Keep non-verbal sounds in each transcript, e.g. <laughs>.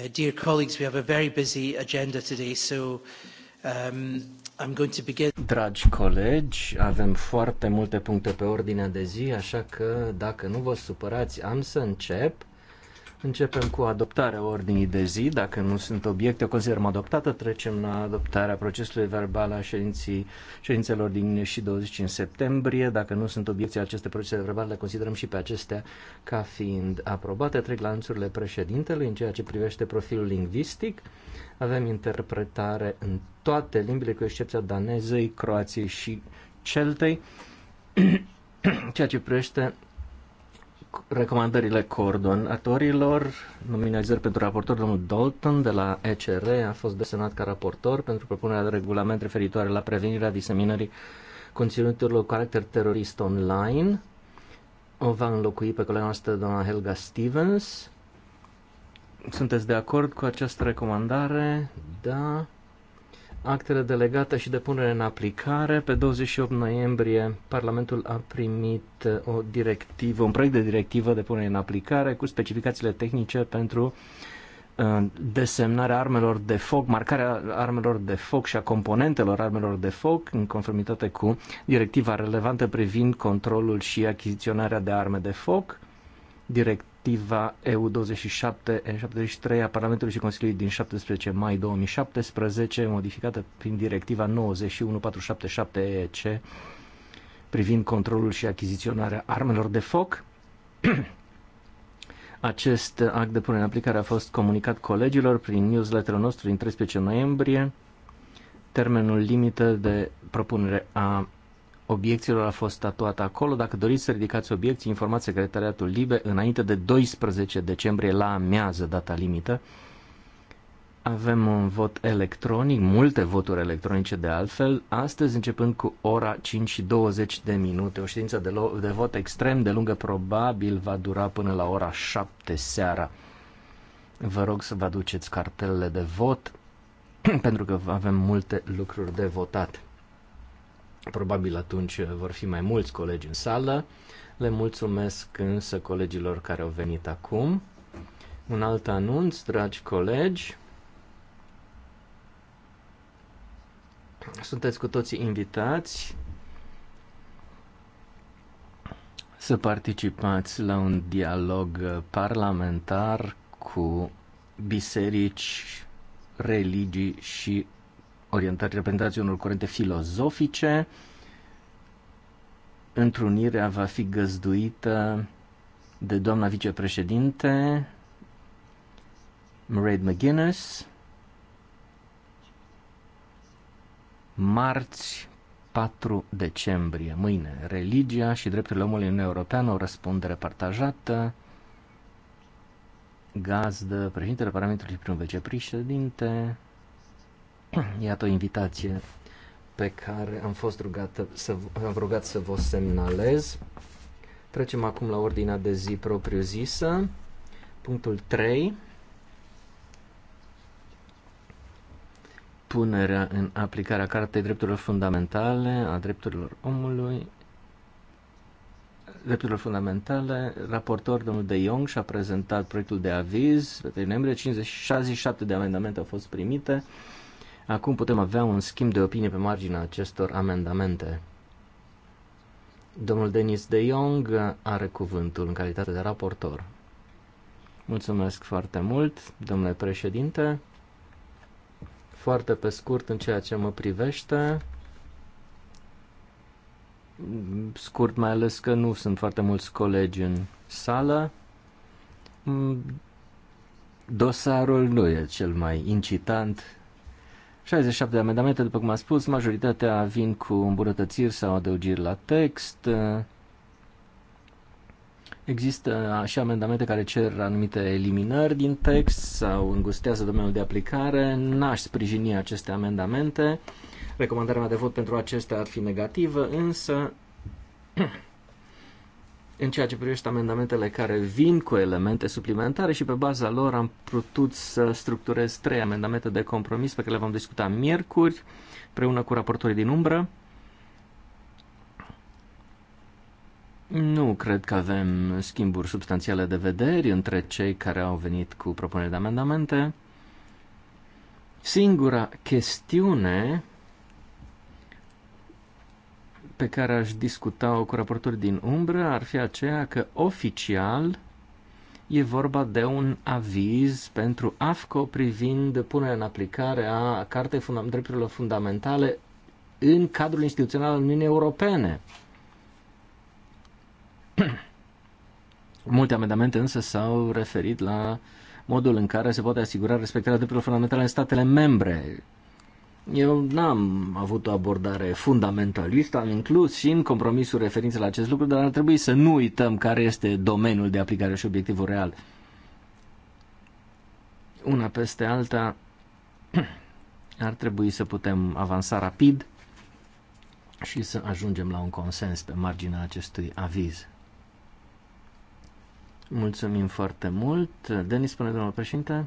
Uh, dear colleagues, we have a very busy agenda today, so um, I'm going to begin. Dragi colegi, avem foarte multe puncte pe ordinea de zi, așa că dacă nu vă supărați, am să încep Începem cu adoptarea ordinii de zi. Dacă nu sunt obiecte, o considerăm adoptată. Trecem la adoptarea procesului verbal a ședinții, ședințelor din și 25 septembrie. Dacă nu sunt obiecte aceste procese verbale, le considerăm și pe acestea ca fiind aprobate. Trec la anțurile președintelui în ceea ce privește profilul lingvistic. Avem interpretare în toate limbile, cu excepția danezei, croației și celtei. <clears throat> ceea ce privește recomandările coordonatorilor, nominalizări pentru raportor, domnul Dalton de la ECR a fost desemnat ca raportor pentru propunerea de regulament referitoare la prevenirea diseminării conținuturilor cu caracter terorist online. O va înlocui pe colega noastră, doamna Helga Stevens. Sunteți de acord cu această recomandare? Da actele delegate și de punere în aplicare. Pe 28 noiembrie, Parlamentul a primit uh, o directivă, un proiect de directivă de punere în aplicare cu specificațiile tehnice pentru uh, desemnarea armelor de foc, marcarea armelor de foc și a componentelor armelor de foc în conformitate cu directiva relevantă privind controlul și achiziționarea de arme de foc, direct, directiva EU27 N73 a Parlamentului și Consiliului din 17 mai 2017, modificată prin directiva 91477 eec privind controlul și achiziționarea armelor de foc. <clears throat> Acest act de punere în aplicare a fost comunicat colegilor prin newsletterul nostru din 13 noiembrie. Termenul limită de propunere a obiecțiilor a fost statuată acolo. Dacă doriți să ridicați obiecții, informați secretariatul LIBE înainte de 12 decembrie la amiază, data limită. Avem un vot electronic, multe voturi electronice de altfel, astăzi începând cu ora 5 20 de minute, o ședință de, de vot extrem de lungă, probabil va dura până la ora 7 seara. Vă rog să vă aduceți cartelele de vot, <clears throat> pentru că avem multe lucruri de votat. Probabil atunci eh, vor fi mai mulți colegi în sală. Le mulțumesc însă colegilor care au venit acum. Un alt anunț, dragi colegi. Sunteți cu toții invitați să participați la un dialog eh, parlamentar cu biserici, religii și orientări reprezentații unor curente filozofice. Întrunirea va fi găzduită de doamna vicepreședinte Mairead McGuinness marți 4 decembrie, mâine. Religia și drepturile omului în Europeană, o răspundere partajată, gazdă, președintele Parlamentului primul vicepreședinte, <clears throat> Iată o invitație pe care am fost rugat să, am rugat să vă semnalez. Trecem acum la ordinea de zi propriu-zisă. Punctul 3. Punerea în aplicarea Cartei Drepturilor Fundamentale a Drepturilor Omului. Drepturilor fundamentale, raportor domnul De Jong și-a prezentat proiectul de aviz pe noiembrie, 567 de amendamente au fost primite Acum putem avea un schimb de opinie pe marginea acestor amendamente. Domnul Denis de Jong are cuvântul în calitate de raportor. Mulțumesc foarte mult, domnule președinte. Foarte pe scurt în ceea ce mă privește, scurt mai ales că nu sunt foarte mulți colegi în sală, dosarul nu e cel mai incitant 67 de amendamente, după cum am spus, majoritatea vin cu îmbunătățiri sau adăugiri la text. Există și amendamente care cer anumite eliminări din text sau îngustează domeniul de aplicare. N-aș sprijini aceste amendamente. Recomandarea mea de vot pentru acestea ar fi negativă, însă în ceea ce privește amendamentele care vin cu elemente suplimentare și pe baza lor am putut să structurez trei amendamente de compromis pe care le vom discuta miercuri, împreună cu raportorii din umbră. Nu cred că avem schimburi substanțiale de vederi între cei care au venit cu propuneri de amendamente. Singura chestiune pe care aș discuta-o cu raportori din umbră ar fi aceea că oficial e vorba de un aviz pentru AFCO privind punerea în aplicare a Cartei Fundam- Drepturilor Fundamentale în cadrul instituțional al Uniunii Europene. <clears throat> Multe amendamente însă s-au referit la modul în care se poate asigura respectarea drepturilor fundamentale în statele membre. Eu n-am avut o abordare fundamentalistă, am inclus și în compromisul referință la acest lucru, dar ar trebui să nu uităm care este domeniul de aplicare și obiectivul real. Una peste alta, <clears throat> ar trebui să putem avansa rapid și să ajungem la un consens pe marginea acestui aviz. Mulțumim foarte mult. Denis, spune domnul președinte.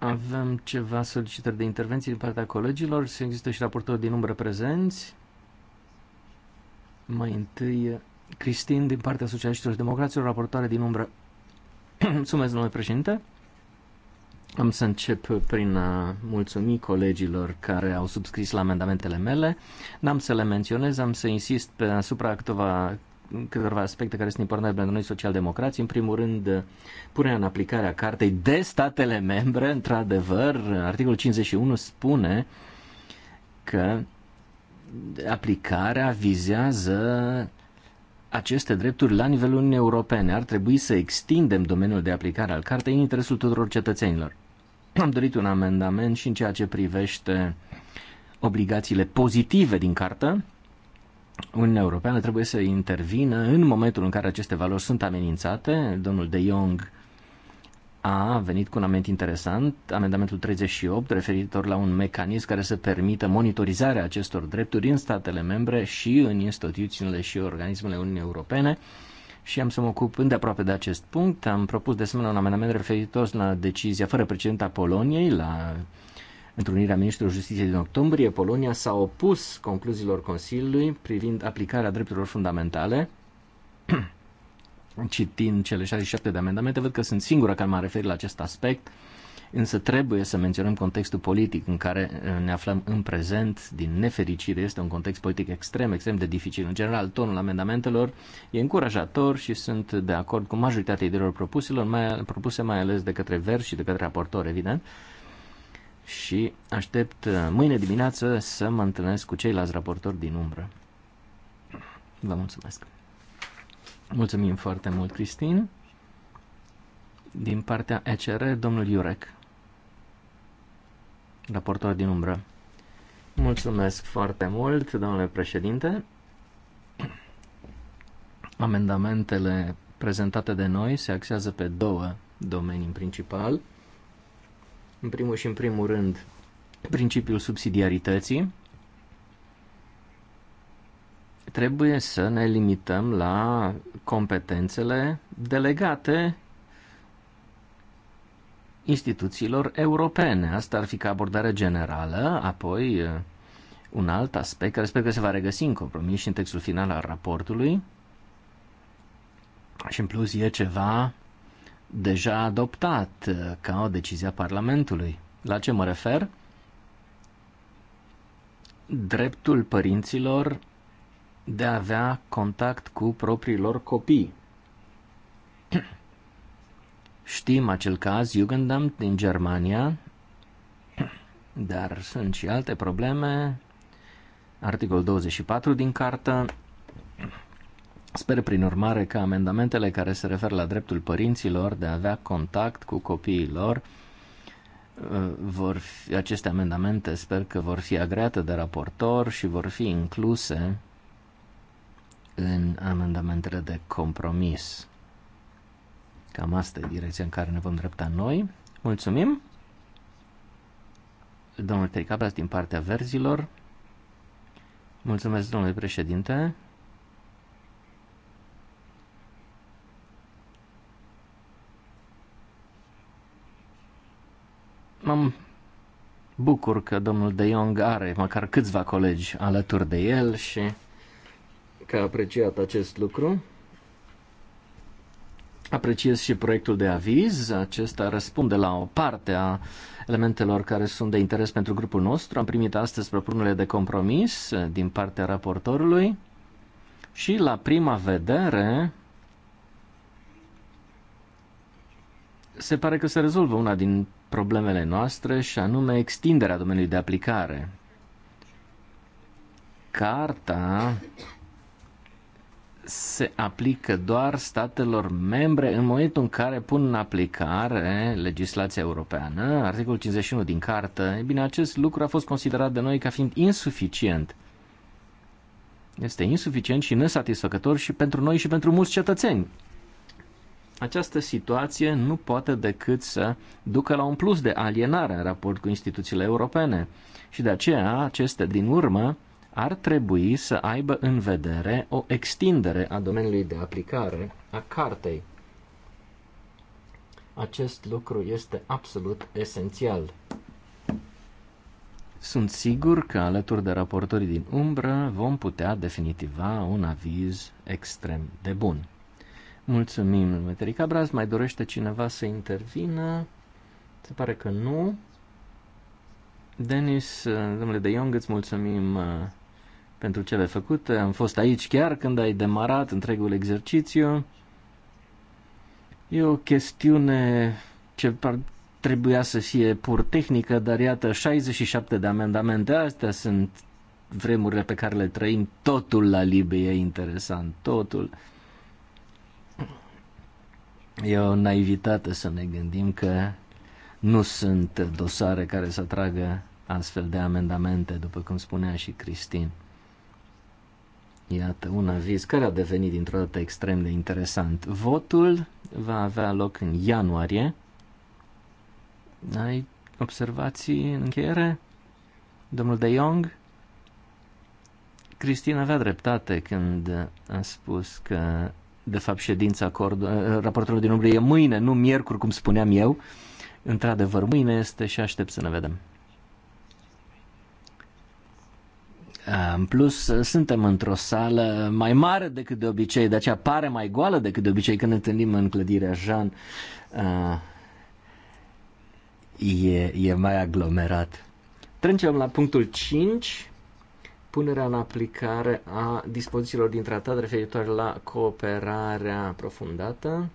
Avem ceva solicitări de intervenții din partea colegilor. Se există și raportori din umbră prezenți. Mai întâi, Cristin din partea Socialiștilor și Democraților, raportoare din umbră. <clears throat> Mulțumesc, domnule președinte. Am să încep prin a mulțumi colegilor care au subscris la amendamentele mele. N-am să le menționez, am să insist pe asupra câteva câteva aspecte care sunt importante pentru noi socialdemocrații. În primul rând, punerea în aplicare a cartei de statele membre, într-adevăr, articolul 51 spune că aplicarea vizează aceste drepturi la nivelul Uniunii Europene. Ar trebui să extindem domeniul de aplicare al cartei în interesul tuturor cetățenilor. Am dorit un amendament și în ceea ce privește obligațiile pozitive din cartă, Uniunea Europeană trebuie să intervină în momentul în care aceste valori sunt amenințate. Domnul De Jong a venit cu un amendament interesant, amendamentul 38, referitor la un mecanism care să permită monitorizarea acestor drepturi în statele membre și în instituțiile și organismele Uniunii Europene și am să mă ocup îndeaproape de acest punct. Am propus de asemenea un amendament referitor la decizia fără precedent a Poloniei, la întrunirea ministrilor justiției din octombrie, Polonia s-a opus concluziilor Consiliului privind aplicarea drepturilor fundamentale. <clears throat> Citind cele 67 de amendamente, văd că sunt singura care m-a referit la acest aspect, însă trebuie să menționăm contextul politic în care uh, ne aflăm în prezent. Din nefericire, este un context politic extrem, extrem de dificil. În general, tonul amendamentelor e încurajator și sunt de acord cu majoritatea ideilor propuselor, mai, propuse mai ales de către vers și de către raportor, evident și aștept uh, mâine dimineață să mă întâlnesc cu ceilalți raportori din umbră. Vă mulțumesc! Mulțumim foarte mult, Cristin. Din partea ECR, domnul Iurec, raportor din umbră. Mulțumesc foarte mult, domnule președinte. Amendamentele prezentate de noi se axează pe două domenii în principal – în primul și în primul rând, principiul subsidiarității, trebuie să ne limităm la competențele delegate instituțiilor europene. Asta ar fi ca abordare generală, apoi uh, un alt aspect care sper că se va regăsi în compromis și în textul final al raportului. Și în plus e ceva deja adoptat uh, ca o decizie a Parlamentului. La ce mă refer? Dreptul părinților de a avea contact cu propriilor copii. <clears throat> Știm acel caz, Jugendamt din Germania, <clears throat> dar sunt și alte probleme. Articol 24 din cartă Sper prin urmare că amendamentele care se referă la dreptul părinților de a avea contact cu copiii lor uh, vor fi, aceste amendamente sper că vor fi agreate de raportor și vor fi incluse în amendamentele de compromis. Cam asta e direcția în care ne vom drepta noi. Mulțumim! Domnul Tricabras din partea verzilor. Mulțumesc, domnule președinte. mă bucur că domnul De Jong are măcar câțiva colegi alături de el și că a apreciat acest lucru. Apreciez și proiectul de aviz. Acesta răspunde la o parte a elementelor care sunt de interes pentru grupul nostru. Am primit astăzi propunerile de compromis din partea raportorului și la prima vedere se pare că se rezolvă una din problemele noastre și anume extinderea domeniului de aplicare. Carta se aplică doar statelor membre în momentul în care pun în aplicare legislația europeană, articolul 51 din cartă. E bine, acest lucru a fost considerat de noi ca fiind insuficient. Este insuficient și nesatisfăcător și pentru noi și pentru mulți cetățeni această situație nu poate decât să ducă la un plus de alienare în raport cu instituțiile europene și de aceea acestea din urmă ar trebui să aibă în vedere o extindere a domeniului de aplicare a cartei. Acest lucru este absolut esențial. Sunt sigur că alături de raportorii din umbră vom putea definitiva un aviz extrem de bun. Mulțumim, Meterica Braz. Mai dorește cineva să intervină? Se pare că nu. Denis, domnule de Iong, îți mulțumim uh, pentru cele făcute. Am fost aici chiar când ai demarat întregul exercițiu. E o chestiune ce trebuia să fie pur tehnică, dar iată, 67 de amendamente astea sunt vremurile pe care le trăim. Totul la Libie e interesant, totul. E o naivitate să ne gândim că nu sunt dosare care să tragă astfel de amendamente, după cum spunea și Cristin. Iată, un aviz care a devenit dintr-o dată extrem de interesant. Votul va avea loc în ianuarie. Ai observații în încheiere? Domnul De Jong? Cristina avea dreptate când a spus că de fapt ședința acord, eh, raportelor din umbră e mâine, nu miercuri, cum spuneam eu. Într-adevăr, mâine este și aștept să ne vedem. Eh, în plus, eh, suntem într-o sală mai mare decât de obicei, de aceea pare mai goală decât de obicei când ne întâlnim în clădirea Jean. E, e mai aglomerat. Trecem la punctul 5 punerea în aplicare a dispozițiilor din tratat referitoare la cooperarea aprofundată.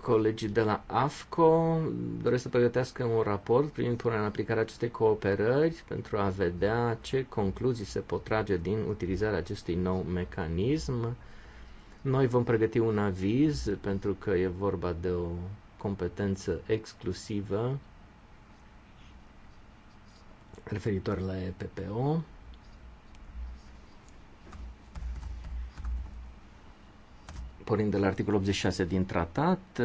Colegii de la AFCO doresc să pregătească un raport prin punerea în aplicare acestei cooperări pentru a vedea ce concluzii se pot trage din utilizarea acestui nou mecanism. Noi vom pregăti un aviz pentru că e vorba de o competență exclusivă referitor la EPPO. Pornind de la articolul 86 din tratat,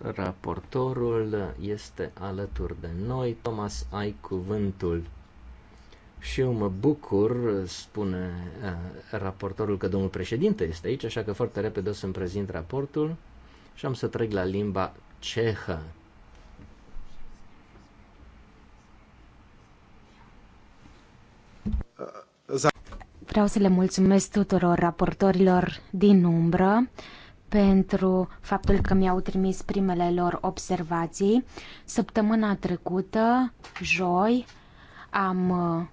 raportorul este alături de noi. Thomas, ai cuvântul. Și eu mă bucur, spune eh, raportorul, că domnul președinte este aici, așa că foarte repede o să-mi prezint raportul și am să trec la limba cehă. Vreau să le mulțumesc tuturor raportorilor din umbră pentru faptul că mi-au trimis primele lor observații. Săptămâna trecută, joi, am uh,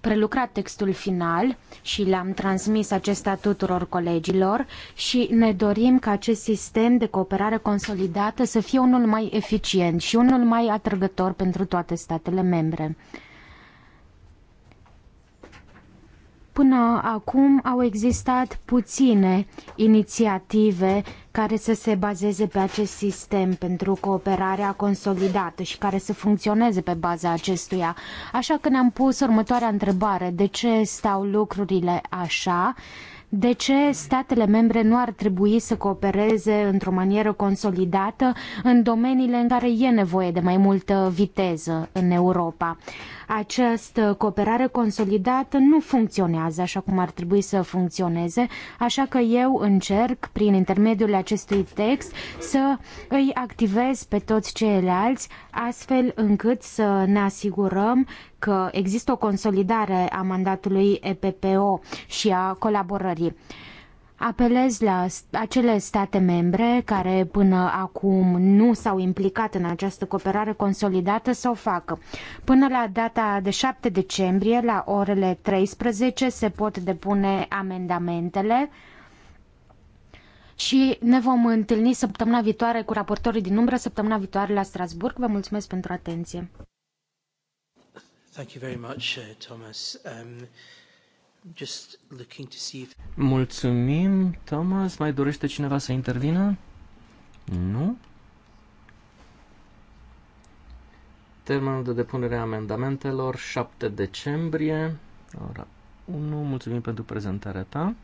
prelucrat textul final și l-am transmis acesta tuturor colegilor și ne dorim ca acest sistem de cooperare consolidată să fie unul mai eficient și unul mai atrăgător pentru toate statele membre. Până acum au existat puține inițiative care să se bazeze pe acest sistem pentru cooperarea consolidată și care să funcționeze pe baza acestuia. Așa că ne-am pus următoarea întrebare. De ce stau lucrurile așa? De ce statele membre nu ar trebui să coopereze într-o manieră consolidată în domeniile în care e nevoie de mai multă viteză în Europa? Această cooperare consolidată nu funcționează așa cum ar trebui să funcționeze, așa că eu încerc, prin intermediul acestui text, să îi activez pe toți ceilalți, astfel încât să ne asigurăm că există o consolidare a mandatului EPPO și a colaborării. Apelez la acele state membre care până acum nu s-au implicat în această cooperare consolidată să o facă. Până la data de 7 decembrie, la orele 13, se pot depune amendamentele și ne vom întâlni săptămâna viitoare cu raportorii din umbră, săptămâna viitoare la Strasburg. Vă mulțumesc pentru atenție. Thank you very much, uh, Thomas. Um... Just looking to see if... Mulțumim, Thomas. Mai dorește cineva să intervină? Nu? Termenul de depunere a amendamentelor, 7 decembrie, ora 1. Mulțumim pentru prezentarea ta.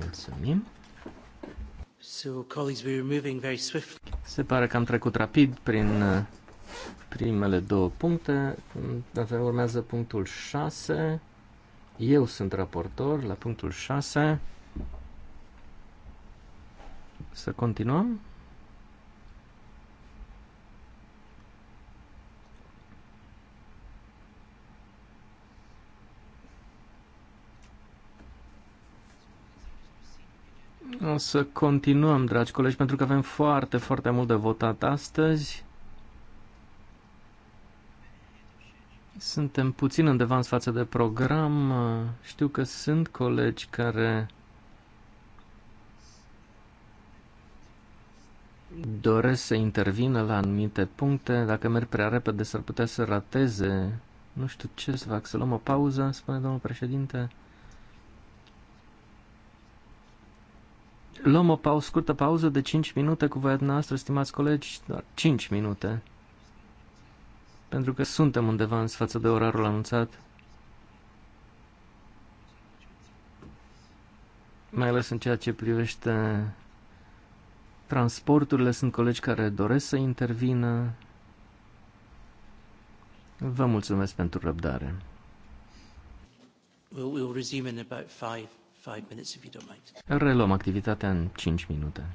Mulțumim. So, colleagues, were moving very swiftly. Se pare că am trecut rapid prin uh, primele două puncte, Dacă urmează punctul 6. Eu sunt raportor la punctul 6. Să continuăm. O să continuăm, dragi colegi, pentru că avem foarte, foarte mult de votat astăzi. Suntem puțin în devans față de program. Știu că sunt colegi care doresc să intervină la anumite puncte. Dacă merg prea repede, s-ar putea să rateze. Nu știu ce să fac, să luăm o pauză, spune domnul președinte. Luăm o pauză, scurtă pauză de 5 minute cu voia noastră, stimați colegi, doar 5 minute pentru că suntem undeva în față de orarul anunțat, mai ales în ceea ce privește transporturile. Sunt colegi care doresc să intervină. Vă mulțumesc pentru răbdare. Reluăm activitatea în 5 minute.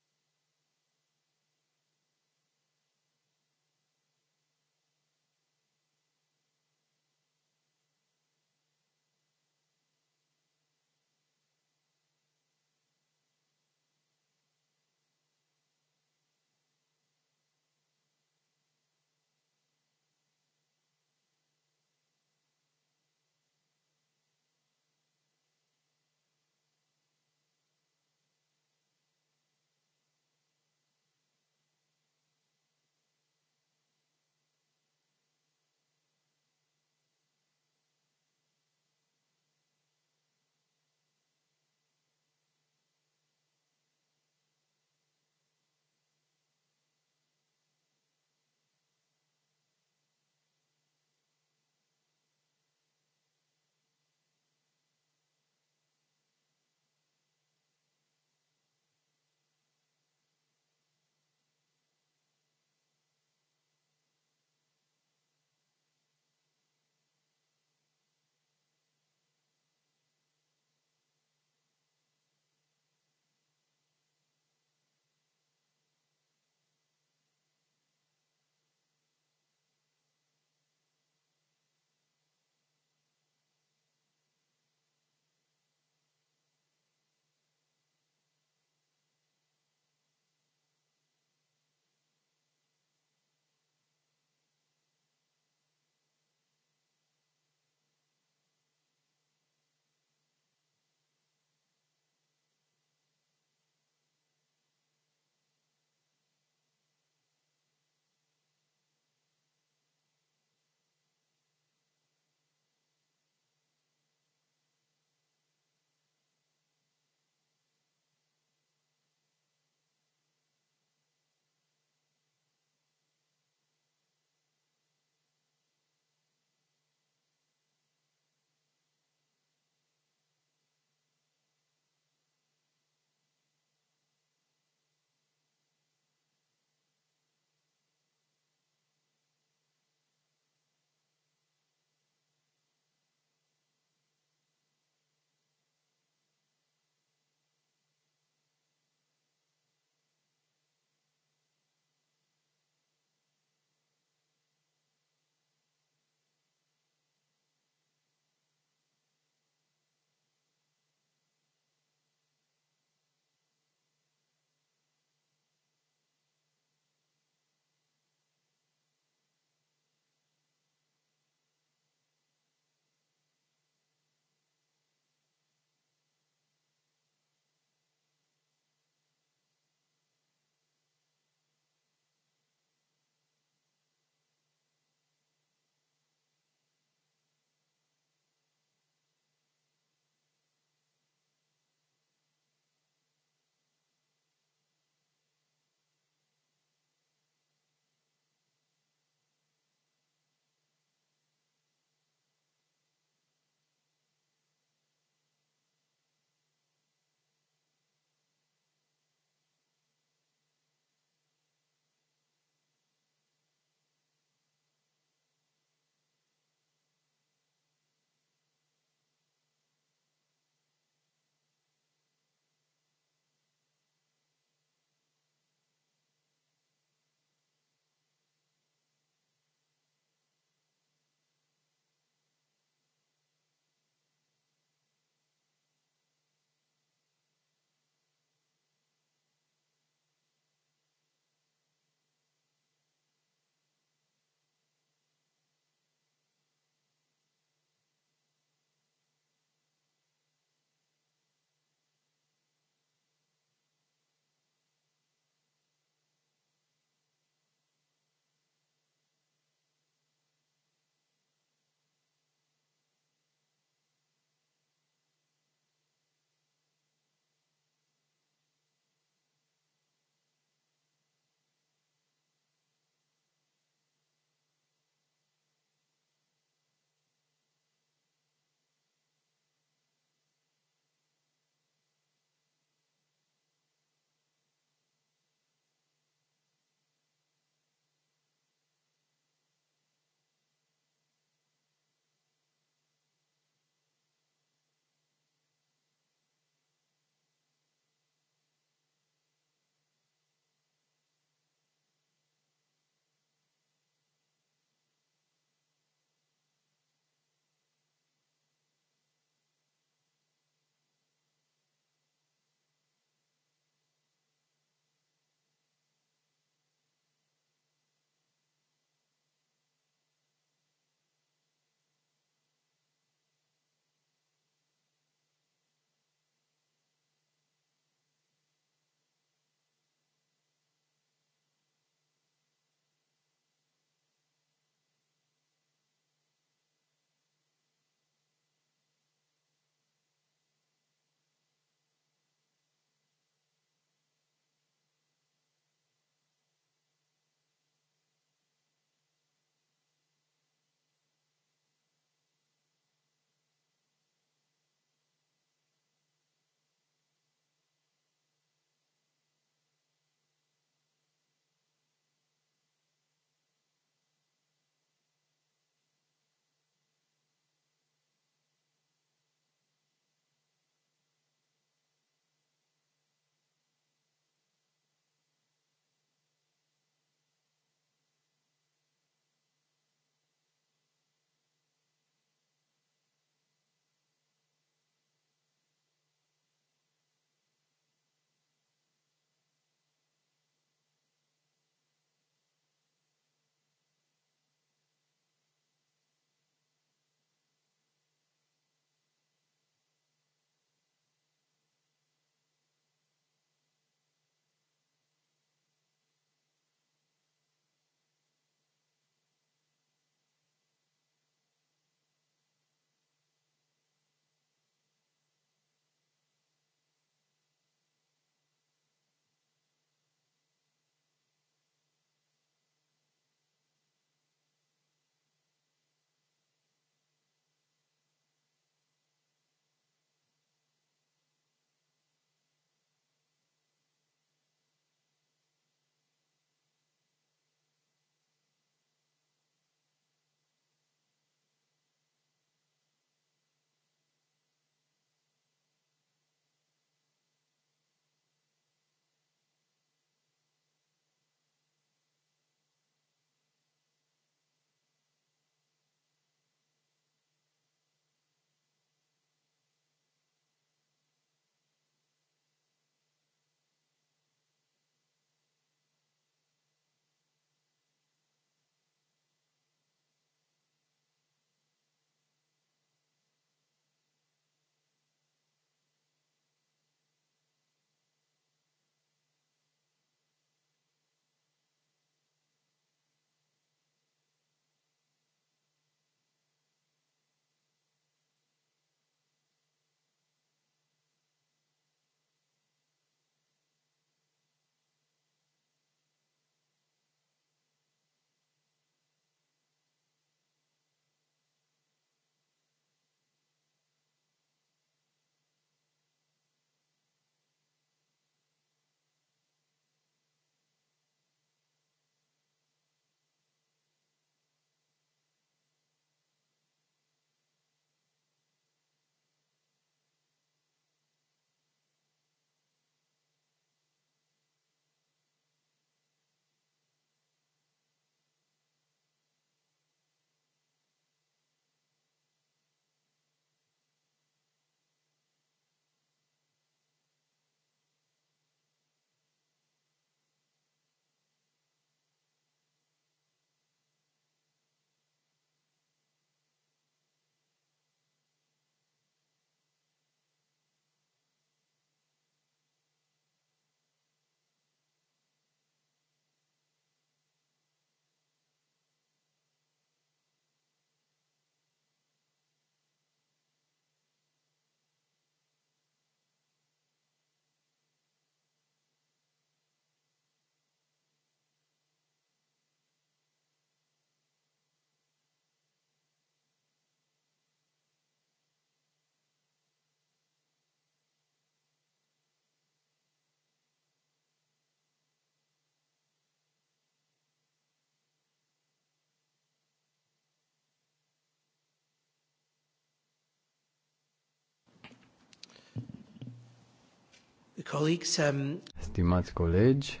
Um, Stimați colegi,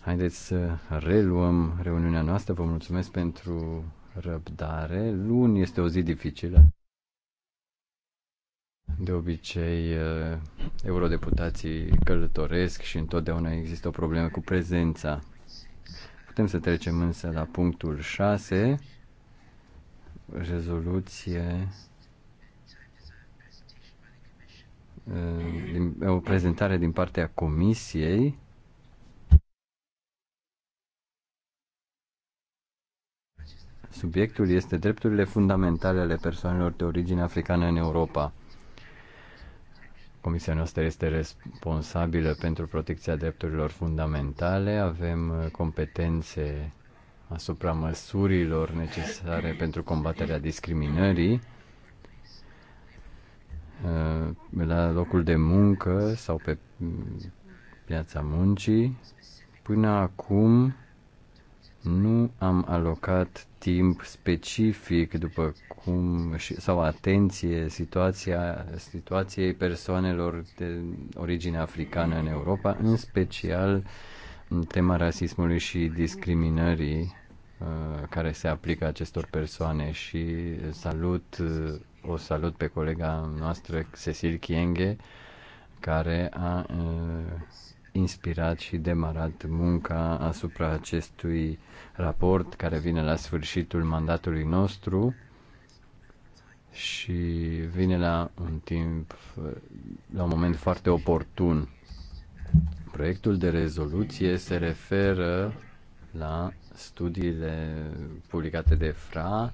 haideți să reluăm reuniunea noastră. Vă mulțumesc pentru răbdare. Luni este o zi dificilă. De obicei, uh, eurodeputații călătoresc și întotdeauna există o problemă cu prezența. Putem să trecem însă la punctul 6, rezoluție Eh, o prezentare din partea comisiei. Subiectul este drepturile fundamentale ale persoanelor de origine africană în Europa. Comisia noastră este responsabilă pentru protecția drepturilor fundamentale. Avem eh, competențe asupra măsurilor necesare pentru combaterea discriminării Uh, la locul de muncă sau pe mm, piața muncii. Până acum nu am alocat timp specific după cum sau atenție situația, situației persoanelor de origine africană în Europa, în special în tema rasismului și discriminării uh, care se aplică acestor persoane și salut uh, o salut pe colega noastră, Cecil Chienghe, care a uh, inspirat și demarat munca asupra acestui raport care vine la sfârșitul mandatului nostru și vine la un timp, la un moment foarte oportun. Proiectul de rezoluție se referă la studiile publicate de FRA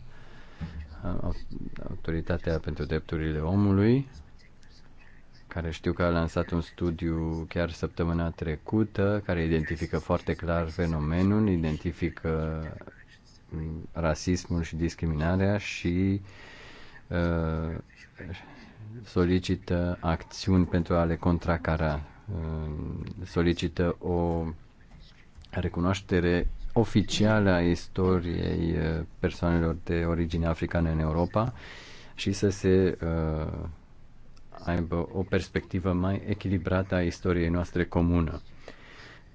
Autoritatea pentru Drepturile Omului, care știu că a lansat un studiu chiar săptămâna trecută, care identifică foarte clar fenomenul, identifică mm, rasismul și discriminarea și uh, solicită acțiuni pentru a le contracara, uh, solicită o recunoaștere oficială a istoriei uh, persoanelor de origine africană în Europa și să se uh, aibă o perspectivă mai echilibrată a istoriei noastre comună.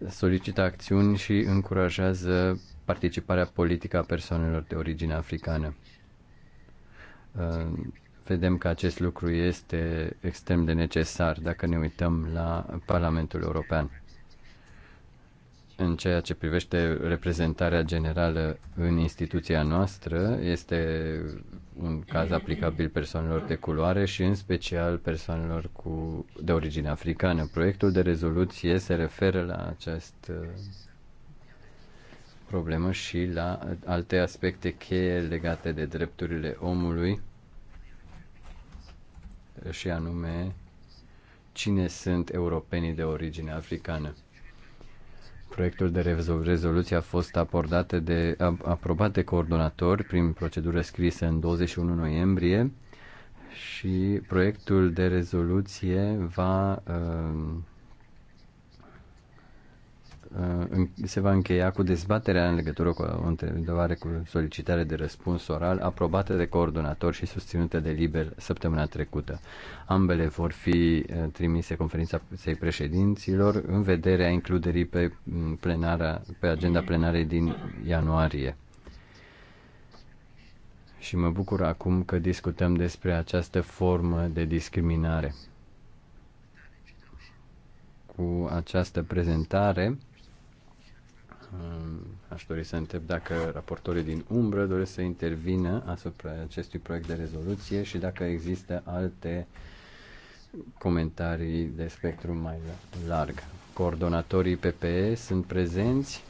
Solicită acțiuni și încurajează participarea politică a persoanelor de origine africană. Uh, vedem că acest lucru este extrem de necesar dacă ne uităm la Parlamentul European în ceea ce privește reprezentarea generală în instituția noastră, este un caz aplicabil persoanelor de culoare și în special persoanelor cu, de origine africană. Proiectul de rezoluție se referă la această problemă și la alte aspecte cheie legate de drepturile omului și anume cine sunt europenii de origine africană proiectul de rezoluție a fost de, aprobat de coordonatori prin procedură scrisă în 21 noiembrie și proiectul de rezoluție va uh, se va încheia cu dezbaterea în legătură cu o întrebare cu solicitare de răspuns oral aprobată de coordonator și susținută de liber săptămâna trecută. Ambele vor fi eh, trimise conferința președinților în vederea includerii pe, mm, plenara, pe agenda plenare din ianuarie. Și mă bucur acum că discutăm despre această formă de discriminare. Cu această prezentare, Aș dori să întreb dacă raportorii din umbră doresc să intervină asupra acestui proiect de rezoluție și dacă există alte comentarii de spectru mai larg. Coordonatorii PPE sunt prezenți,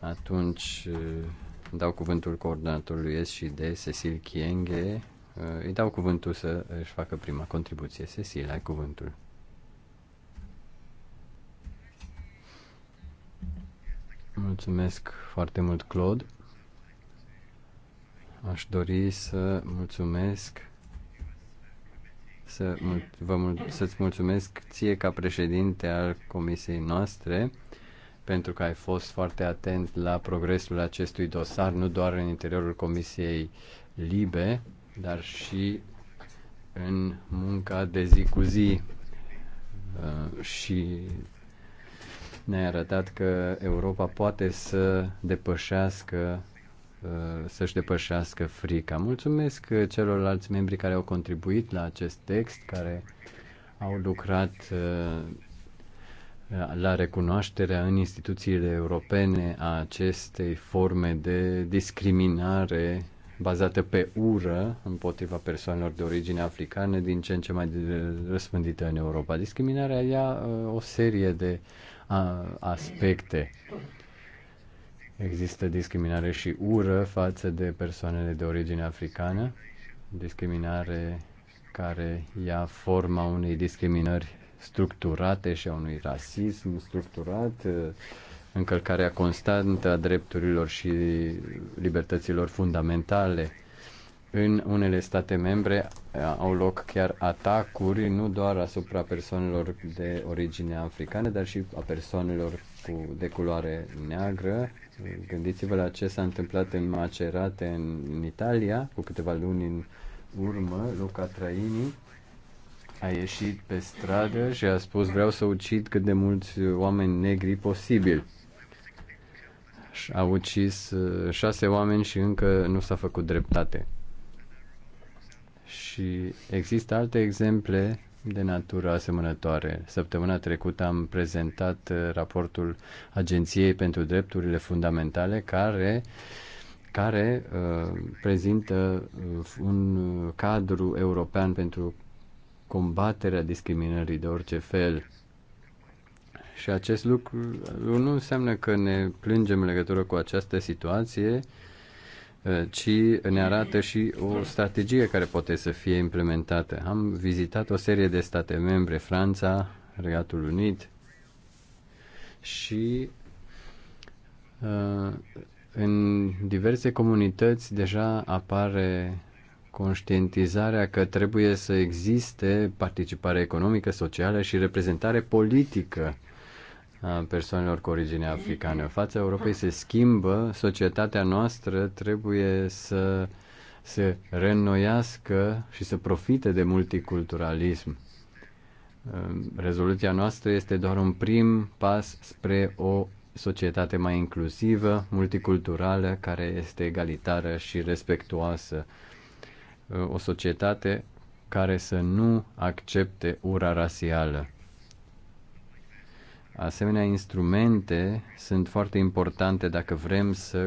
atunci eh, dau cuvântul coordonatorului S și de Cecil Chienghe. Eh, îi dau cuvântul să își facă prima contribuție. Cecil, ai cuvântul. Mulțumesc foarte mult, Claude. Aș dori să mulțumesc să vă mul- să-ți mulțumesc ție ca președinte al comisiei noastre pentru că ai fost foarte atent la progresul acestui dosar, nu doar în interiorul comisiei libe, dar și în munca de zi cu zi uh, și ne ai arătat că Europa poate să depășească uh, să-și depășească frica. Mulțumesc celorlalți membri care au contribuit la acest text, care au lucrat uh, la recunoașterea în instituțiile europene a acestei forme de discriminare bazată pe ură împotriva persoanelor de origine africană din ce în ce mai răspândită în Europa. Discriminarea ia uh, o serie de uh, aspecte. Există discriminare și ură față de persoanele de origine africană, discriminare care ia forma unei discriminări structurate și a unui rasism structurat, uh, încălcarea constantă a drepturilor și libertăților fundamentale, în unele state membre au loc chiar atacuri, nu doar asupra persoanelor de origine africană, dar și a persoanelor cu, de culoare neagră. Gândiți-vă la ce s-a întâmplat în Macerate, în, în Italia, cu câteva luni în urmă, Luca Traini a ieșit pe stradă și a spus vreau să ucid cât de mulți oameni negri posibil. A ucis uh, șase oameni și încă nu s-a făcut dreptate. Și există alte exemple de natură asemănătoare. Săptămâna trecută am prezentat uh, raportul Agenției pentru Drepturile Fundamentale care care uh, prezintă uh, un uh, cadru european pentru combaterea discriminării de orice fel. Și acest lucru nu înseamnă că ne plângem în legătură cu această situație, Uh, ci ne arată și o strategie care poate să fie implementată. Am vizitat o serie de state membre, Franța, Regatul Unit și uh, în diverse comunități deja apare conștientizarea că trebuie să existe participare economică, socială și reprezentare politică a persoanelor cu origine africană. Fața Europei se schimbă, societatea noastră trebuie să se reînnoiască și să profite de multiculturalism. Ehm, rezoluția noastră este doar un prim pas spre o societate mai inclusivă, multiculturală, care este egalitară și respectuoasă. Ehm, o societate care să nu accepte ura rasială. Asemenea, instrumente sunt foarte importante dacă vrem să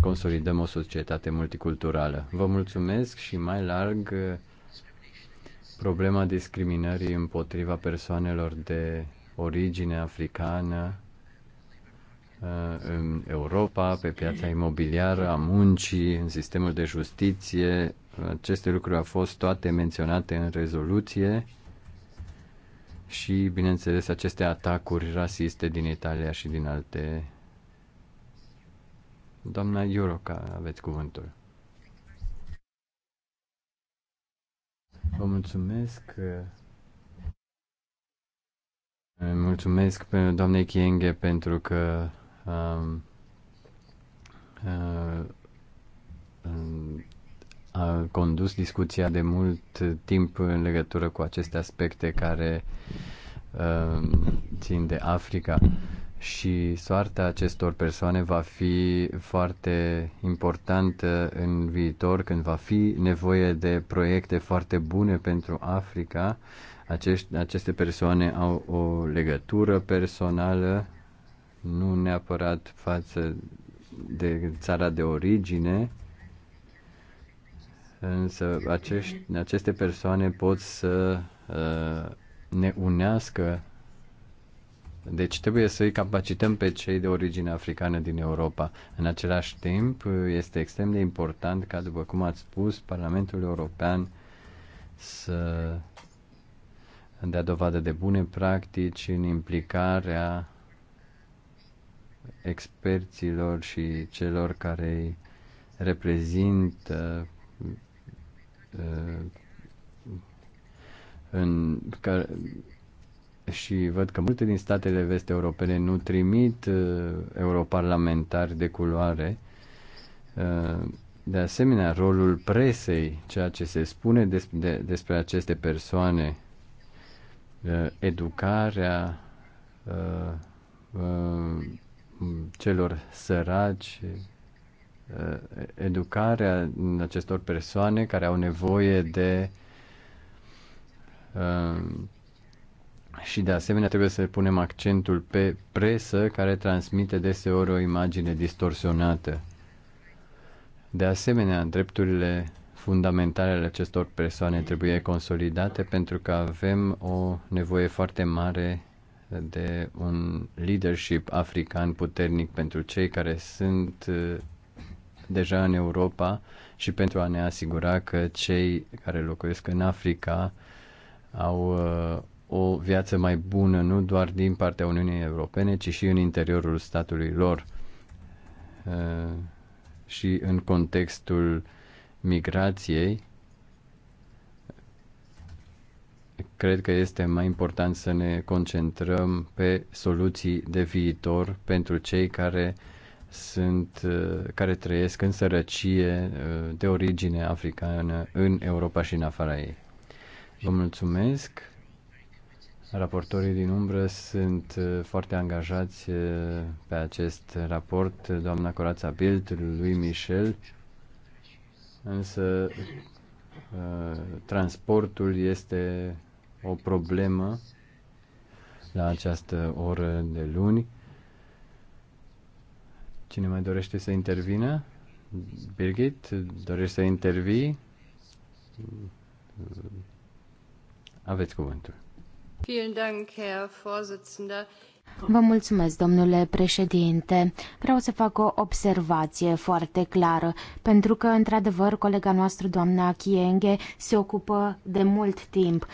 consolidăm o societate multiculturală. Vă mulțumesc și mai larg problema discriminării împotriva persoanelor de origine africană uh, în Europa, pe piața imobiliară, a muncii, în sistemul de justiție. Aceste lucruri au fost toate menționate în rezoluție și, bineînțeles, aceste atacuri rasiste din Italia și din alte. Doamna Iuroca, aveți cuvântul. Vă mulțumesc. Mulțumesc pe doamnei Chienghe pentru că um, uh, um, a condus discuția de mult timp în legătură cu aceste aspecte care uh, țin de Africa și soarta acestor persoane va fi foarte importantă în viitor când va fi nevoie de proiecte foarte bune pentru Africa. Acești, aceste persoane au o legătură personală, nu neapărat față de țara de origine, însă acești, aceste persoane pot să uh, ne unească. Deci trebuie să-i capacităm pe cei de origine africană din Europa. În același timp, este extrem de important ca, după cum ați spus, Parlamentul European să dea dovadă de bune practici în implicarea experților și celor care reprezintă Uh, în care, și văd că multe din statele veste europene nu trimit uh, europarlamentari de culoare. Uh, de asemenea, rolul presei, ceea ce se spune de, despre aceste persoane, educarea celor săraci, Uh, educarea acestor persoane care au nevoie de uh, și de asemenea trebuie să punem accentul pe presă care transmite deseori o imagine distorsionată. De asemenea, drepturile fundamentale ale acestor persoane trebuie consolidate pentru că avem o nevoie foarte mare de un leadership african puternic pentru cei care sunt uh, deja în Europa și pentru a ne asigura că cei care locuiesc în Africa au uh, o viață mai bună, nu doar din partea Uniunii Europene, ci și în interiorul statului lor uh, și în contextul migrației, cred că este mai important să ne concentrăm pe soluții de viitor pentru cei care uh, sunt, uh, care trăiesc în sărăcie uh, de origine africană în Europa și în afara ei. Vă mulțumesc. Raportorii din umbră sunt uh, foarte angajați pe acest raport, doamna Corața Bild, lui Michel, însă transportul este o problemă la această oră de luni. Cine mai dorește să intervină? Birgit, dorești să intervii? Aveți cuvântul. Vă mulțumesc, domnule președinte. Vreau să fac o observație foarte clară, pentru că, într-adevăr, colega noastră, doamna Chienghe, se ocupă de mult timp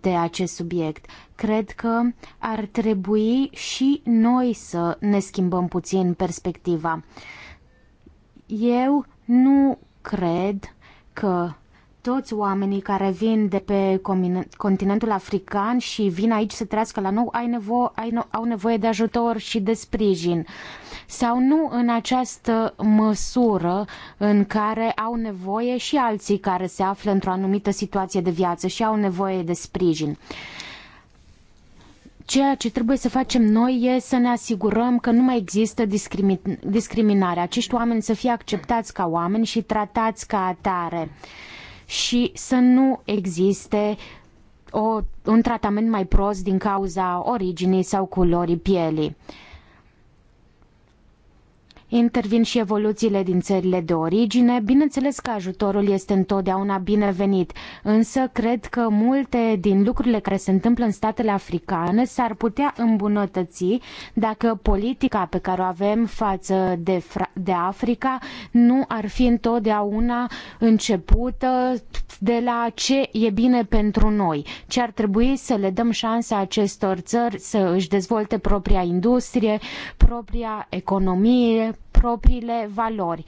de acest subiect. Cred că ar trebui și noi să ne schimbăm puțin perspectiva. Eu nu cred că toți oamenii care vin de pe continentul african și vin aici să trăiască la nou ai nevo- ai no- au nevoie de ajutor și de sprijin. Sau nu în această măsură în care au nevoie și alții care se află într-o anumită situație de viață și au nevoie de sprijin. Ceea ce trebuie să facem noi e să ne asigurăm că nu mai există discrimin- discriminare. Acești oameni să fie acceptați ca oameni și tratați ca atare. Uh, și să nu existe o, un tratament mai prost din cauza originii sau culorii pielii. Intervin și evoluțiile din țările de origine. Bineînțeles că ajutorul este întotdeauna binevenit, însă cred că multe din lucrurile care se întâmplă în statele africane s-ar putea îmbunătăți dacă politica pe care o avem față de, de Africa nu ar fi întotdeauna începută de la ce e bine pentru noi, ce ar trebui să le dăm șansa acestor țări să își dezvolte propria industrie, propria economie, propriile valori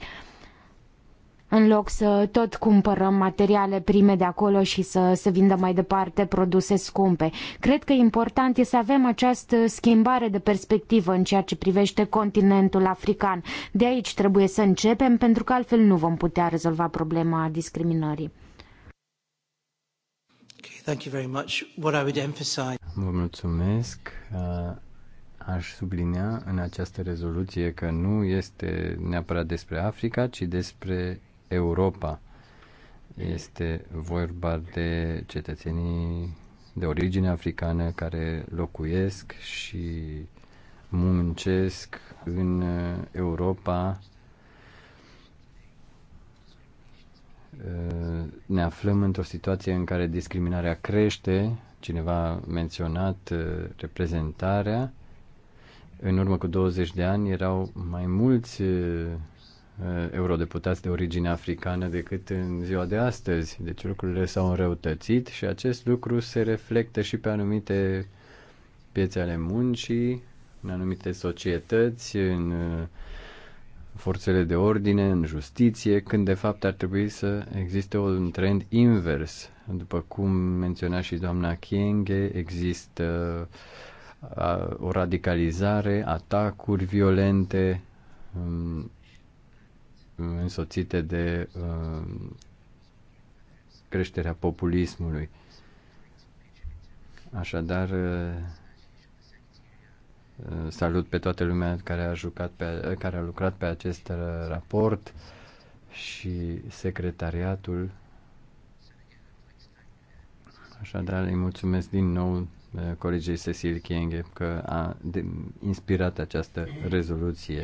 în loc să tot cumpărăm materiale prime de acolo și să se vindă mai departe produse scumpe. Cred că important este să avem această schimbare de perspectivă în ceea ce privește continentul african. De aici trebuie să începem, pentru că altfel nu vom putea rezolva problema discriminării. Vă mulțumesc. Uh, Aș sublinea în această rezoluție că nu este neapărat despre Africa, ci despre Europa. Este vorba de cetățenii de origine africană care locuiesc și muncesc în Europa. Ne aflăm într-o situație în care discriminarea crește. Cineva a menționat reprezentarea în urmă cu 20 de ani erau mai mulți uh, eurodeputați de origine africană decât în ziua de astăzi. Deci lucrurile s-au înrăutățit și acest lucru se reflectă și pe anumite piețe ale muncii, în anumite societăți, în uh, forțele de ordine, în justiție, când de fapt ar trebui să existe un trend invers. După cum menționa și doamna Kienge, există o radicalizare, atacuri violente um, însoțite de um, creșterea populismului. Așadar, uh, salut pe toată lumea care a, jucat pe, care a lucrat pe acest uh, raport și secretariatul. Așadar, îi mulțumesc din nou Eh, colegii Cecil Kienge că a inspirat această rezoluție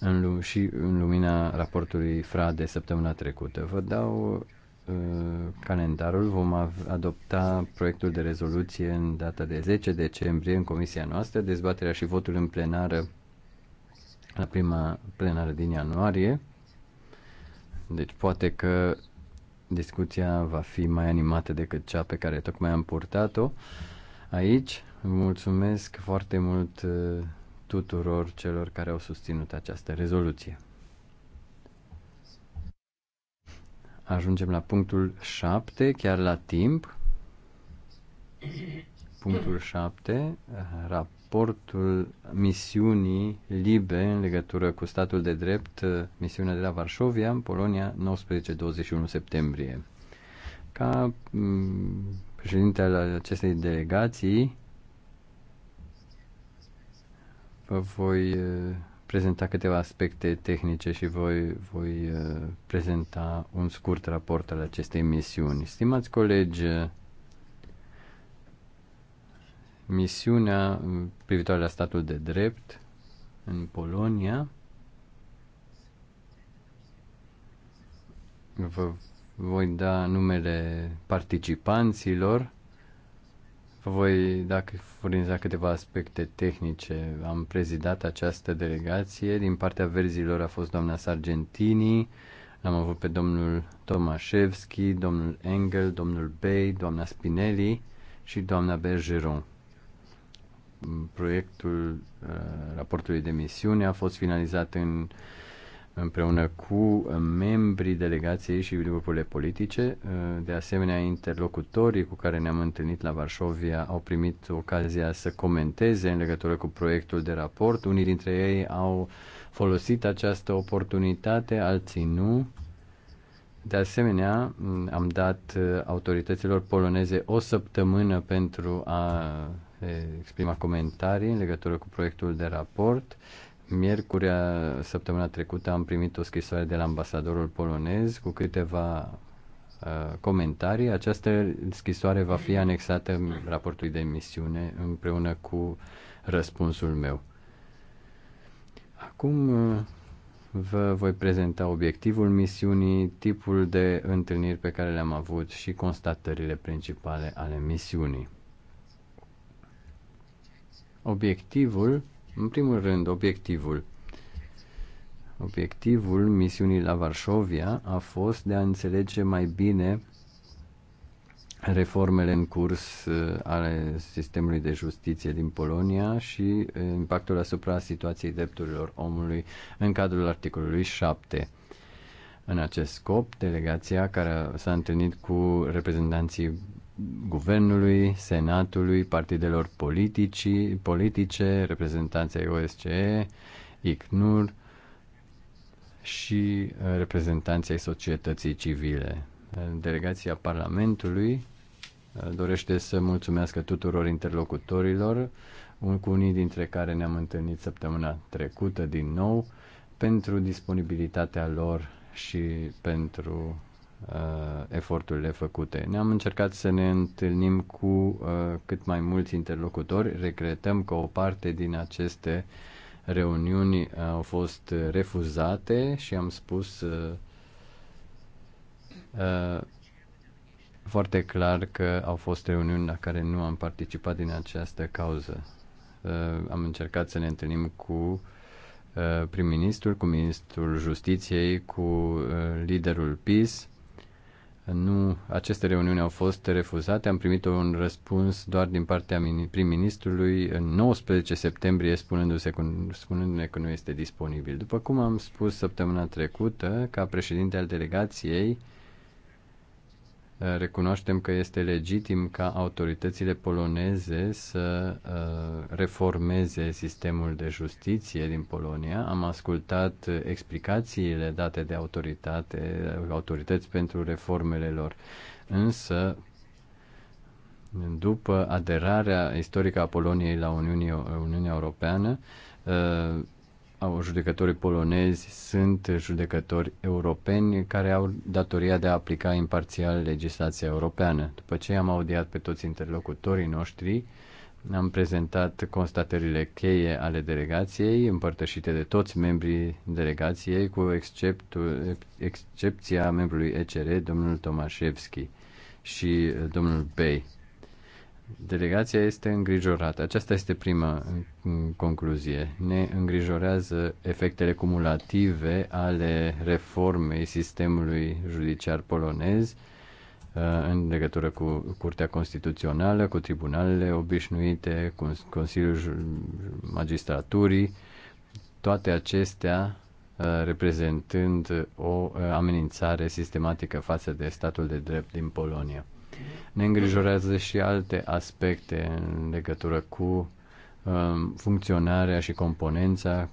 în și în lumina raportului FRA de săptămâna trecută. Vă dau eh, calendarul. Vom adopta proiectul de rezoluție în data de 10 decembrie în comisia noastră, dezbaterea și votul în plenară la prima plenară din ianuarie. Deci poate că Discuția va fi mai animată decât cea pe care tocmai am purtat-o aici. Mulțumesc foarte mult uh, tuturor celor care au susținut această rezoluție. Ajungem la punctul 7, chiar la timp. Punctul 7, rap, raportul misiunii libe în legătură cu statul de drept, uh, misiunea de la Varșovia, în Polonia, 19-21 septembrie. Ca mm, președinte al acestei delegații, vă voi uh, prezenta câteva aspecte tehnice și voi, voi uh, prezenta un scurt raport al acestei misiuni. Stimați colegi, misiunea mm, privitoare la statul de drept în Polonia. Vă voi da numele participanților. Vă voi da, furniza câteva aspecte tehnice. Am prezidat această delegație. Din partea verzilor a fost doamna Sargentini, am avut pe domnul Tomaszewski, domnul Engel, domnul Bey, doamna Spinelli și doamna Bergeron. Proiectul uh, raportului de misiune a fost finalizat în, împreună cu uh, membrii delegației și grupurile politice. Uh, de asemenea, interlocutorii cu care ne-am întâlnit la Varșovia au primit ocazia să comenteze în legătură cu proiectul de raport. Unii dintre ei au folosit această oportunitate, alții nu. De asemenea, am dat autorităților poloneze o săptămână pentru a Eh, exprima comentarii în legătură cu proiectul de raport. Miercurea, săptămâna trecută, am primit o scrisoare de la ambasadorul polonez cu câteva eh, comentarii. Această scrisoare va fi anexată în de misiune împreună cu răspunsul meu. Acum eh, vă voi prezenta obiectivul misiunii, tipul de întâlniri pe care le-am avut și constatările principale ale misiunii. Obiectivul, în primul rând, obiectivul. Obiectivul misiunii la Varșovia a fost de a înțelege mai bine reformele în curs uh, ale sistemului de justiție din Polonia și uh, impactul asupra situației drepturilor omului în cadrul articolului 7. În acest scop, delegația care s-a întâlnit cu reprezentanții guvernului, senatului, partidelor politici, politice, reprezentanței OSCE, ICNUR și uh, reprezentanței societății civile. Uh, delegația Parlamentului uh, dorește să mulțumească tuturor interlocutorilor, cu unii dintre care ne-am întâlnit săptămâna trecută din nou, pentru disponibilitatea lor și pentru uh, eforturile făcute. Ne-am încercat să ne întâlnim cu uh, cât mai mulți interlocutori. Regretăm că o parte din aceste reuniuni uh, au fost refuzate și am spus uh, uh, foarte clar că au fost reuniuni la care nu am participat din această cauză. Uh, am încercat să ne întâlnim cu uh, prim-ministrul, cu ministrul justiției, cu uh, liderul PIS nu, aceste reuniuni au fost refuzate. Am primit un răspuns doar din partea prim-ministrului în 19 septembrie, spunându-se spunându-ne că nu este disponibil. După cum am spus săptămâna trecută, ca președinte al delegației, Eh, recunoaștem că este legitim ca autoritățile poloneze să eh, reformeze sistemul de justiție din Polonia. Am ascultat eh, explicațiile date de autoritate, autorități pentru reformele lor, însă după aderarea istorică a Poloniei la Uniunea Europeană, au judecătorii polonezi sunt judecători europeni care au datoria de a aplica imparțial legislația europeană. După ce am audiat pe toți interlocutorii noștri, am prezentat constatările cheie ale delegației, împărtășite de toți membrii delegației, cu exceptul, excepția membrului ECR, domnul Tomașevski și domnul Bey. Delegația este îngrijorată. Aceasta este prima concluzie. Ne îngrijorează efectele cumulative ale reformei sistemului judiciar polonez uh, în legătură cu Curtea Constituțională, cu tribunalele obișnuite, cu Consiliul Magistraturii, toate acestea uh, reprezentând o uh, amenințare sistematică față de statul de drept din Polonia. Ne îngrijorează și alte aspecte în legătură cu um, funcționarea și componența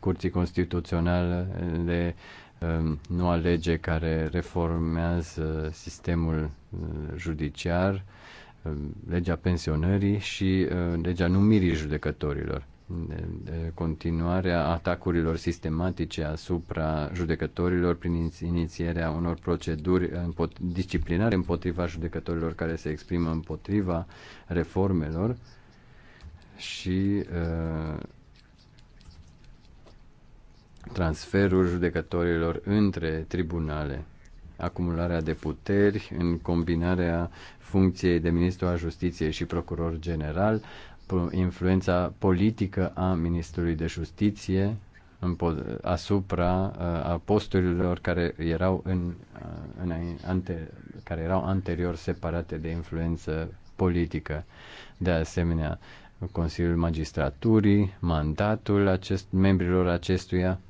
Curții Constituționale de um, noua lege care reformează sistemul uh, judiciar, um, legea pensionării și uh, legea numirii judecătorilor continuarea atacurilor sistematice asupra judecătorilor prin inițierea unor proceduri disciplinare împotriva judecătorilor care se exprimă împotriva reformelor și uh, transferul judecătorilor între tribunale, acumularea de puteri în combinarea funcției de ministru al justiției și procuror general influența politică a Ministrului de Justiție asupra uh, a posturilor care erau în, uh, în ante, care erau anterior separate de influență politică. De asemenea, Consiliul Magistraturii, mandatul acest, membrilor acestuia.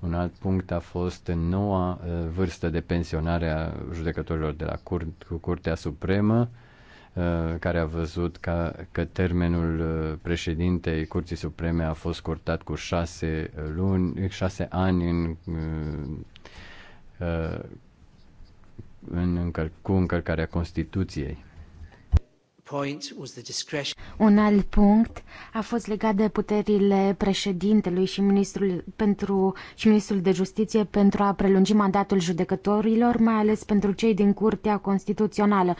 Un alt punct a fost noua uh, vârstă de pensionare a judecătorilor de la Cur- cu Curtea Supremă Uh, care a văzut ca, că termenul uh, președintei Curții Supreme a fost scurtat cu șase uh, luni, șase ani în, în în, cu încălcarea Constituției. Un alt punct a fost legat de puterile președintelui și ministrul, pentru, și ministrul de justiție pentru a prelungi mandatul judecătorilor, mai ales pentru cei din Curtea Constituțională,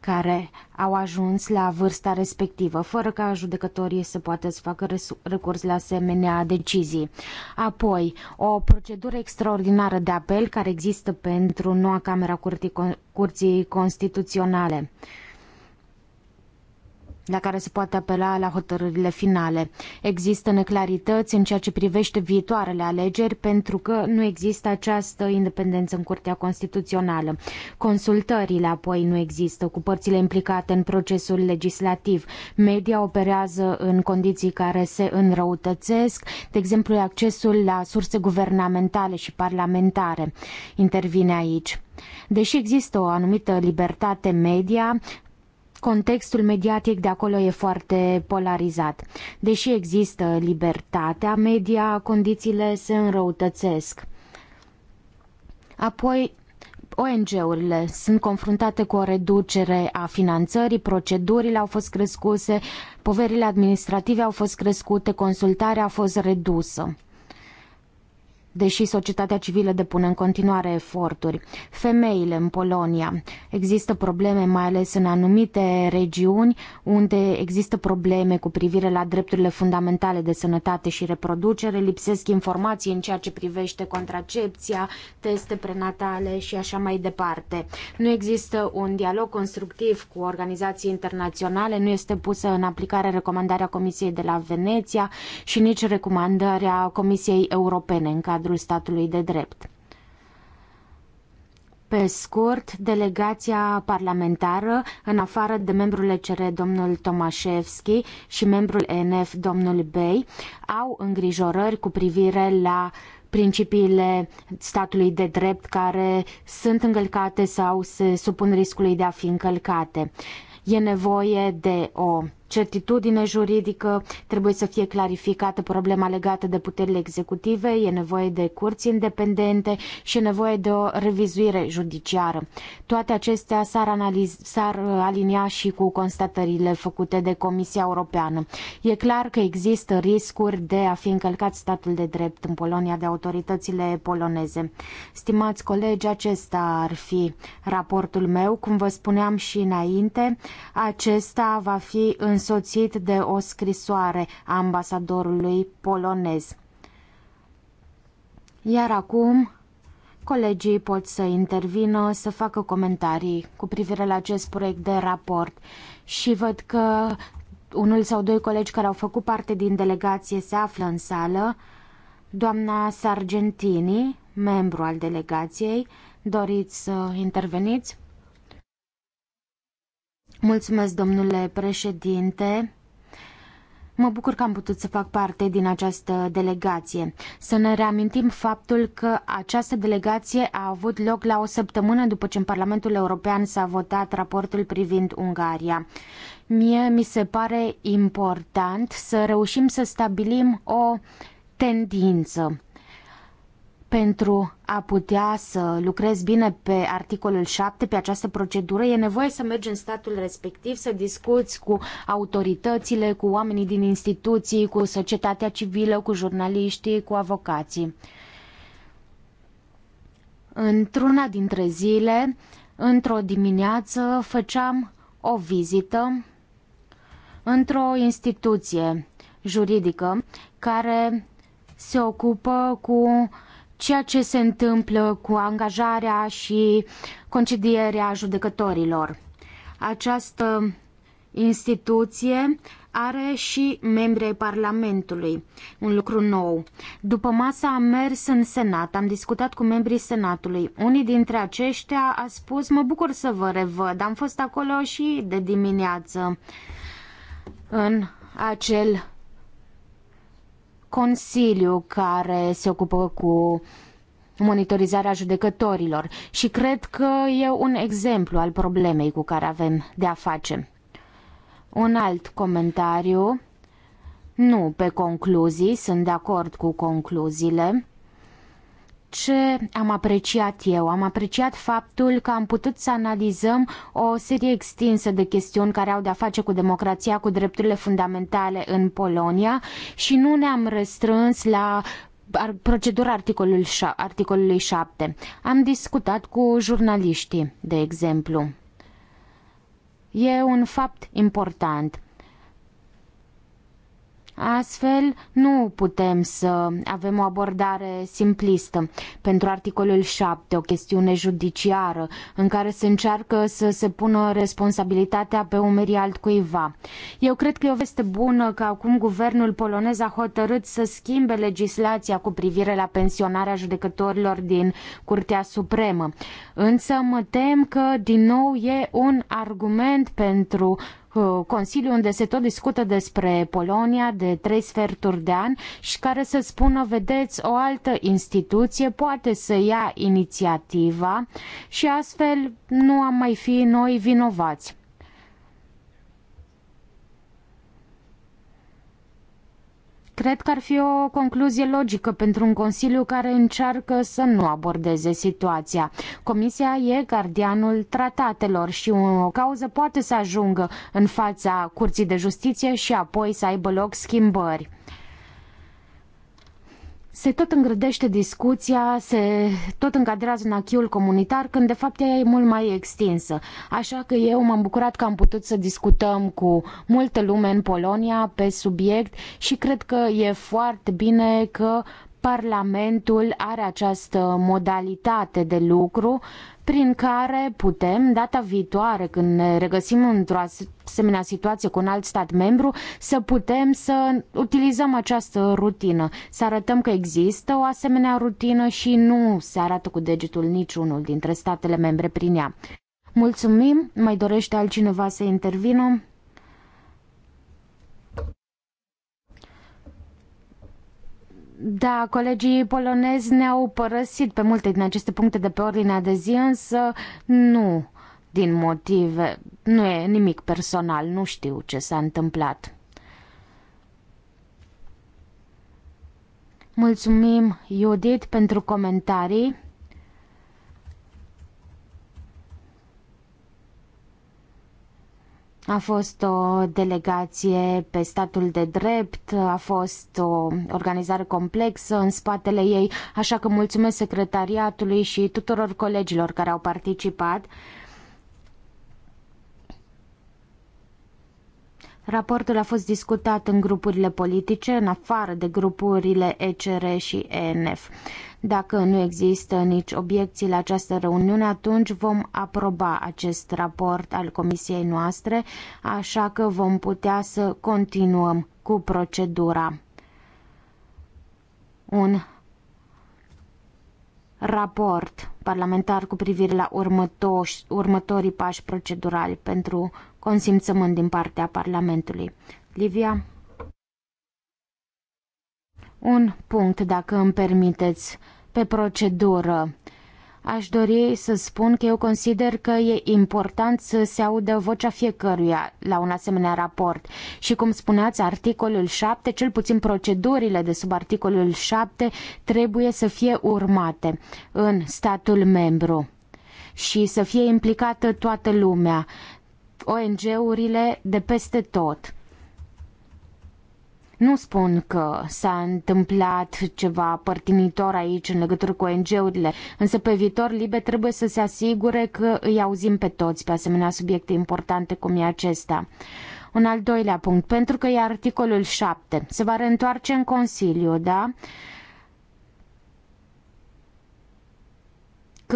care au ajuns la vârsta respectivă, fără ca judecătorii să poată să facă recurs la asemenea decizii. Apoi, o procedură extraordinară de apel care există pentru noua Camera Curții, Constituționale la care se poate apela la hotărârile finale. Există neclarități în ceea ce privește viitoarele alegeri pentru că nu există această independență în Curtea Constituțională. Consultările apoi nu există cu părțile implicate în procesul legislativ. Media operează în condiții care se înrăutățesc, de exemplu accesul la surse guvernamentale și parlamentare intervine aici. Deși există o anumită libertate media, contextul mediatic de acolo e foarte polarizat. Deși există libertatea media, condițiile se înrăutățesc. Apoi, ONG-urile sunt confruntate cu o reducere a finanțării, procedurile au fost crescuse, poverile administrative au fost crescute, consultarea a fost redusă deși societatea civilă depune în continuare eforturi. Femeile în Polonia. Există probleme mai ales în anumite regiuni unde există probleme cu privire la drepturile fundamentale de sănătate și reproducere, lipsesc informații în ceea ce privește contracepția, teste prenatale și așa mai departe. Nu există un dialog constructiv cu organizații internaționale, nu este pusă în aplicare recomandarea Comisiei de la Veneția și nici recomandarea Comisiei Europene în cadrul cadrul statului de drept. Pe scurt, delegația parlamentară, în afară de membrul ECR domnul Tomașevski și membrul ENF domnul Bey, au îngrijorări cu privire la principiile statului de drept care sunt încălcate sau se supun riscului de a fi încălcate. E nevoie de o certitudine juridică, trebuie să fie clarificată problema legată de puterile executive, e nevoie de curți independente și e nevoie de o revizuire judiciară. Toate acestea s-ar, analiz- alinia și cu constatările făcute de Comisia Europeană. E clar că există riscuri de a fi încălcat statul de drept în Polonia de autoritățile poloneze. Stimați colegi, acesta ar fi raportul meu. Cum vă spuneam și înainte, acesta va fi în însoțit de o scrisoare a ambasadorului polonez. Iar acum, colegii pot să intervină, să facă comentarii cu privire la acest proiect de raport. Și văd că unul sau doi colegi care au făcut parte din delegație se află în sală. Doamna Sargentini, membru al delegației, doriți să interveniți? Mulțumesc, domnule președinte. Mă bucur că am putut să fac parte din această delegație. Să ne reamintim faptul că această delegație a avut loc la o săptămână după ce în Parlamentul European s-a votat raportul privind Ungaria. Mie mi se pare important să reușim să stabilim o tendință pentru a putea să lucrez bine pe articolul 7, pe această procedură, e nevoie să mergi în statul respectiv, să discuți cu autoritățile, cu oamenii din instituții, cu societatea civilă, cu jurnaliștii, cu avocații. Într-una dintre zile, într-o dimineață, făceam o vizită într-o instituție juridică care se ocupă cu ceea ce se întâmplă cu angajarea și concedierea judecătorilor. Această instituție are și membrii Parlamentului, un lucru nou. După masa am mers în Senat, am discutat cu membrii Senatului. Unii dintre aceștia a spus, mă bucur să vă revăd, am fost acolo și de dimineață în acel Consiliu care se ocupă cu monitorizarea judecătorilor și cred că e un exemplu al problemei cu care avem de a face. Un alt comentariu, nu pe concluzii, sunt de acord cu concluziile, ce am apreciat eu? Am apreciat faptul că am putut să analizăm o serie extinsă de chestiuni care au de-a face cu democrația, cu drepturile fundamentale în Polonia și nu ne-am restrâns la procedura articolul, articolului 7. Am discutat cu jurnaliștii, de exemplu. E un fapt important. Astfel, nu putem să avem o abordare simplistă. Pentru articolul 7, o chestiune judiciară, în care se încearcă să se pună responsabilitatea pe umerii altcuiva. Eu cred că e o veste bună că acum guvernul polonez a hotărât să schimbe legislația cu privire la pensionarea judecătorilor din Curtea Supremă. Însă mă tem că, din nou, e un argument pentru Uh, Consiliu unde se tot discută despre Polonia de trei sferturi de an și care să spună, vedeți, o altă instituție poate să ia inițiativa și astfel nu am mai fi noi vinovați. Cred că ar fi o concluzie logică pentru un Consiliu care încearcă să nu abordeze situația. Comisia e gardianul tratatelor și o cauză poate să ajungă în fața Curții de Justiție și apoi să aibă loc schimbări se tot îngrădește discuția, se tot încadrează în achiul comunitar, când de fapt ea e mult mai extinsă. Așa că eu m-am bucurat că am putut să discutăm cu multă lume în Polonia pe subiect și cred că e foarte bine că Parlamentul are această modalitate de lucru prin care putem, data viitoare, când ne regăsim într-o asemenea situație cu un alt stat membru, să putem să utilizăm această rutină, să arătăm că există o asemenea rutină și nu se arată cu degetul niciunul dintre statele membre prin ea. Mulțumim, mai dorește altcineva să intervină? Da, colegii polonezi ne-au părăsit pe multe din aceste puncte de pe ordinea de zi, însă nu din motive. Nu e nimic personal, nu știu ce s-a întâmplat. Mulțumim, Judith, pentru comentarii. A fost o delegație pe statul de drept, a fost o organizare complexă în spatele ei, așa că mulțumesc secretariatului și tuturor colegilor care au participat. Raportul a fost discutat în grupurile politice, în afară de grupurile ECR și ENF. Dacă nu există nici obiecții la această reuniune, atunci vom aproba acest raport al comisiei noastre, așa că vom putea să continuăm cu procedura. Un raport parlamentar cu privire la următoși, următorii pași procedurali pentru consimțământ din partea Parlamentului. Livia? Un punct, dacă îmi permiteți pe procedură. Aș dori să spun că eu consider că e important să se audă vocea fiecăruia la un asemenea raport. Și cum spuneați, articolul 7, cel puțin procedurile de sub articolul 7, trebuie să fie urmate în statul membru și să fie implicată toată lumea, ONG-urile de peste tot. Nu spun că s-a întâmplat ceva părtinitor aici în legătură cu ONG-urile, însă pe viitor Libe trebuie să se asigure că îi auzim pe toți pe asemenea subiecte importante cum e acesta. Un al doilea punct, pentru că e articolul 7. Se va reîntoarce în Consiliu, da?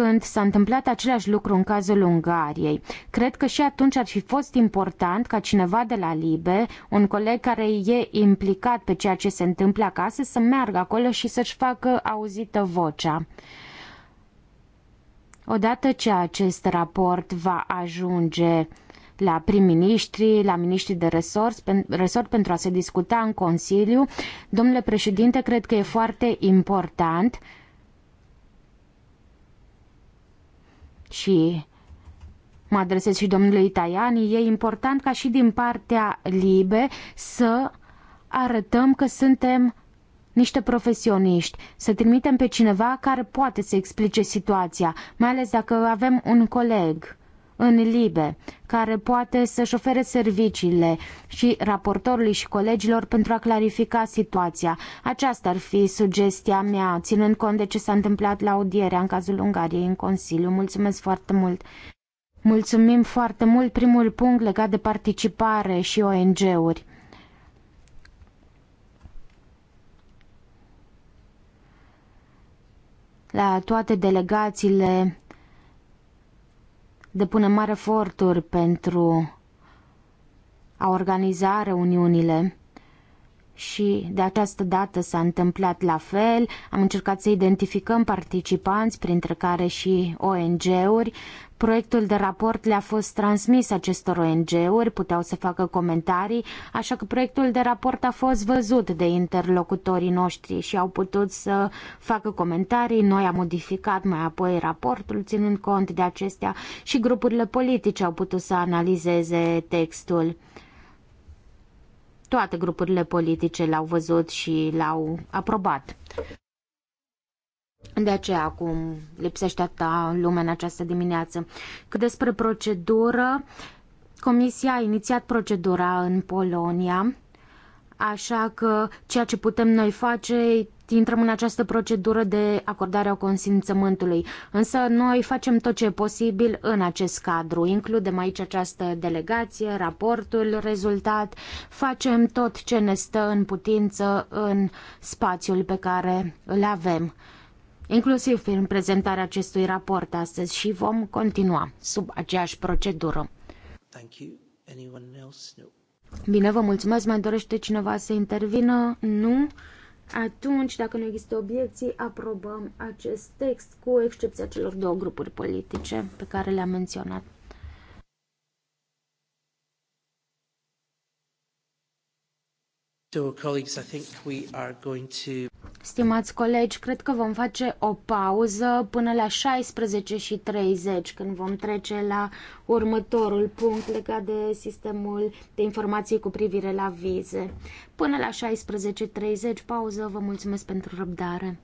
când s-a întâmplat același lucru în cazul Ungariei. Cred că și atunci ar fi fost important ca cineva de la Libe, un coleg care e implicat pe ceea ce se întâmplă acasă, să meargă acolo și să-și facă auzită vocea. Odată ce acest raport va ajunge la prim-ministri, la miniștri de resort, pen, resort pentru a se discuta în Consiliu. Domnule președinte, cred că e foarte important și mă adresez și domnului Taiani, e important ca și din partea LIBE să arătăm că suntem niște profesioniști, să trimitem pe cineva care poate să explice situația, mai ales dacă avem un coleg în libe, care poate să-și ofere serviciile și raportorului și colegilor pentru a clarifica situația. Aceasta ar fi sugestia mea, ținând cont de ce s-a întâmplat la audierea în cazul Ungariei în Consiliu. Mulțumesc foarte mult! Mulțumim foarte mult primul punct legat de participare și ONG-uri. La toate delegațiile depune mari eforturi pentru a organiza reuniunile și de această dată s-a întâmplat la fel. Am încercat să identificăm participanți, printre care și ONG-uri. Proiectul de raport le-a fost transmis acestor ONG-uri, puteau să facă comentarii, așa că proiectul de raport a fost văzut de interlocutorii noștri și au putut să facă comentarii. Noi am modificat mai apoi raportul, ținând cont de acestea, și grupurile politice au putut să analizeze textul toate grupurile politice l-au văzut și l-au aprobat. De aceea acum lipsește atâta lume în această dimineață. Cât despre procedură, Comisia a inițiat procedura în Polonia, așa că ceea ce putem noi face intrăm în această procedură de acordare a consimțământului. Însă noi facem tot ce e posibil în acest cadru. Includem aici această delegație, raportul rezultat, facem tot ce ne stă în putință în spațiul pe care îl avem inclusiv prin prezentarea acestui raport astăzi și vom continua sub aceeași procedură. Bine, vă mulțumesc. Mai dorește cineva să intervină? Nu? Atunci, dacă nu există obiecții, aprobăm acest text, cu excepția celor două grupuri politice pe care le-am menționat. Stimați colegi, cred că vom face o pauză până la 16.30 când vom trece la următorul punct legat de sistemul de informații cu privire la vize. Până la 16.30, pauză, vă mulțumesc pentru răbdare.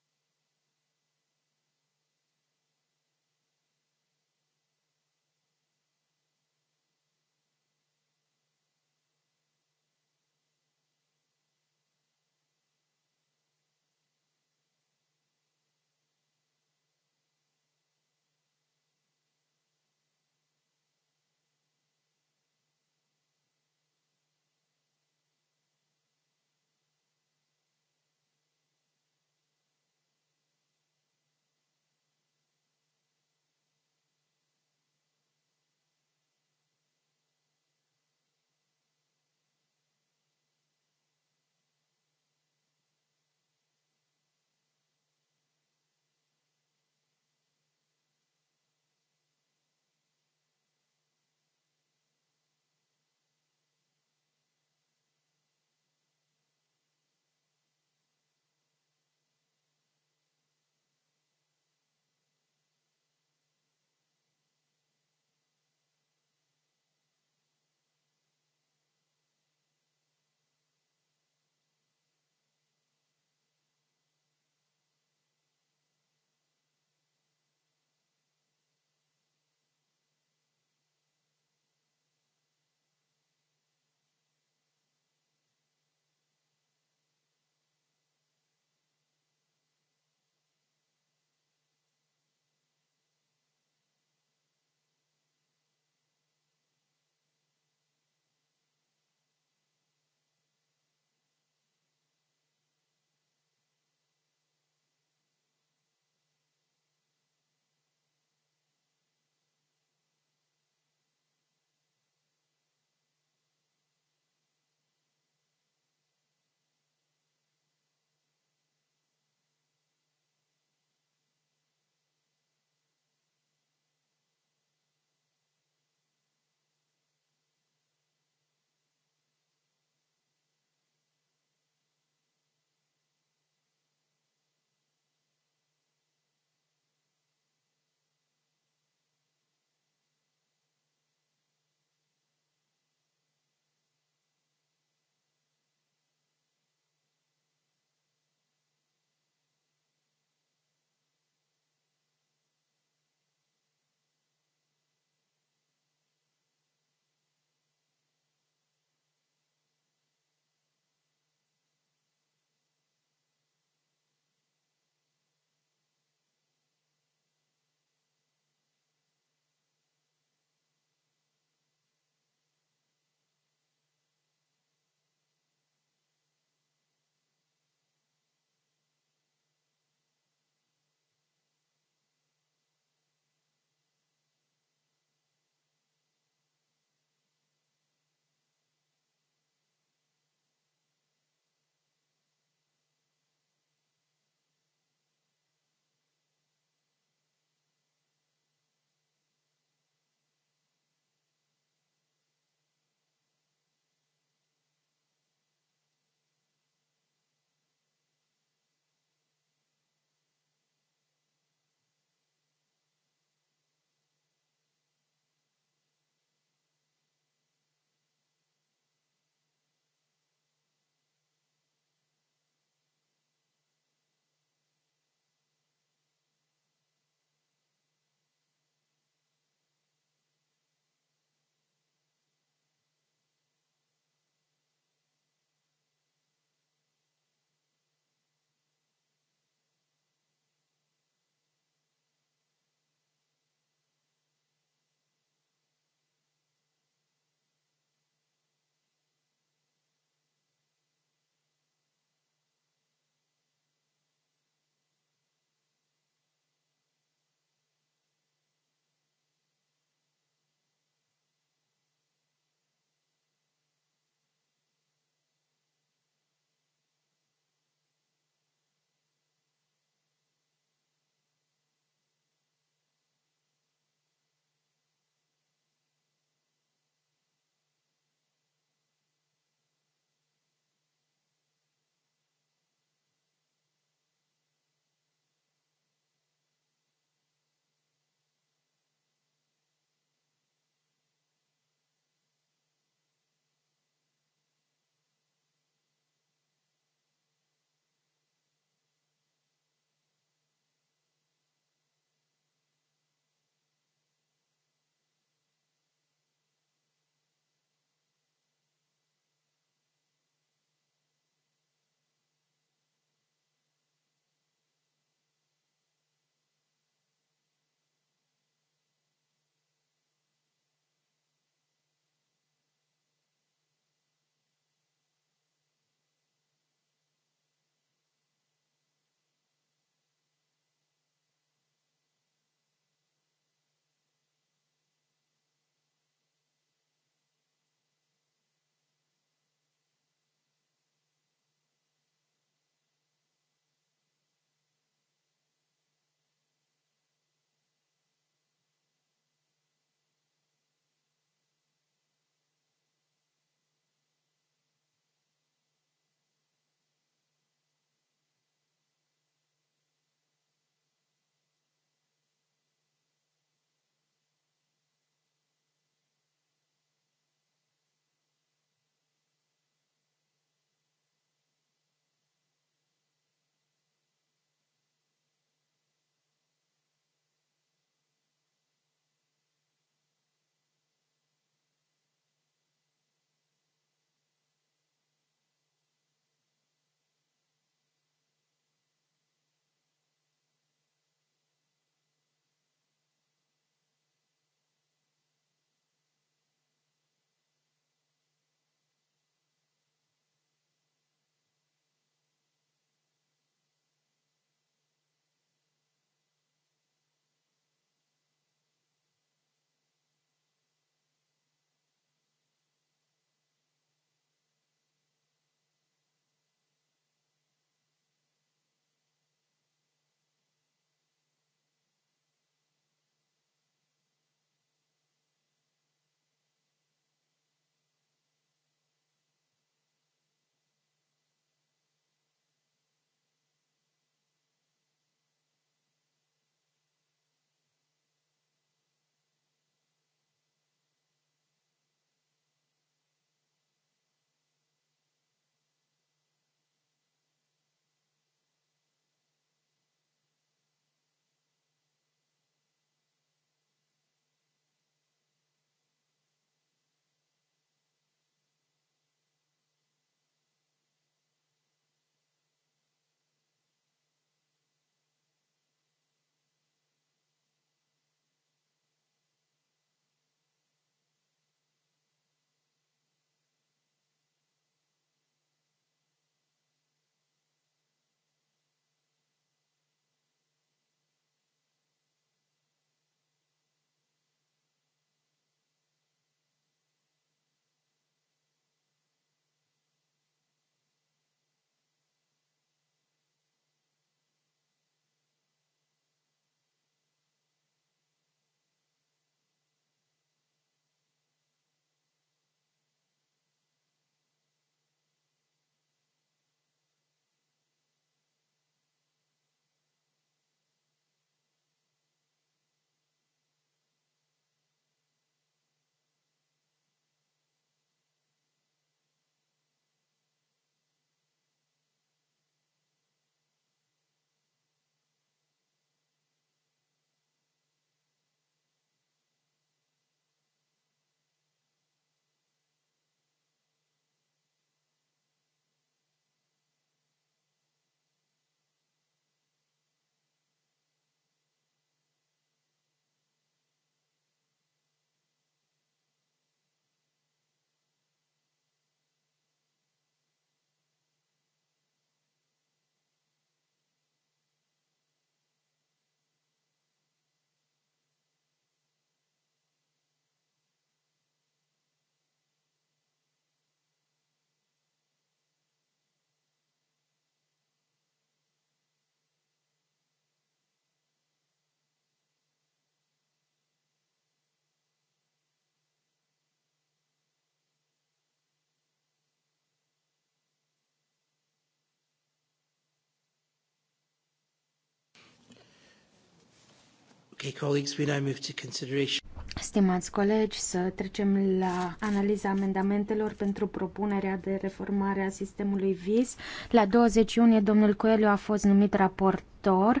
Okay, colleagues, we now move to consideration. Stimați colegi, să trecem la analiza amendamentelor pentru propunerea de reformare a sistemului VIS. La 20 iunie, domnul Coelho a fost numit raportor.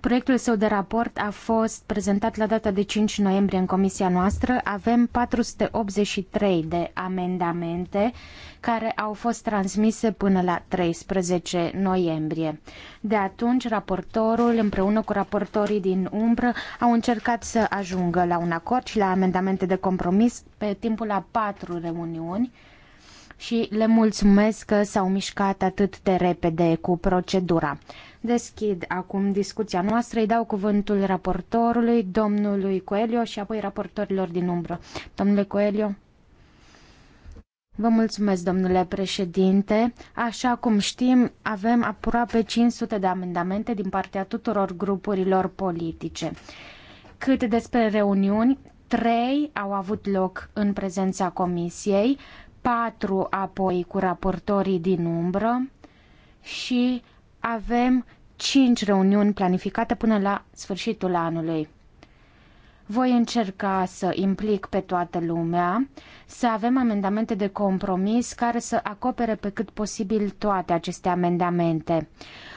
Proiectul său de raport a fost prezentat la data de 5 noiembrie în comisia noastră. Avem 483 de amendamente care au fost transmise până la 13 noiembrie. De atunci, raportorul împreună cu raportorii din umbră au încercat să ajungă la un acord și la amendamente de compromis pe timpul a patru reuniuni și le mulțumesc că s-au mișcat atât de repede cu procedura. Deschid acum discuția noastră, îi dau cuvântul raportorului, domnului Coelio și apoi raportorilor din umbră. Domnule Coelio. Vă mulțumesc, domnule președinte. Așa cum știm, avem aproape 500 de amendamente din partea tuturor grupurilor politice. Cât despre reuniuni, trei au avut loc în prezența comisiei, patru apoi cu raportorii din umbră și avem cinci reuniuni planificate până la sfârșitul anului. Voi încerca să implic pe toată lumea, să avem amendamente de compromis care să acopere pe cât posibil toate aceste amendamente.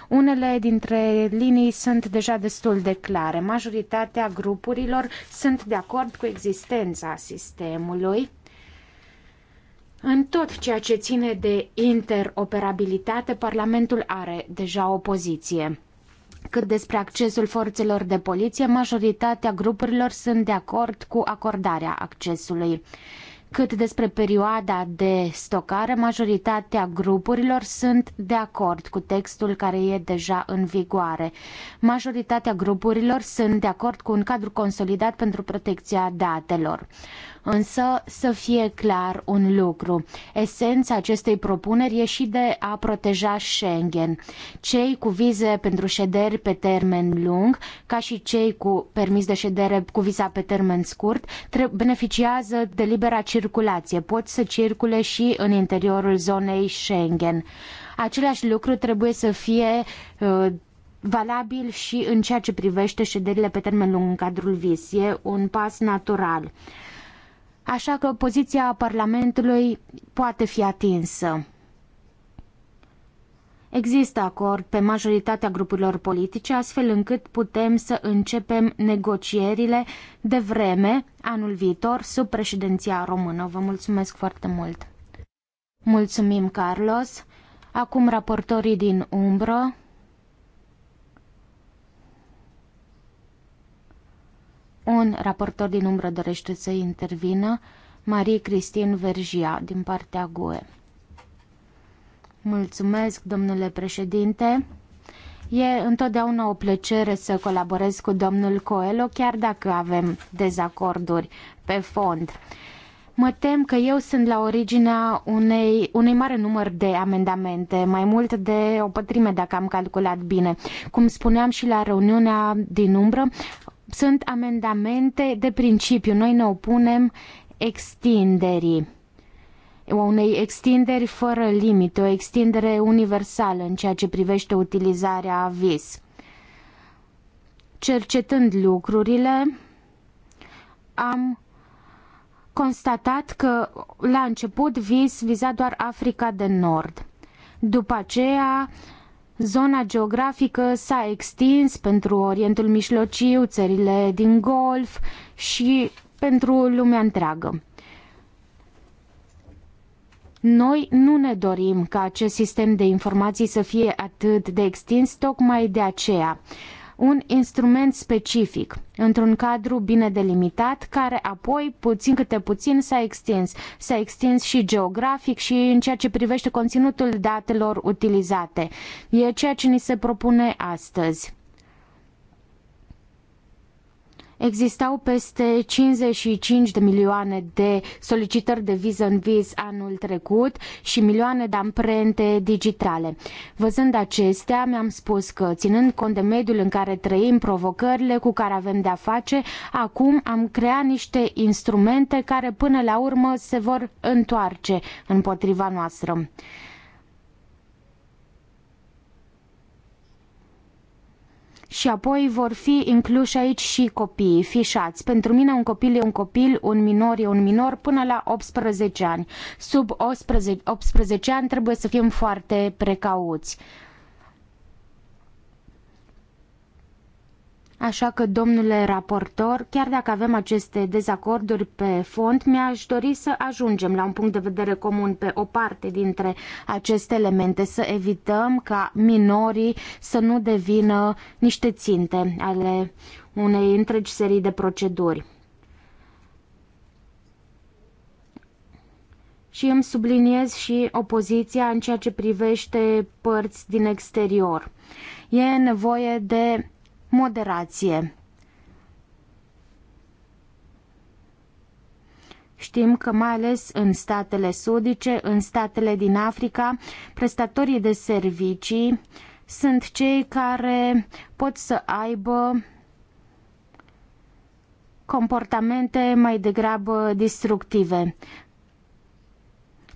Unele dintre linii sunt deja destul de clare. Majoritatea grupurilor sunt de acord cu existența sistemului în tot ceea ce ține de interoperabilitate, Parlamentul are deja o poziție. Cât despre accesul forțelor de poliție, majoritatea grupurilor sunt de acord cu acordarea accesului. Cât despre perioada de stocare, majoritatea grupurilor sunt de acord cu textul care e deja în vigoare. Majoritatea grupurilor sunt de acord cu un cadru consolidat pentru protecția datelor. Însă să fie clar un lucru. Esența acestei propuneri e și de a proteja Schengen. Cei cu vize pentru șederi pe termen lung, ca și cei cu permis de ședere cu viza pe termen scurt, beneficiază de libera circulație. Pot să circule și în interiorul zonei Schengen. Același lucru trebuie să fie uh, valabil și în ceea ce privește șederile pe termen lung în cadrul VIS. E un pas natural. Uh, Așa că poziția Parlamentului poate fi atinsă. Există acord pe majoritatea grupurilor politice, astfel încât putem să începem negocierile de vreme anul viitor sub președinția română. Vă mulțumesc foarte mult! Mulțumim, Carlos! Acum raportorii din umbră. Un raportor din umbră dorește să intervină, marie Cristin Vergia, din partea GUE. Mulțumesc, domnule președinte. E întotdeauna o plăcere să colaborez cu domnul Coelho, chiar dacă avem dezacorduri pe fond. Mă tem că eu sunt la originea unei, unei mare număr de amendamente, mai mult de o pătrime dacă am calculat bine. Cum spuneam și la reuniunea din umbră, sunt amendamente de principiu. Noi ne opunem extinderii unei extinderi fără limite, o extindere universală în ceea ce privește utilizarea avis. Cercetând lucrurile, am constatat că la început vis viza doar Africa de Nord. După aceea Zona geografică s-a extins pentru Orientul Mijlociu, țările din Golf și pentru lumea întreagă. Noi nu ne dorim ca acest sistem de informații să fie atât de extins, tocmai de aceea un instrument specific, într-un cadru bine delimitat, care apoi, puțin câte puțin, s-a extins. S-a extins și geografic și în ceea ce privește conținutul datelor utilizate. E ceea ce ni se propune astăzi. Existau peste 55 de milioane de solicitări de viză în viz anul trecut și milioane de amprente digitale. Văzând acestea, mi-am spus că, ținând cont de mediul în care trăim, provocările cu care avem de-a face, acum am creat niște instrumente care până la urmă se vor întoarce împotriva noastră. și apoi vor fi incluși aici și copiii fișați. Pentru mine un copil e un copil, un minor e un minor până la 18 ani. Sub 18, 18 ani trebuie să fim foarte precauți. Așa că, domnule raportor, chiar dacă avem aceste dezacorduri pe fond, mi-aș dori să ajungem la un punct de vedere comun pe o parte dintre aceste elemente, să evităm ca minorii să nu devină niște ținte ale unei întregi serii de proceduri. Și îmi subliniez și opoziția în ceea ce privește părți din exterior. E nevoie de moderație. Știm că mai ales în statele sudice, în statele din Africa, prestatorii de servicii sunt cei care pot să aibă comportamente mai degrabă destructive.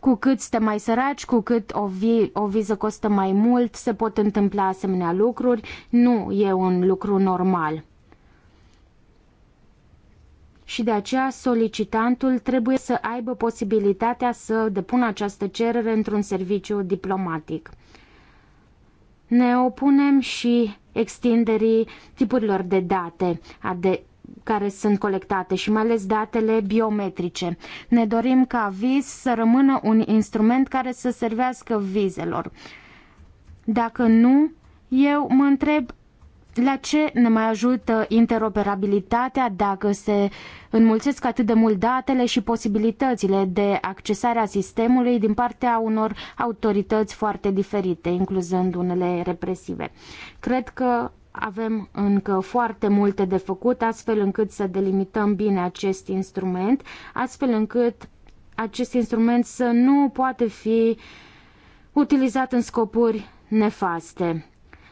Cu cât suntem mai săraci, cu cât o, vi- o viză costă mai mult, se pot întâmpla asemenea lucruri. Nu e un lucru normal și de aceea solicitantul trebuie să aibă posibilitatea să depună această cerere într-un serviciu diplomatic. Ne opunem și extinderii tipurilor de date, a de care sunt colectate și mai ales datele biometrice. Ne dorim ca VIS să rămână un instrument care să servească vizelor. Dacă nu, eu mă întreb la ce ne mai ajută interoperabilitatea dacă se înmulțesc atât de mult datele și posibilitățile de accesare a sistemului din partea unor autorități foarte diferite, incluzând unele represive. Cred că avem încă foarte multe de făcut, astfel încât să delimităm bine acest instrument, astfel încât acest instrument să nu poate fi utilizat în scopuri nefaste.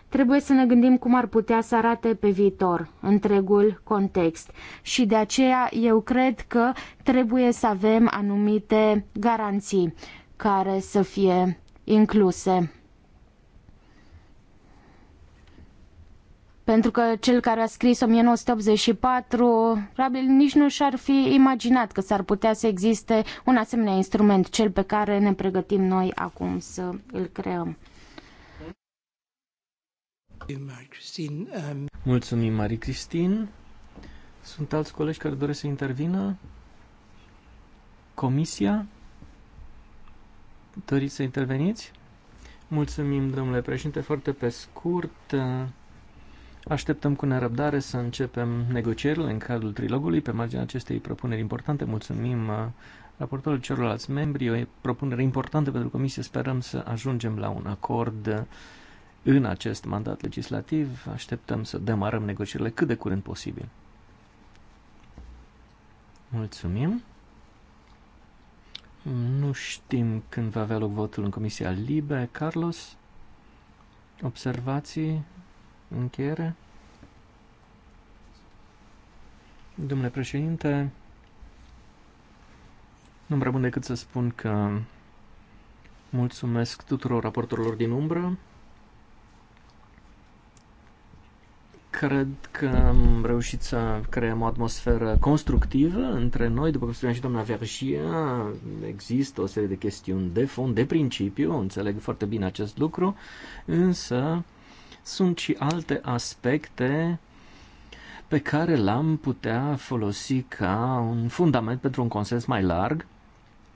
Trebuie să ne gândim cum ar putea să arate pe viitor întregul context și de aceea eu cred că trebuie să avem anumite garanții care să fie incluse. pentru că cel care a scris 1984 probabil nici nu și-ar fi imaginat că s-ar putea să existe un asemenea instrument, cel pe care ne pregătim noi acum să îl creăm. Mulțumim, Marie Cristin. Sunt alți colegi care doresc să intervină? Comisia? Doriți să interveniți? Mulțumim, domnule președinte, foarte pe scurt. Așteptăm cu nerăbdare să începem negocierile în cadrul trilogului pe marginea acestei propuneri importante. Mulțumim uh, raportorul celorlalți membri. O propunere importantă pentru Comisie. Sperăm să ajungem la un acord în acest mandat legislativ. Așteptăm să demarăm negocierile cât de curând posibil. Mulțumim. Nu știm când va avea loc votul în Comisia Libe. Carlos, observații? Încheiere. Domnule președinte, nu-mi rămân decât să spun că mulțumesc tuturor raportorilor din umbră. Cred că am reușit să creăm o atmosferă constructivă între noi. După cum spunea și doamna Vergia, există o serie de chestiuni de fond, de principiu, înțeleg foarte bine acest lucru, însă sunt și alte aspecte pe care l-am putea folosi ca un fundament pentru un consens mai larg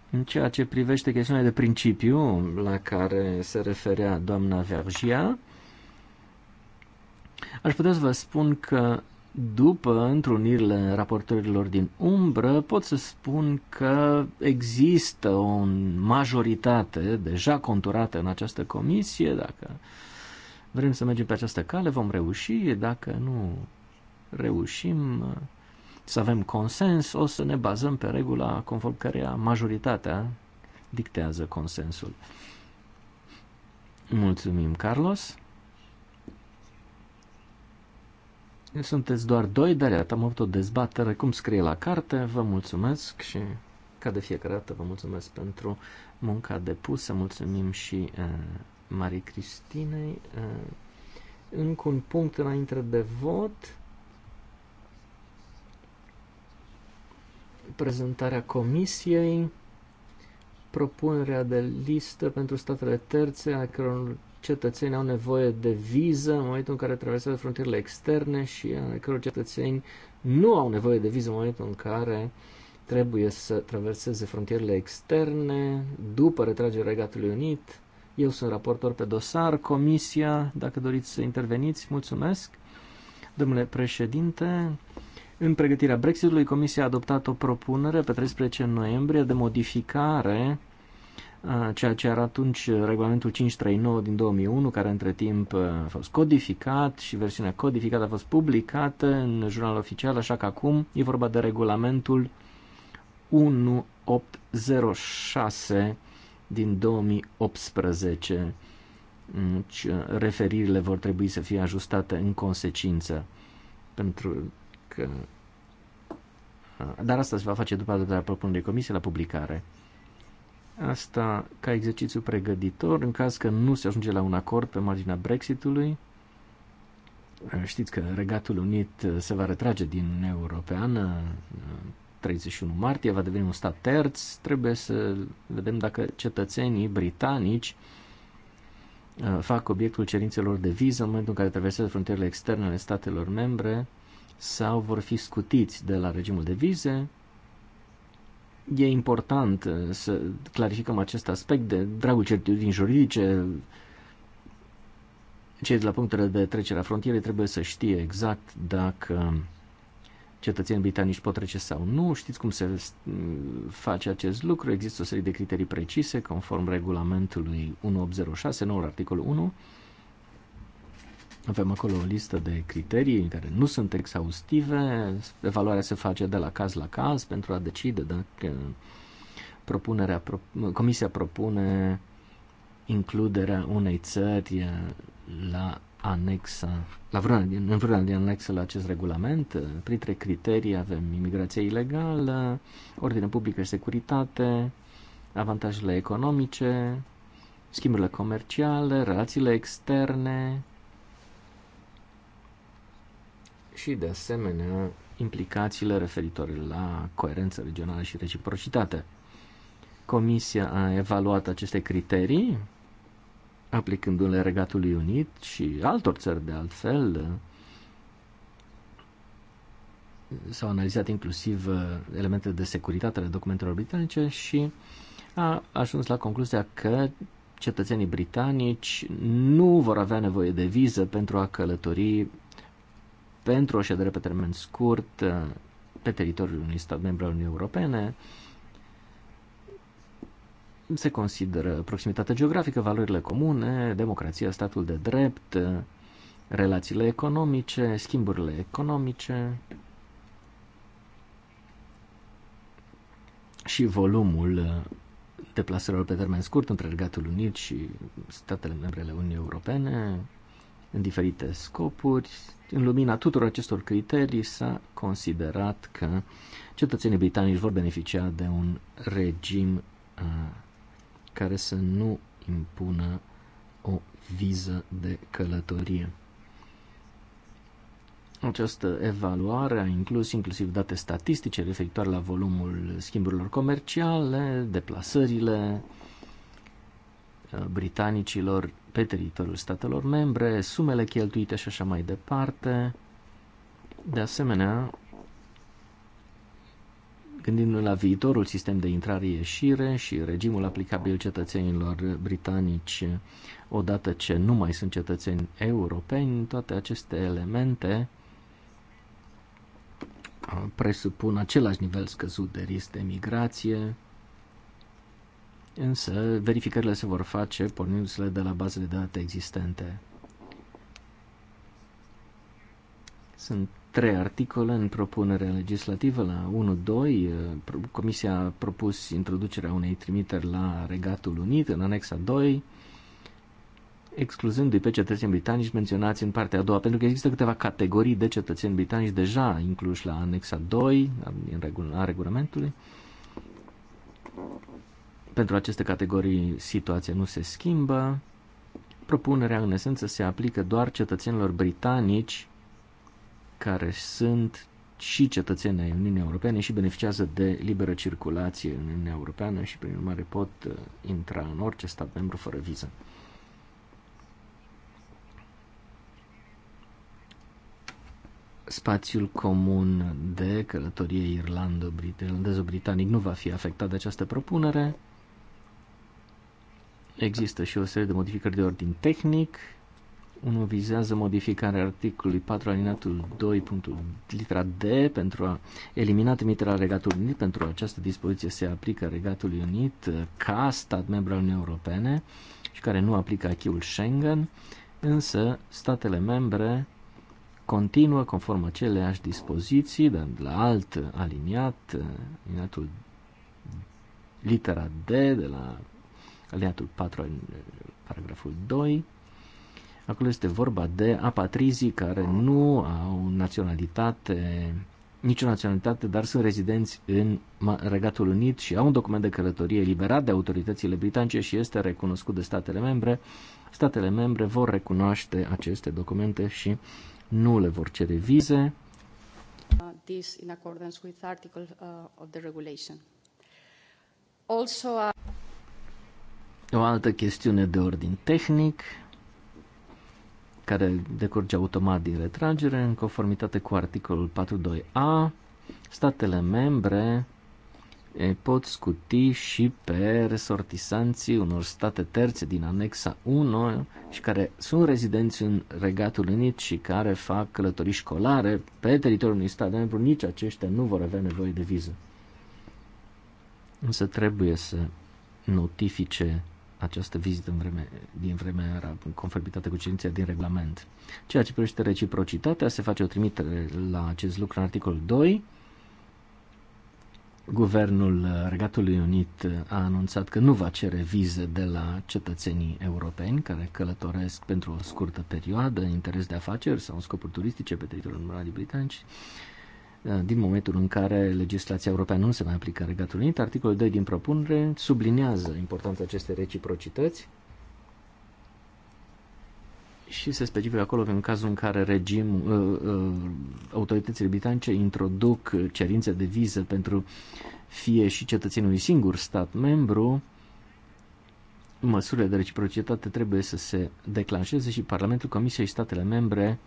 în ceea ce privește chestiunea de principiu la care se referea doamna Vergia. Aș putea să vă spun că după întrunirile raportorilor din umbră, pot să spun că există o majoritate deja conturată în această comisie, dacă vrem să mergem pe această cale, vom reuși, dacă nu reușim să avem consens, o să ne bazăm pe regula conform căreia majoritatea dictează consensul. Mulțumim, Carlos. Sunteți doar doi, dar iată, am avut o dezbatere, cum scrie la carte, vă mulțumesc și ca de fiecare dată vă mulțumesc pentru munca depusă, mulțumim și eh, Marii Cristinei. Uh, încă un punct înainte de vot. Prezentarea comisiei, propunerea de listă pentru statele terțe a căror cetățeni au nevoie de viză în momentul în care traversează frontierele externe și a căror cetățeni nu au nevoie de viză în momentul în care trebuie să traverseze frontierele externe după retragerea Regatului Unit. Eu sunt raportor pe dosar. Comisia, dacă doriți să interveniți, mulțumesc. Domnule președinte, în pregătirea Brexitului, Comisia a adoptat o propunere pe 13 noiembrie de modificare ceea ce era atunci regulamentul 539 din 2001, care între timp a fost codificat și versiunea codificată a fost publicată în jurnal oficial, așa că acum e vorba de regulamentul 1806 din 2018. Deci, referirile vor trebui să fie ajustate în consecință pentru că dar asta se va face după adoptarea propunerii comisiei la publicare. Asta ca exercițiu pregăditor în caz că nu se ajunge la un acord pe marginea Brexitului. Știți că Regatul Unit se va retrage din Uniunea Europeană 31 martie va deveni un stat terț, trebuie să vedem dacă cetățenii britanici uh, fac obiectul cerințelor de viză în momentul în care traversează frontierele externe ale statelor membre sau vor fi scutiți de la regimul de vize. E important uh, să clarificăm acest aspect de dragul certitudini juridice. Cei de la punctele de trecere a frontierei trebuie să știe exact dacă cetățeni britanici pot trece sau nu. Știți cum se mm, face acest lucru? Există o serie de criterii precise conform regulamentului 1806, noul articolul 1. Avem acolo o listă de criterii care nu sunt exhaustive. Evaluarea se face de la caz la caz pentru a decide dacă propunerea, comisia propune includerea unei țări la anexa, la vreuna în vreuna din anexă la acest regulament. Printre criterii avem imigrație ilegală, ordine publică și securitate, avantajele economice, schimburile comerciale, relațiile externe și, de asemenea, implicațiile referitoare la coerență regională și reciprocitate. Comisia a evaluat aceste criterii aplicându-le Regatului Unit și altor țări de altfel. S-au analizat inclusiv uh, elementele de securitate ale documentelor britanice și a ajuns la concluzia că cetățenii britanici nu vor avea nevoie de viză pentru a călători pentru o ședere pe termen scurt uh, pe teritoriul unui stat membru al Uniunii Europene, se consideră proximitatea geografică, valorile comune, democrația, statul de drept, relațiile economice, schimburile economice și volumul deplasărilor pe termen scurt între Regatul Unit și statele membre ale Uniunii Europene în diferite scopuri. În lumina tuturor acestor criterii s-a considerat că cetățenii britanici vor beneficia de un regim uh, care să nu impună o viză de călătorie. Această evaluare a inclus inclusiv date statistice referitoare la volumul schimburilor comerciale, deplasările uh, britanicilor pe teritoriul statelor membre, sumele cheltuite și așa mai departe. De asemenea, Gândindu-ne la viitorul sistem de intrare-ieșire și regimul aplicabil cetățenilor britanici odată ce nu mai sunt cetățeni europeni, toate aceste elemente presupun același nivel scăzut de risc de migrație, însă verificările se vor face pornindu-se de la bazele de date existente. Sunt trei articole în propunerea legislativă la 1-2, eh, Comisia a propus introducerea unei trimiteri la Regatul Unit în anexa 2, excluzându-i pe cetățeni britanici menționați în partea a doua, pentru că există câteva categorii de cetățeni britanici deja incluși la anexa 2 a regulamentului. Pentru aceste categorii situația nu se schimbă. Propunerea, în esență, se aplică doar cetățenilor britanici care sunt și cetățeni ai Uniunii Europene și beneficiază de liberă circulație în Uniunea Europeană și, prin urmare, pot uh, intra în orice stat membru fără viză. Spațiul comun de călătorie irlando-britanic nu va fi afectat de această propunere. Există și o serie de modificări de ordin tehnic 1 vizează modificarea articolului 4 alinatul 2 litera D pentru a elimina trimiterea Regatului Unit. Pentru această dispoziție se aplică Regatului Unit ca stat membru al Uniunii Europene și care nu aplică achiul Schengen, însă statele membre continuă conform aceleași dispoziții, dar la alt aliniat, aliniatul litera D de la aliniatul 4 paragraful 2 Acolo este vorba de apatrizii care nu au naționalitate, nicio naționalitate, dar sunt rezidenți în Regatul Unit și au un document de călătorie liberat de autoritățile britanice și este recunoscut de statele membre. Statele membre vor recunoaște aceste documente și nu le vor cere vize. This in accordance with article uh, of the regulation. Also, uh, O altă chestiune de ordin tehnic care decurge automat din retragere, în conformitate cu articolul 42a, statele membre pot scuti și pe resortisanții unor state terțe din anexa 1 și care sunt rezidenți în Regatul Unit și care fac călătorii școlare pe teritoriul unui stat membru, nici aceștia nu vor avea nevoie de viză. Însă trebuie să notifice această vizită în vreme, din vremea arabă, în conformitate cu cerința din regulament. Ceea ce privește reciprocitatea, se face o trimitere la acest lucru în articolul 2. Guvernul Regatului Unit a anunțat că nu va cere vize de la cetățenii europeni care călătoresc pentru o scurtă perioadă, interes de afaceri sau scopuri turistice pe teritoriul Marii Britanici. Uh, Eh, din momentul în care legislația europeană nu se mai aplică în Regatul Unit. Articolul 2 din propunere subliniază importanța acestei reciprocități și se specifică acolo că în cazul în care regim, eh, eh, autoritățile britanice introduc cerințe de viză pentru fie și cetățenii unui singur stat membru, măsurile de reciprocitate trebuie să se declanșeze și Parlamentul, Comisia și statele membre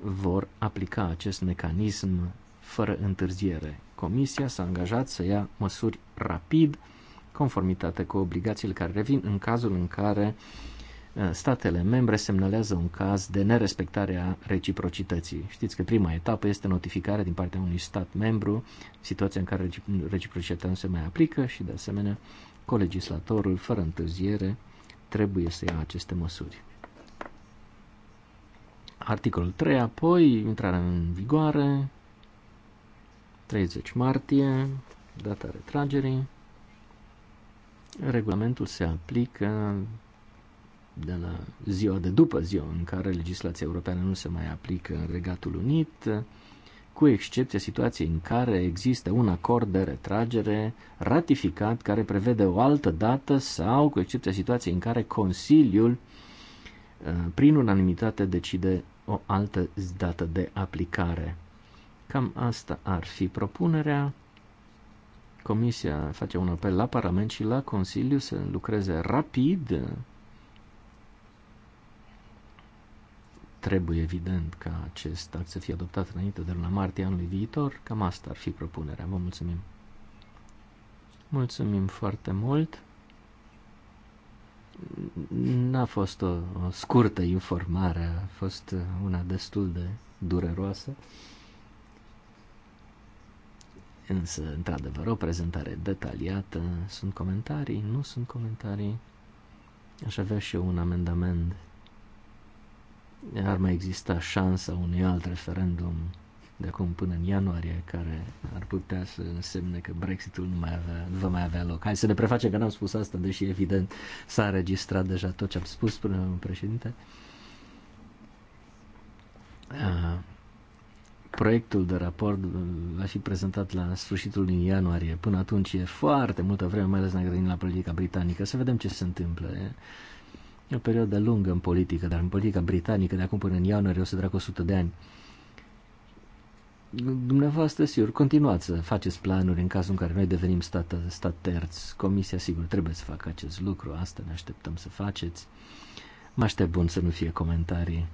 vor aplica acest mecanism fără întârziere. Comisia s-a angajat să ia măsuri rapid, conformitate cu obligațiile care revin în cazul în care uh, statele membre semnalează un caz de nerespectare a reciprocității. Știți că prima etapă este notificarea din partea unui stat membru, situația în care reciprocitatea nu se mai aplică și, de asemenea, colegislatorul, fără întârziere, trebuie să ia aceste măsuri. Articolul 3, apoi intrarea în vigoare, 30 martie, data retragerii. Regulamentul se aplică de la ziua de după ziua în care legislația europeană nu se mai aplică în Regatul Unit, cu excepția situației în care există un acord de retragere ratificat care prevede o altă dată sau cu excepția situației în care Consiliul, eh, prin unanimitate, decide o altă dată de aplicare. Cam asta ar fi propunerea. Comisia face un apel la Parlament și la Consiliu să lucreze rapid. Trebuie evident ca acest act să fie adoptat înainte de luna martie anului viitor. Cam asta ar fi propunerea. Vă mulțumim. Mulțumim foarte mult. N-a fost o, o scurtă informare, a fost una destul de dureroasă. Însă, într-adevăr, o prezentare detaliată. Sunt comentarii? Nu sunt comentarii. Aș avea și eu un amendament. Ar mai exista șansa unui alt referendum de acum până în ianuarie, care ar putea să însemne că Brexitul nu, mai avea, nu va mai avea loc. Hai să ne prefacem că n-am spus asta, deși evident s-a înregistrat deja tot ce am spus până în președinte. Aha proiectul de raport uh, va fi prezentat la sfârșitul din ianuarie. Până atunci e foarte multă vreme, mai ales ne la politica britanică. Să vedem ce se întâmplă. E o perioadă lungă în politică, dar în politica britanică de acum până în ianuarie o să treacă 100 de ani. Dumneavoastră, sigur, continuați să faceți planuri în cazul în care noi devenim stat, stat terț. Comisia, sigur, trebuie să facă acest lucru. Asta ne așteptăm să faceți. Mă aștept bun să nu fie comentarii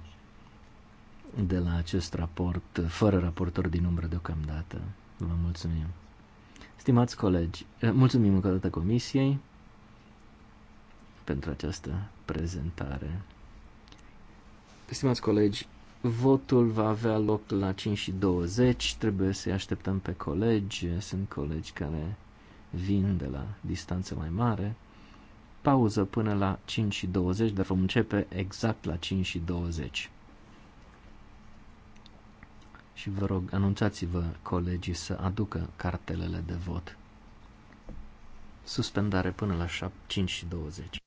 de la acest raport, fără raportor din umbră deocamdată. Vă mulțumim. Stimați colegi, eh, mulțumim încă o dată comisiei pentru această prezentare. Stimați colegi, votul va avea loc la 5 și 20, trebuie să-i așteptăm pe colegi, sunt colegi care vin de la distanță mai mare. Pauză până la 5 și 20, dar vom începe exact la 5 și 20 și vă rog, anunțați-vă colegii să aducă cartelele de vot. Suspendare până la 5.20.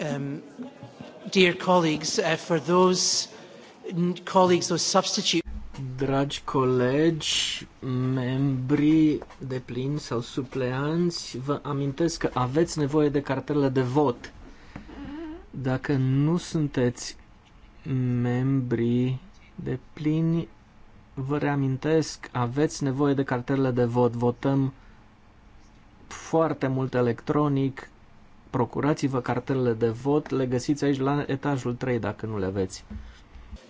Um, dear colleagues, uh, for those colleagues, those substitutes. Dragi colegi, membri de plin sau supleanți, vă amintesc că aveți nevoie de cartele de vot. Dacă nu sunteți membri de plini, vă reamintesc, aveți nevoie de cartele de vot. Votăm foarte mult electronic, Procurați-vă cartelele de vot, le găsiți aici la etajul 3 dacă nu le aveți.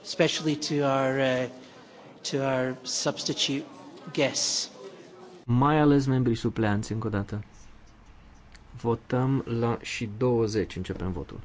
Especially to our, uh, to our substitute guests. Mai ales membrii supleanți încă o dată. Votăm la și 20 începem votul.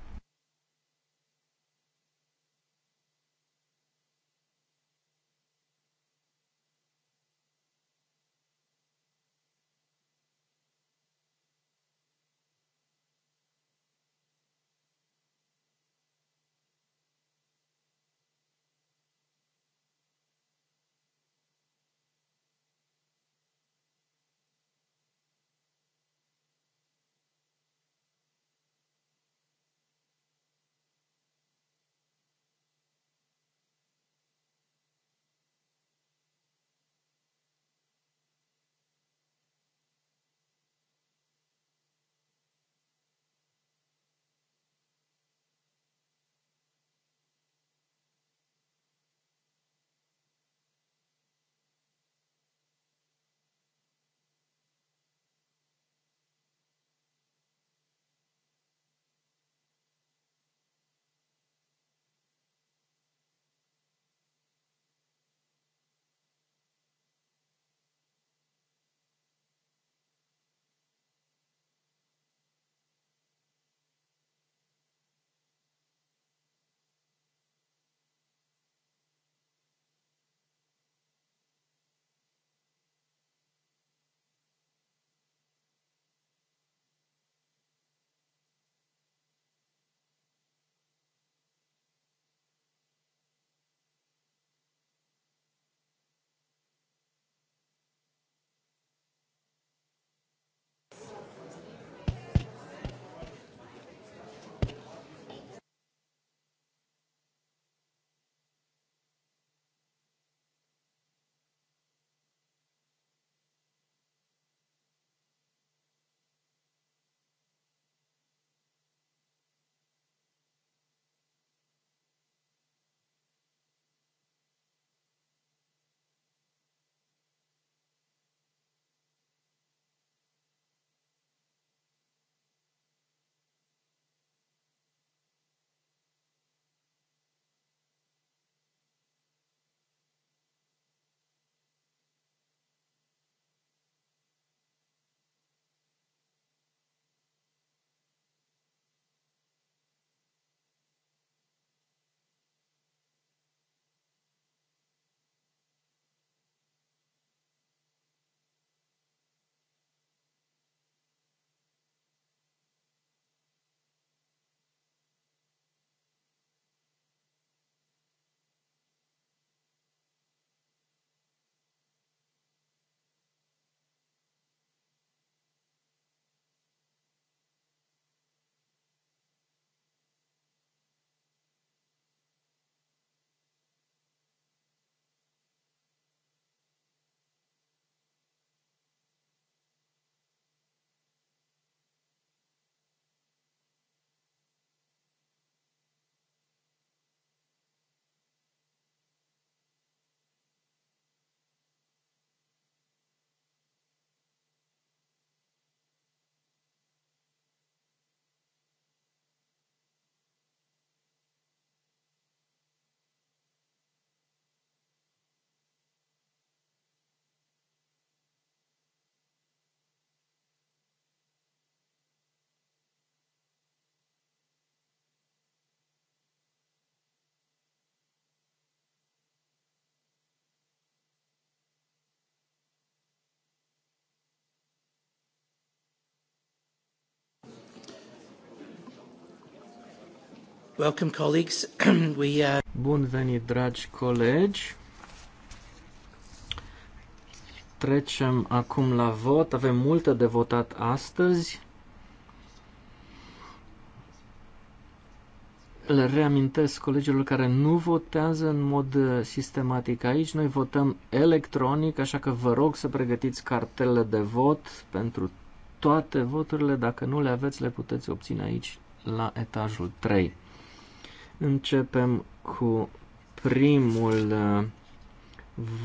Welcome, colleagues. <clears throat> We, uh... Bun venit, dragi colegi. Trecem acum la vot. Avem multe de votat astăzi. Le reamintesc colegilor care nu votează în mod uh, sistematic aici. Noi votăm electronic, așa că vă rog să pregătiți cartele de vot pentru toate voturile. Dacă nu le aveți, le puteți obține aici la etajul 3. Începem cu primul uh,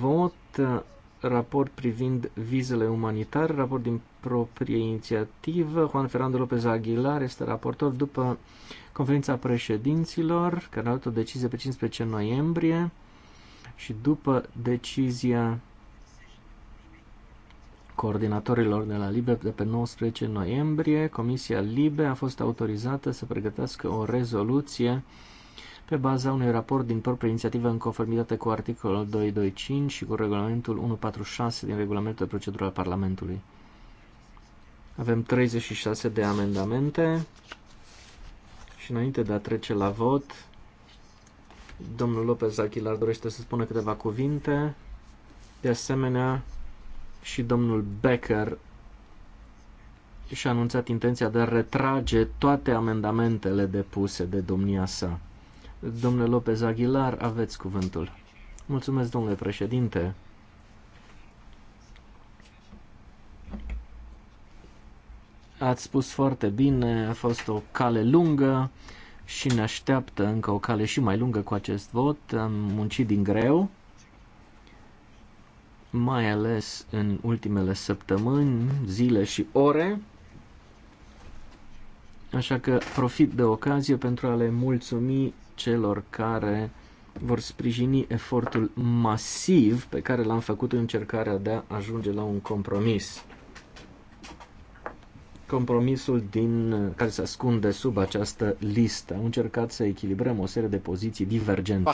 vot, uh, raport privind vizele umanitare, raport din proprie inițiativă. Juan Fernando López Aguilar este raportor după conferința președinților, care a luat o decizie pe 15 noiembrie și după decizia coordonatorilor de la LIBE de pe 19 noiembrie, Comisia LIBE a fost autorizată să pregătească o rezoluție pe baza unui raport din proprie inițiativă în conformitate cu articolul 225 și cu regulamentul 146 din regulamentul de procedură al Parlamentului. Avem 36 de amendamente și înainte de a trece la vot, domnul Lopez Achilar dorește să spună câteva cuvinte. De asemenea, și domnul Becker și-a anunțat intenția de a retrage toate amendamentele depuse de domnia sa. Domnule Lopez Aguilar, aveți cuvântul. Mulțumesc, domnule președinte. Ați spus foarte bine, a fost o cale lungă și ne așteaptă încă o cale și mai lungă cu acest vot. Am muncit din greu, mai ales în ultimele săptămâni, zile și ore. Așa că profit de ocazie pentru a le mulțumi celor care vor sprijini efortul masiv pe care l-am făcut în încercarea de a ajunge la un compromis. Compromisul din, care se ascunde sub această listă. Am încercat să echilibrăm o serie de poziții divergente.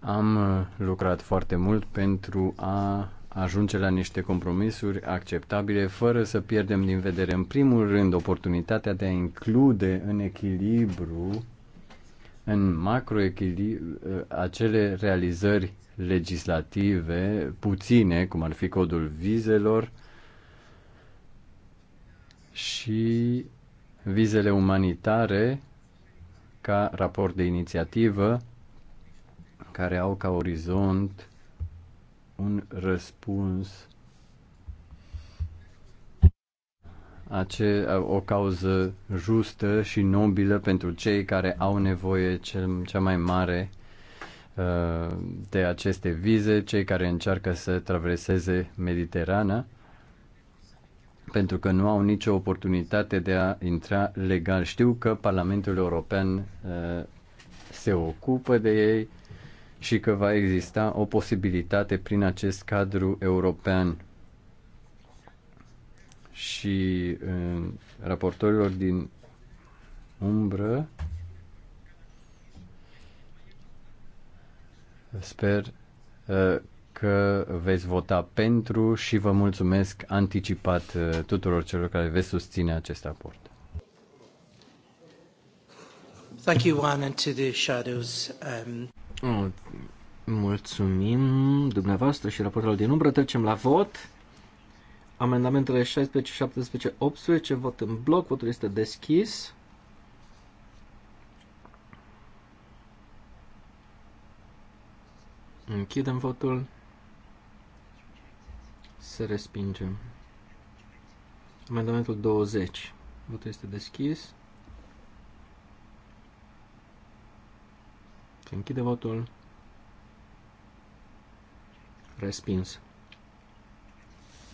Am uh, lucrat foarte mult pentru a ajunge la niște compromisuri acceptabile fără să pierdem din vedere, în primul rând, oportunitatea de a include în echilibru, în macroechilibru, acele realizări legislative puține, cum ar fi codul vizelor și vizele umanitare ca raport de inițiativă care au ca orizont un răspuns ace- o cauză justă și nobilă pentru cei care au nevoie cel, cea mai mare uh, de aceste vize, cei care încearcă să traverseze Mediterana, pentru că nu au nicio oportunitate de a intra legal. Știu că Parlamentul European uh, se ocupă de ei, și că va exista o posibilitate prin acest cadru european. Și raportorilor din umbră sper uh, că veți vota pentru și vă mulțumesc anticipat uh, tuturor celor care veți susține acest raport. Thank you, Juan, and to the shadows. Um mulțumim dumneavoastră și raportul din umbră. Trecem la vot. Amendamentele 16, 17, 18, vot în bloc, votul este deschis. Închidem votul. Se respinge. Amendamentul 20. Votul este deschis. Se închide votul. Respins.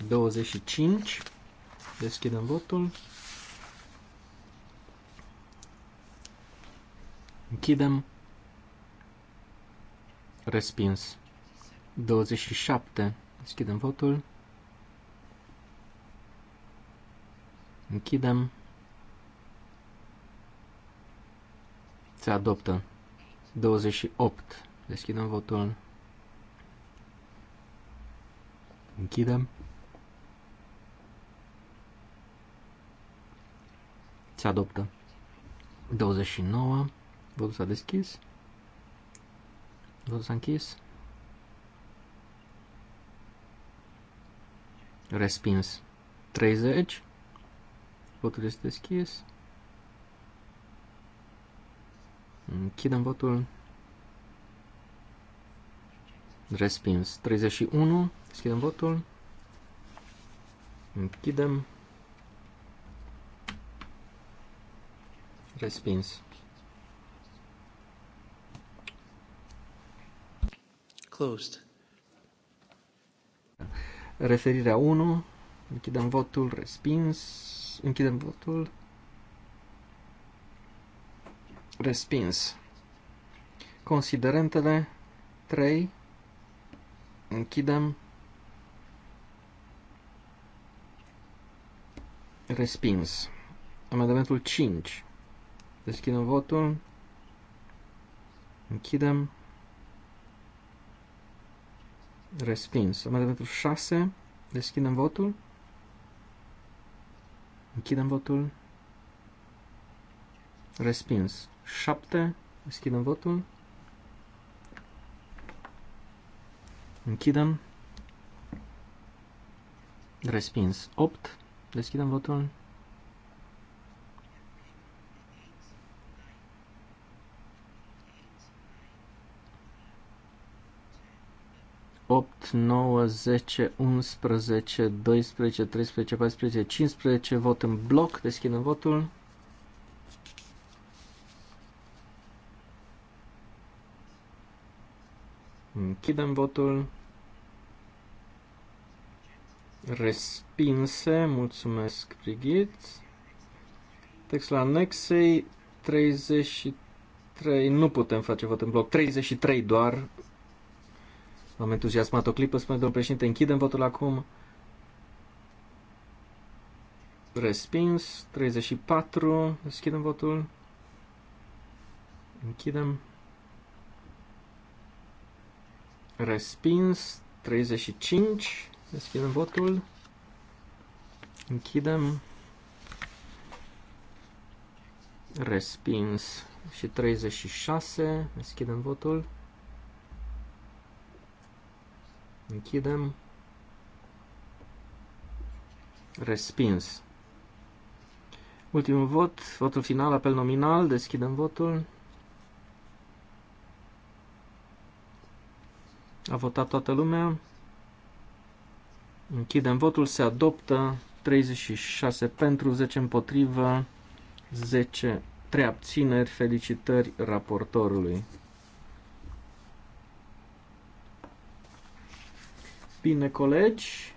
25. Deschidem votul. Închidem. Respins. 27. Deschidem votul. Închidem. Se adoptă. 28. Deschidem votul. Închidem. Se adoptă. 29. Votul s-a deschis. Votul s-a închis. Respins. 30. Votul este deschis. Închidem votul. Respins. 31. Deschidem votul. Închidem. Respins. Closed. Referirea 1. Închidem votul. Respins. Închidem votul. Respins. Considerentele 3. Închidem. Respins. Amendamentul 5. Deschidem votul. Închidem. Respins. Amendamentul 6. Deschidem votul. Închidem votul. Respins. 7. Deschidem votul. Închidem. Respins 8. Deschidem votul. opt, 9, 10, 11, 12, 13, 14, 15 vot în bloc. Deschidem votul. Închidem votul. Respinse. Mulțumesc, Brigit. Textul anexei 33. Nu putem face vot în bloc. 33 doar. Am entuziasmat o clipă, spune domnul președinte. Închidem votul acum. Respins. 34. Deschidem votul. Închidem. Respins. 35. Deschidem votul. Închidem. Respins. Și 36. Deschidem votul. Închidem. Respins. Ultimul vot, votul final, apel nominal, deschidem votul. A votat toată lumea. Închidem votul. Se adoptă 36 pentru, 10 împotrivă, 10, 3 abțineri. Felicitări raportorului. Bine, colegi,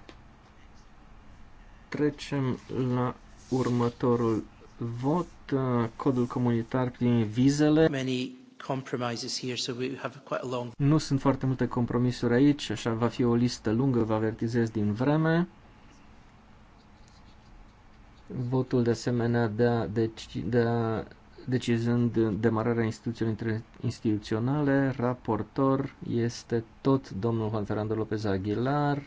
trecem la următorul vot, codul comunitar prin vizele. Many nu sunt foarte multe compromisuri aici, așa va fi o listă lungă, vă avertizez din vreme. Votul de asemenea de a, deci, de a decizând demararea instituțiilor instituționale, raportor este tot domnul Juan Fernando López Aguilar.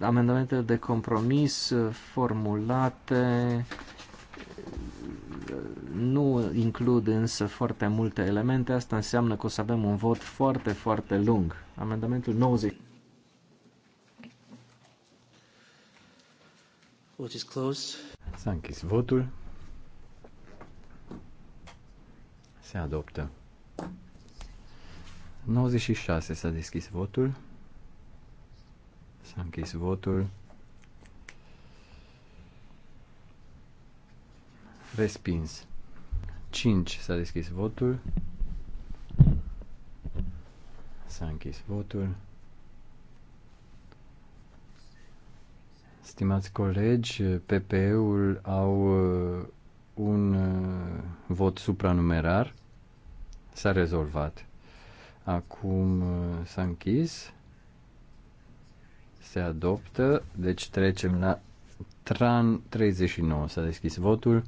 Ă, Amendamentele de compromis formulate nu includ însă foarte multe elemente, asta înseamnă că o să avem un vot foarte, foarte lung. Amendamentul 90. Vote is closed. S-a închis votul. Se adoptă. 96 s-a deschis votul. S-a închis votul. Respins. 5. S-a deschis votul. S-a închis votul. Stimați colegi, PPE-ul au uh, un uh, vot supranumerar. S-a rezolvat. Acum uh, s-a închis. Se adoptă. Deci trecem la TRAN 39. S-a deschis votul.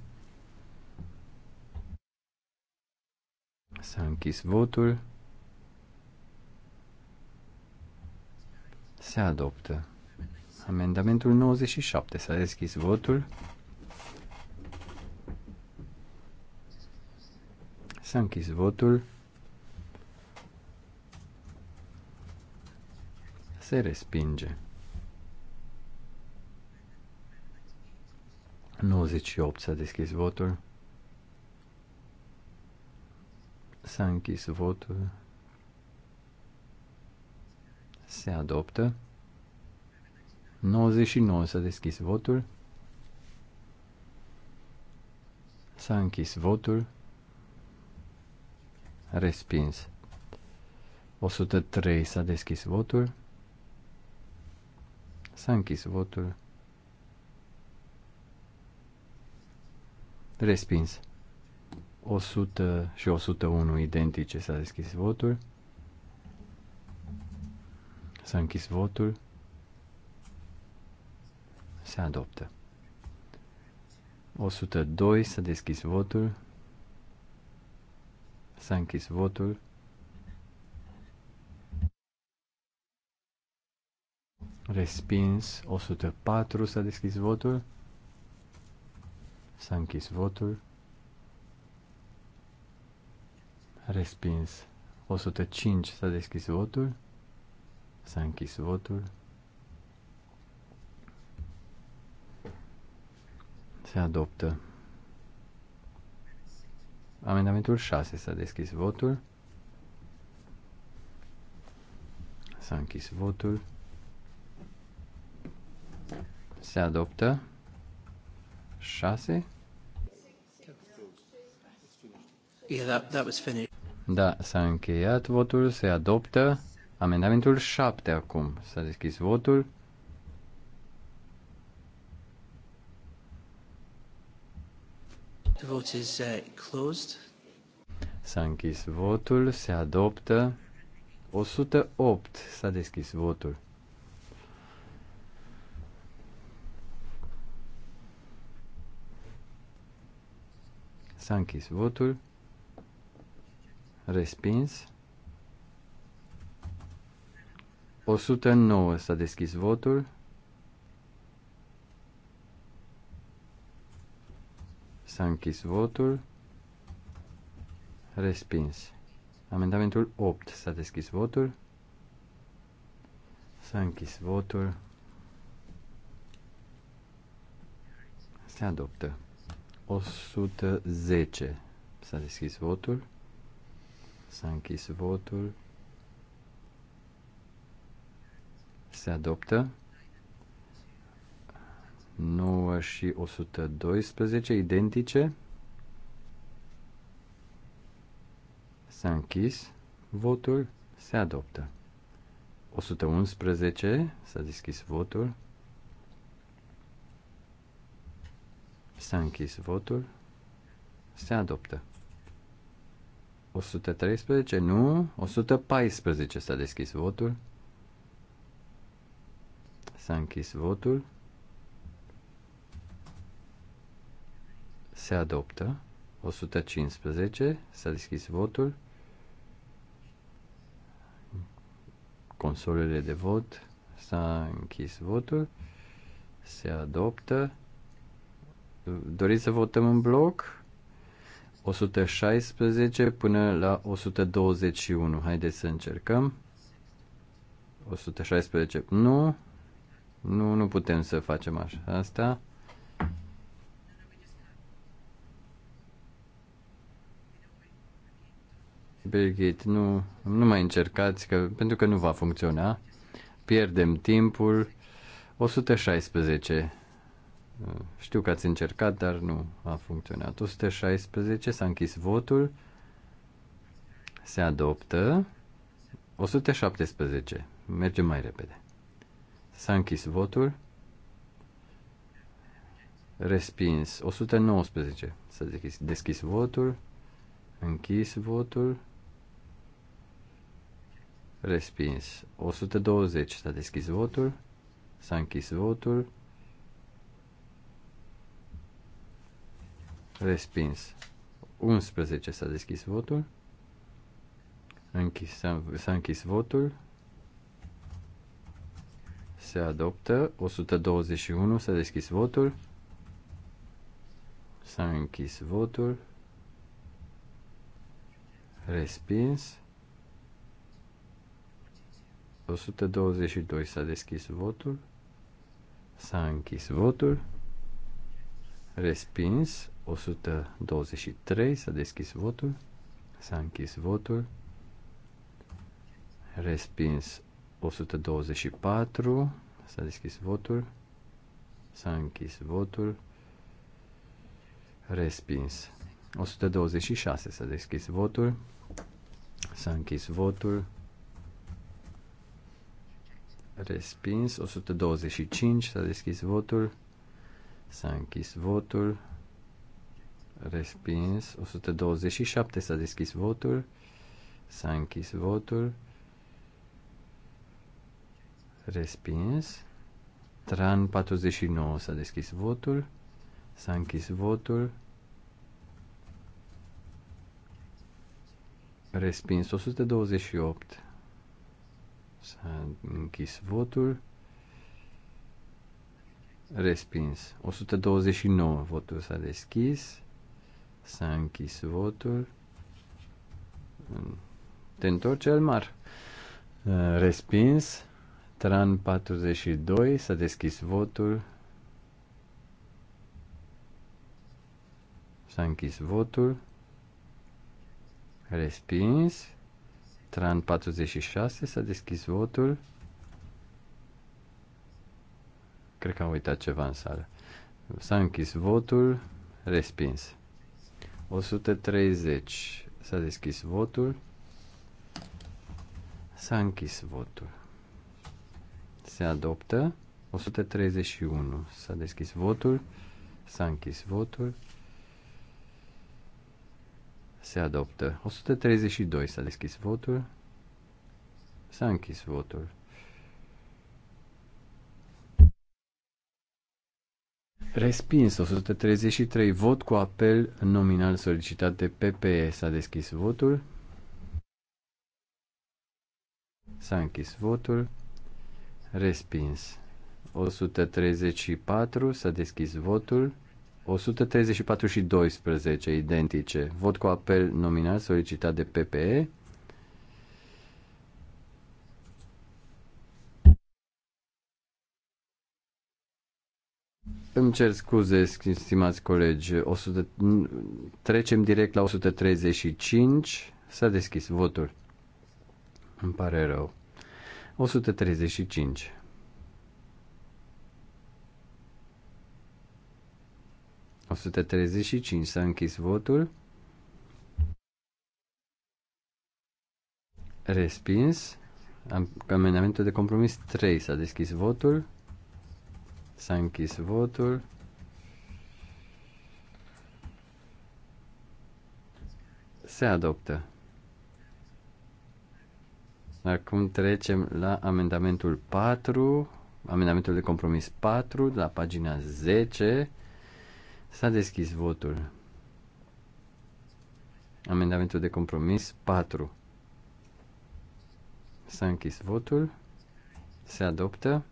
S-a închis votul. Se adoptă. Amendamentul 97. S-a deschis votul. S-a închis votul. Se respinge. 98. S-a deschis votul. S-a închis votul. Se adoptă. 99 s-a deschis votul. S-a închis votul. Respins. 103 s-a deschis votul. S-a închis votul. Respins. 100 și 101 identice. S-a deschis votul. S-a închis votul. Se adoptă. 102 s-a deschis votul. S-a închis votul. Respins 104 s-a deschis votul. S-a închis votul. Respins. 105 s-a deschis votul. S-a închis votul. Se adoptă. Amendamentul 6 s-a deschis votul. S-a închis votul. Se adoptă. 6. Da, s-a încheiat votul, se adoptă amendamentul 7 acum. S-a deschis votul. The vote is uh, closed. S-a închis votul, se adoptă 108. S-a deschis votul. S-a închis votul. Respins. 109 s-a deschis votul. S-a închis votul. Respins. Amendamentul 8 s-a deschis votul. S-a închis votul. Se adoptă. 110 s-a deschis votul. S-a închis votul. Se adoptă. 9 și 112 identice. S-a închis votul. Se adoptă. 111 s-a deschis votul. S-a închis votul. Se adoptă. 113, nu, 114 s-a deschis votul. S-a închis votul. Se adoptă. 115 s-a deschis votul. Consolele de vot s-a închis votul. Se adoptă. Doriți să votăm în bloc? 116 până la 121. Haideți să încercăm. 116. Nu. Nu, nu putem să facem așa. Asta. Birgit, nu, nu mai încercați, că, pentru că nu va funcționa. Pierdem timpul. 116. Știu că ați încercat, dar nu a funcționat. 116 s-a închis votul. Se adoptă. 117. Mergem mai repede. S-a închis votul. Respins. 119. S-a deschis, deschis votul. Închis votul. Respins. 120. S-a deschis votul. S-a închis votul. Respins. 11 s-a deschis votul. S-a închis votul. Se adoptă. 121 s-a deschis votul. S-a închis votul. Respins. 122 s-a deschis votul. S-a închis votul. Respins. 123. S-a deschis votul. S-a închis votul. Respins 124. S-a deschis votul. S-a închis votul. Respins. 126. S-a deschis votul. S-a închis votul. Respins. 125. S-a deschis votul. S-a închis votul respins. 127 s-a deschis votul. S-a închis votul. Respins. Tran 49 s-a deschis votul. S-a închis votul. Respins 128. S-a închis votul. Respins. 129 votul s-a deschis. S-a închis votul. Te întorci, Elmar. Respins. Tran 42. S-a deschis votul. S-a închis votul. Respins. Tran 46. S-a deschis votul. Cred că am uitat ceva în sală. S-a închis votul. Respins. 130. S-a deschis votul. S-a închis votul. Se adoptă. 131. S-a deschis votul. S-a închis votul. Se adoptă. 132. S-a deschis votul. S-a închis votul. Respins 133 vot cu apel nominal solicitat de PPE. S-a deschis votul. S-a închis votul. Respins 134. S-a deschis votul. 134 și 12 identice. Vot cu apel nominal solicitat de PPE. Îmi cer scuze, stimați colegi. 100... Trecem direct la 135. S-a deschis votul. Îmi pare rău. 135. cinci s-a închis votul. Respins. Amendamentul de compromis 3 s-a deschis votul. S-a închis votul. Se adoptă. Acum trecem la amendamentul 4, amendamentul de compromis 4, la pagina 10. S-a deschis votul. Amendamentul de compromis 4. S-a închis votul. Se adoptă.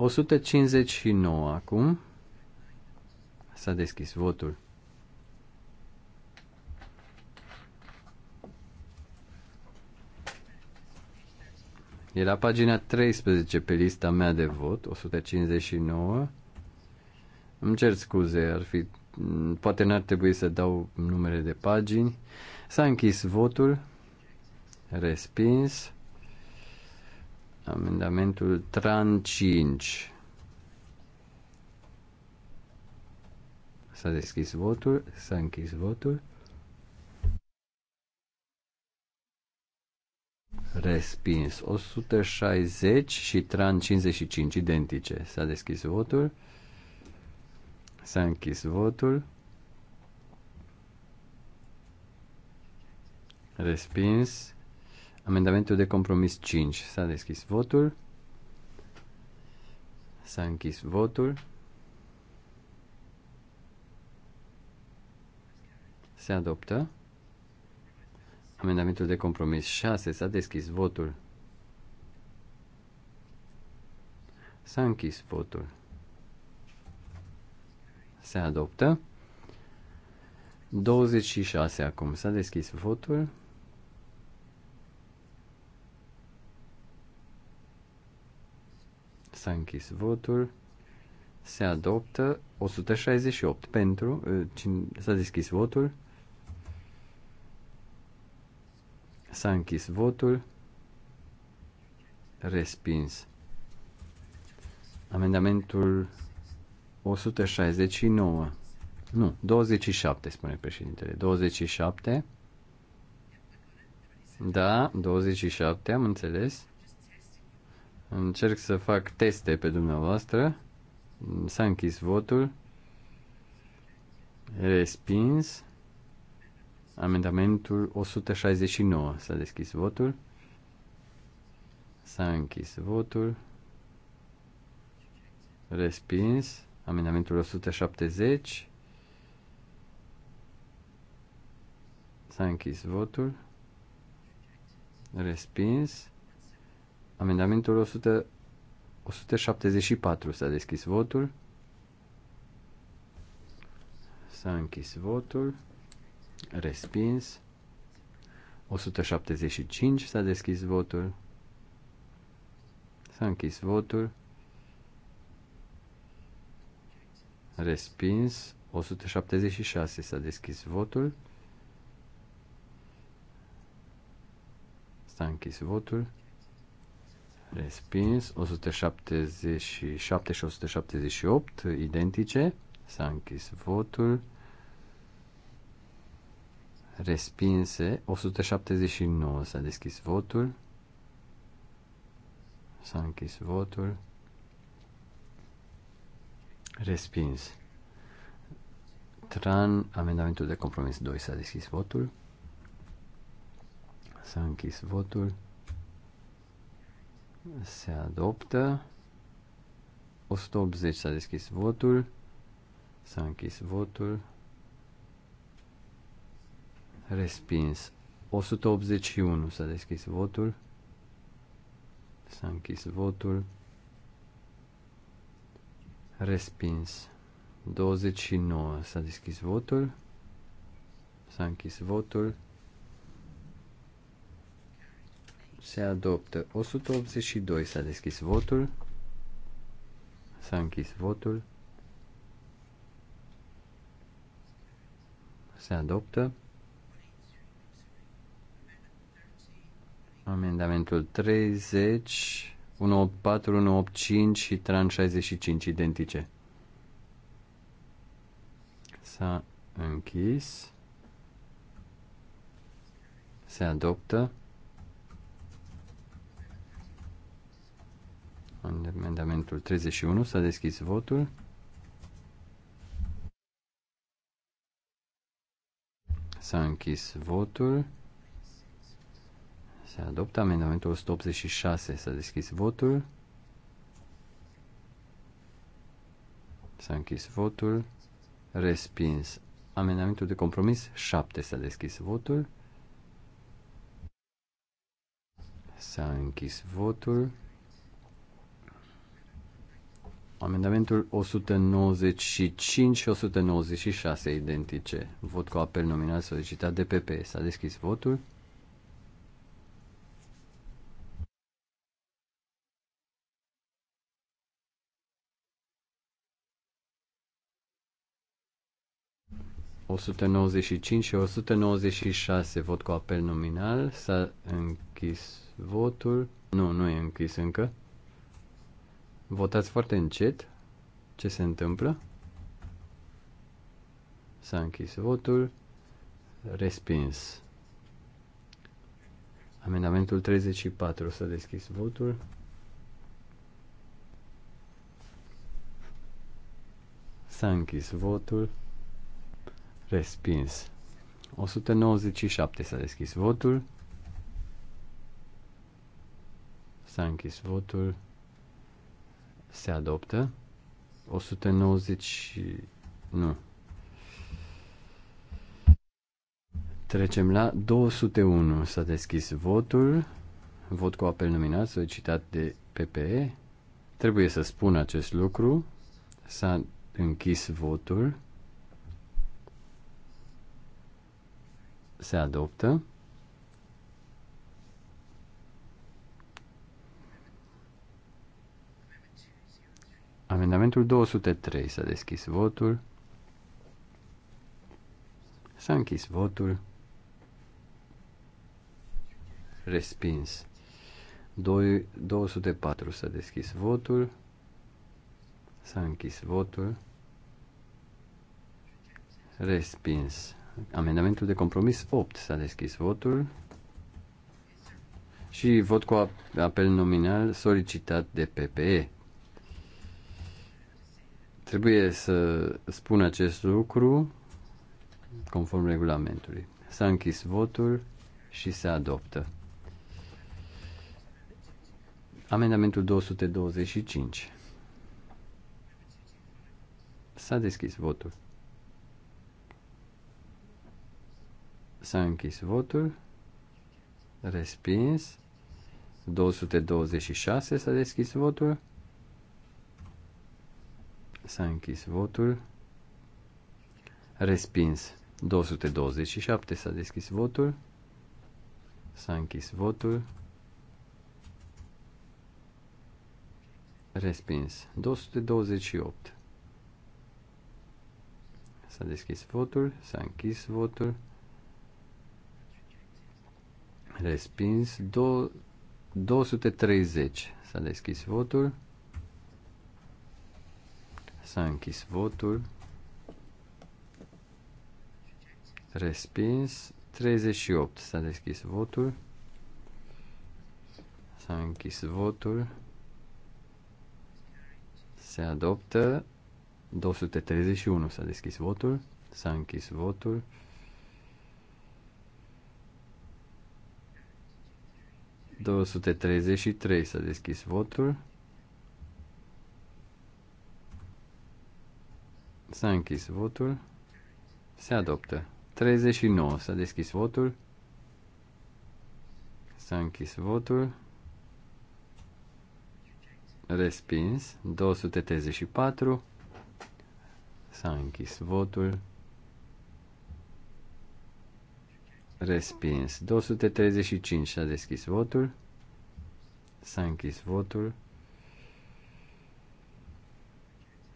159 acum. S-a deschis votul. E la pagina 13 pe lista mea de vot, 159. Îmi cer scuze, ar fi, poate n-ar trebui să dau numere de pagini. S-a închis votul, respins. Amendamentul TRAN 5. S-a deschis votul, s-a închis votul. Respins 160 și tran 55 identice. S-a deschis votul. S-a închis votul. Respins Amendamentul de compromis 5. S-a deschis votul. S-a închis votul. Se adoptă. Amendamentul de compromis 6. S-a deschis votul. S-a închis votul. Se adoptă. 26 acum. S-a deschis votul. S-a închis votul. Se adoptă 168 pentru. Uh, s-a deschis votul. S-a închis votul. Respins. Amendamentul 169. Nu, 27, spune președintele. 27. Da, 27, am înțeles. Încerc să fac teste pe dumneavoastră. S-a închis votul. Respins. Amendamentul 169. S-a deschis votul. S-a închis votul. Respins. Amendamentul 170. S-a închis votul. Respins. Amendamentul 100, 174 s-a deschis votul. S-a închis votul. Respins. 175 s-a deschis votul. S-a închis votul. Respins. 176 s-a deschis votul. S-a închis votul. Respins. 177 și 178 identice. S-a închis votul. Respinse. 179 s-a deschis votul. S-a închis votul. Respins. Tran, amendamentul de compromis 2 s-a deschis votul. S-a închis votul se adoptă. 180 s-a deschis votul, s-a închis votul, respins. 181 s-a deschis votul, s-a închis votul, respins. 29 s-a deschis votul, s-a închis votul, se adoptă. 182 s-a deschis votul. S-a închis votul. Se adoptă. Amendamentul 30, 184, 185 și tran 65 identice. S-a închis. Se adoptă. Amendamentul 31. S-a deschis votul. S-a închis votul. Se adoptă amendamentul 186. S-a deschis votul. S-a închis votul. Respins. Amendamentul de compromis 7. S-a deschis votul. S-a închis votul. Amendamentul 195 și 196 identice. Vot cu apel nominal solicitat de PP. S-a deschis votul. și 196 vot cu apel nominal. S-a închis votul. Nu, nu e închis încă. Votați foarte încet. Ce se întâmplă? S-a închis votul. Respins. Amendamentul 34. S-a deschis votul. S-a închis votul. Respins. 197 s-a deschis votul. S-a închis votul se adoptă. 190 nu. Trecem la 201. S-a deschis votul. Vot cu apel nominal solicitat de PPE. Trebuie să spun acest lucru. S-a închis votul. Se adoptă. Amendamentul 203. S-a deschis votul. S-a închis votul. Respins. 204. S-a deschis votul. S-a închis votul. Respins. Amendamentul de compromis 8. S-a deschis votul. Și vot cu apel nominal solicitat de PPE. Trebuie să spun acest lucru conform regulamentului. S-a închis votul și se adoptă. Amendamentul 225. S-a deschis votul. S-a închis votul. Respins. 226 s-a deschis votul. S-a închis votul. Respins. 227 s-a deschis votul. S-a închis votul. Respins. 228. S-a deschis votul. S-a închis votul. Respins. 230. S-a deschis votul. S-a închis votul. Respins. 38. S-a deschis votul. S-a închis votul. Se adoptă. 231. S-a deschis votul. S-a închis votul. ...233 s-a deschis votul. S-a închis votul. Se adoptă. 39. S-a deschis votul. S-a închis votul. Respins. 234. S-a închis votul. Respins. 235. S-a deschis votul. S-a închis votul.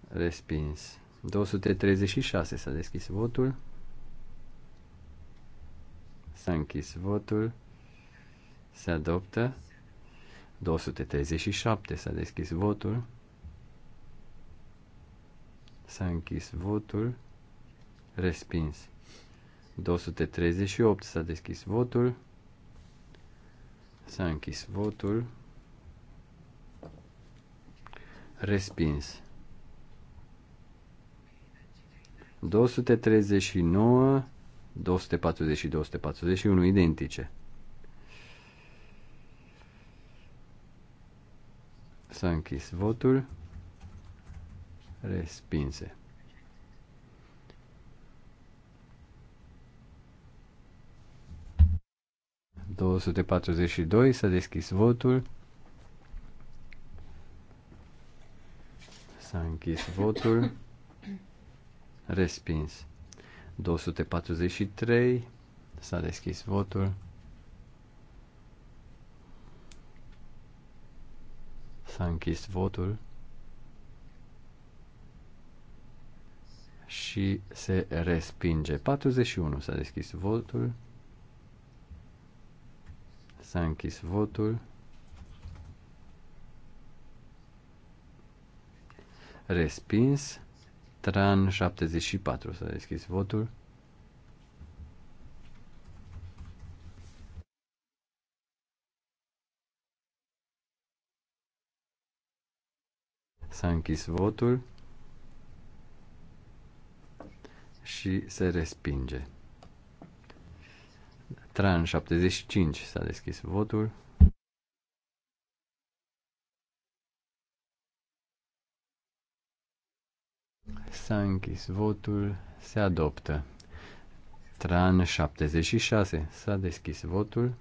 Respins. 236 s-a deschis votul. S-a închis votul. Se adoptă. 237 s-a deschis votul. S-a închis votul. Respins. 238 s-a deschis votul. S-a închis votul. Respins. 239, 240 și 241 identice. S-a închis votul. Respinse. ...242, s-a deschis votul. S-a închis votul. <laughs> Respins. 243. S-a deschis votul. S-a închis votul. Și se respinge. 41. S-a deschis votul. S-a închis votul. Respins. Tran 74. S-a deschis votul. S-a închis votul și se respinge. Tran 75 s-a deschis votul. s votul. Se adoptă. Tran 76. S-a deschis votul.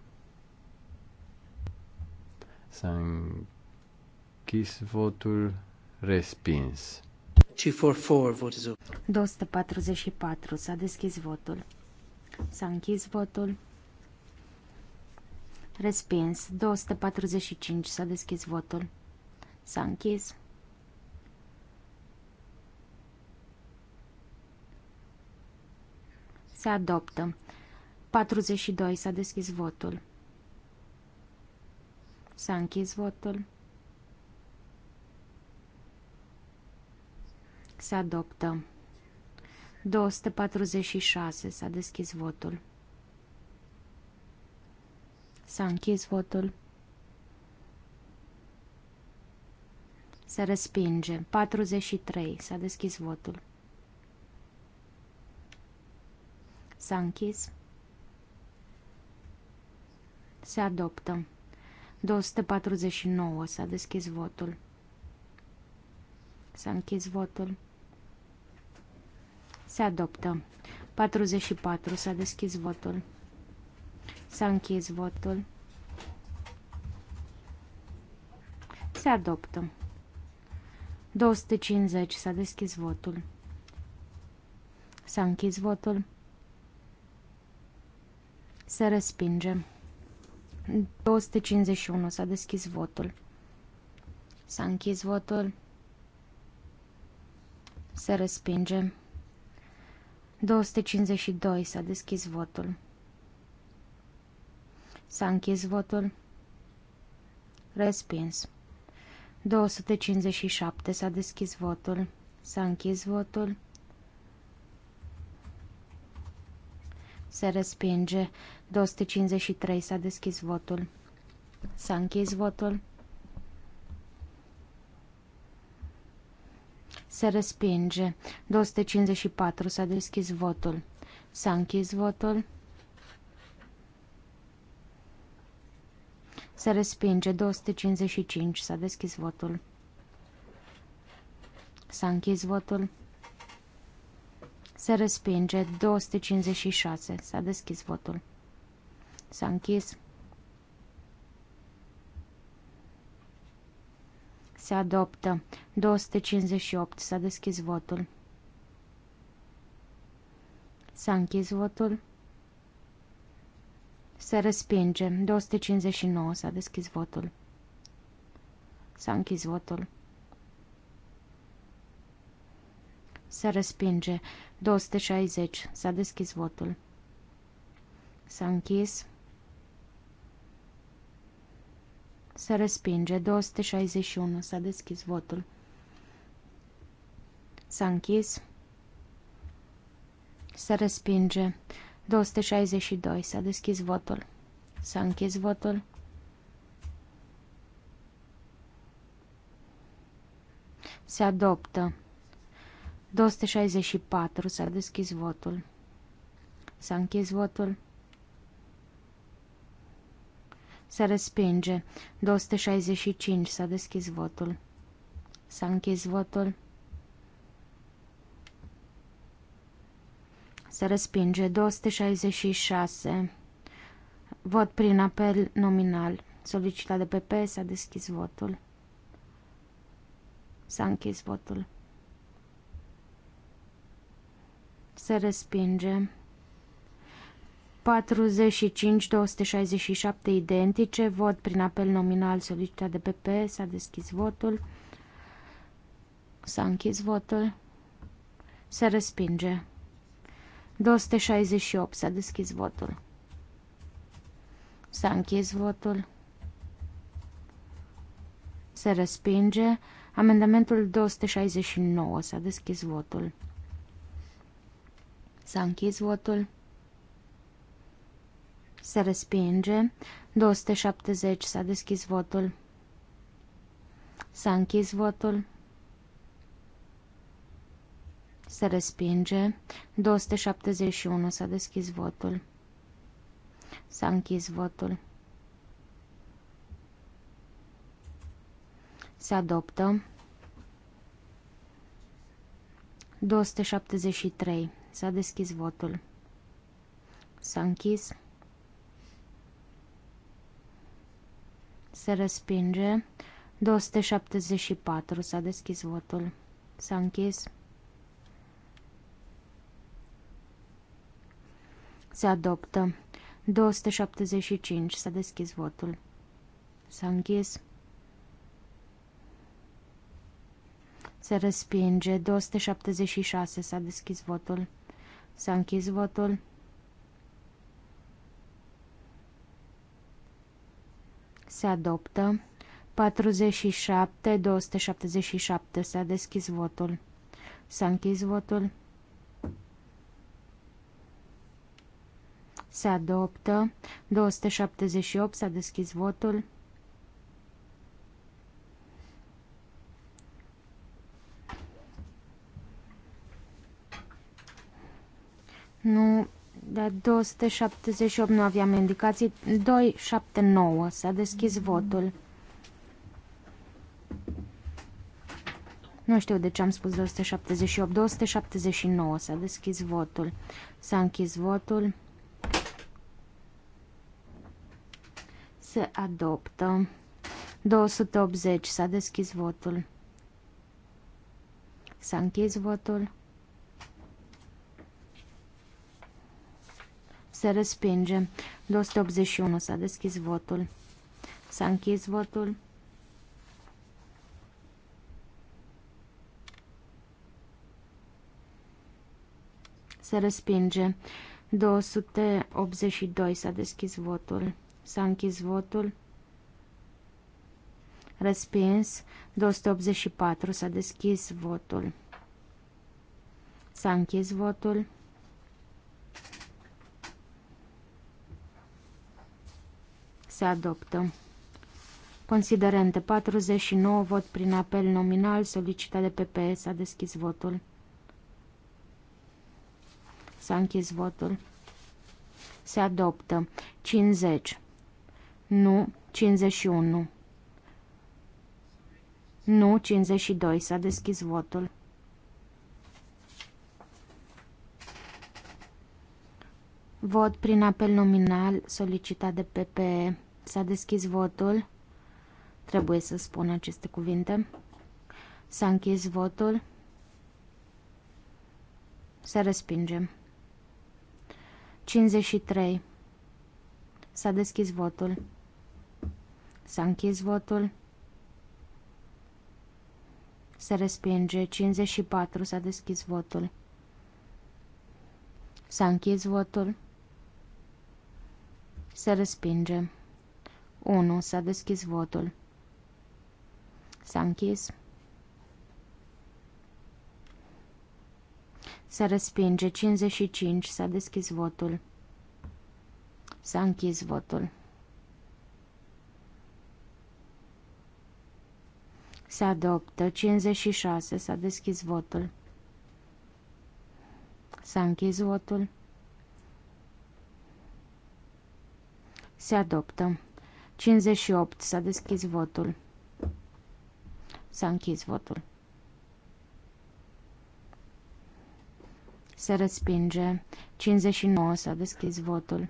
S-a închis votul. Respins. 244. S-a deschis votul. S-a închis votul. Respins. 245. S-a deschis votul. S-a închis. Se adoptă. 42. S-a deschis votul. S-a închis votul. Se adoptă. 246. S-a deschis votul. S-a închis votul. Se respinge. 43. S-a deschis votul. S-a închis. Se adoptă. 249. S-a deschis votul. S-a închis votul. Se adoptă. 44. S-a deschis votul. S-a închis votul. Se adoptă. 250. S-a deschis votul. S-a închis votul. Se respinge. 251. S-a deschis votul. S-a închis votul. Se respinge. 252. S-a deschis votul. S-a închis votul. Respins. 257. S-a deschis votul. S-a închis votul. Se respinge. 253. S-a deschis votul. S-a închis votul. Se respinge. 254. S-a deschis votul. S-a închis votul. Se respinge. 255. S-a deschis votul. S-a închis votul. Se respinge. 256. S-a deschis votul. S-a închis. Se adoptă. 258. S-a deschis votul. S-a închis votul. Se respinge. 259. S-a deschis votul. S-a închis votul. Se respinge. 260. S-a deschis votul. S-a închis. Se respinge. 261. S-a deschis votul. S-a închis. Se respinge. 262. S-a deschis votul. S-a închis votul. Se adoptă. 264. S-a deschis votul. S-a închis votul. Se respinge. 265. S-a deschis votul. S-a închis votul. Se respinge. 266. Vot prin apel nominal. Solicitat de PP. S-a deschis votul. S-a închis votul. Se respinge. 45-267 identice. Vot prin apel nominal solicitat de PP. S-a deschis votul. S-a închis votul. Se respinge. 268. S-a deschis votul. S-a închis votul. Se respinge. Amendamentul 269. S-a deschis votul. S-a închis votul. Se respinge. 270. S-a deschis votul. S-a închis votul. Se respinge. 271. S-a deschis votul. S-a închis votul. Se adoptă. 273. S-a deschis votul. S-a închis. Se respinge. 274. S-a deschis votul. S-a închis. Se adoptă. 275. S-a deschis votul. S-a închis. Se respinge. 276. S-a deschis votul. S-a închis votul. Se adoptă. 47, 277. S-a deschis votul. S-a închis votul. Se adoptă. 278. S-a deschis votul. Nu, da, 278 nu aveam indicații. 279 s-a deschis mm. votul. Nu știu de ce am spus 278. 279 s-a deschis votul. S-a închis votul. Se adoptă. 280 s-a deschis votul. S-a închis votul. se respinge. 281 s-a deschis votul. S-a închis votul. Se respinge. 282 s-a deschis votul. S-a închis votul. Respins. 284 s-a deschis votul. S-a închis votul. Se adoptă. Considerente 49, vot prin apel nominal, solicitat de PPS, a deschis votul. S-a închis votul. Se adoptă. 50. Nu. 51. Nu. 52. S-a deschis votul. Vot prin apel nominal solicitat de PPE. S-a deschis votul. Trebuie să spun aceste cuvinte. S-a închis votul. Se respinge. 53. S-a deschis votul. S-a închis votul. Se respinge. 54. S-a deschis votul. S-a închis votul. Se respinge. 1. S-a deschis votul. S-a închis. Se respinge. 55. S-a deschis votul. S-a închis votul. Se adoptă. 56. S-a deschis votul. S-a închis votul. Se adoptă. 58. S-a deschis votul. S-a închis votul. Se respinge. 59. S-a deschis votul.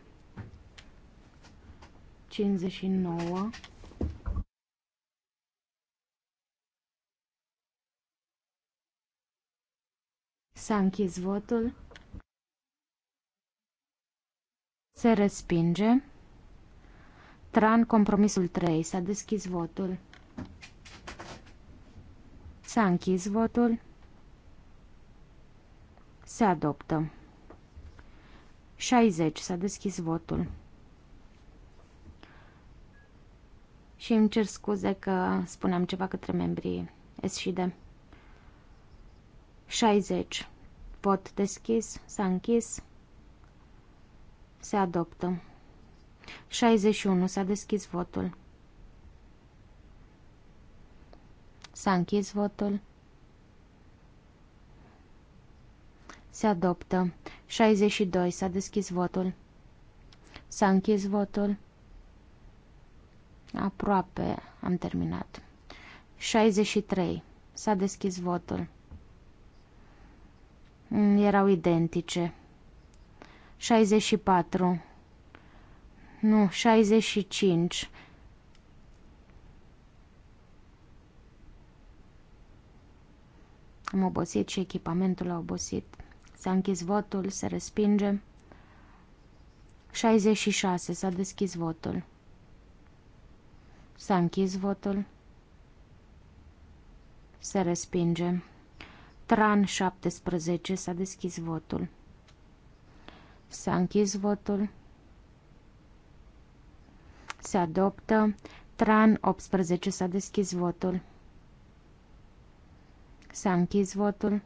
59. S-a închis votul. Se respinge. Tran, compromisul 3. S-a deschis votul. S-a închis votul. Se adoptă. 60. S-a deschis votul. Și îmi cer scuze că spuneam ceva către membrii SHD. 60. Vot deschis. S-a închis. Se adoptă. 61. S-a deschis votul. S-a închis votul. Se adoptă. 62. S-a deschis votul. S-a închis votul. Aproape am terminat. 63. S-a deschis votul. Mm, erau identice. 64 nu, 65. Am obosit și echipamentul a obosit. S-a închis votul, se respinge. 66. S-a deschis votul. S-a închis votul. Se respinge. Tran 17. S-a deschis votul. S-a închis votul. Se adoptă. Tran 18. S-a deschis votul. S-a închis votul.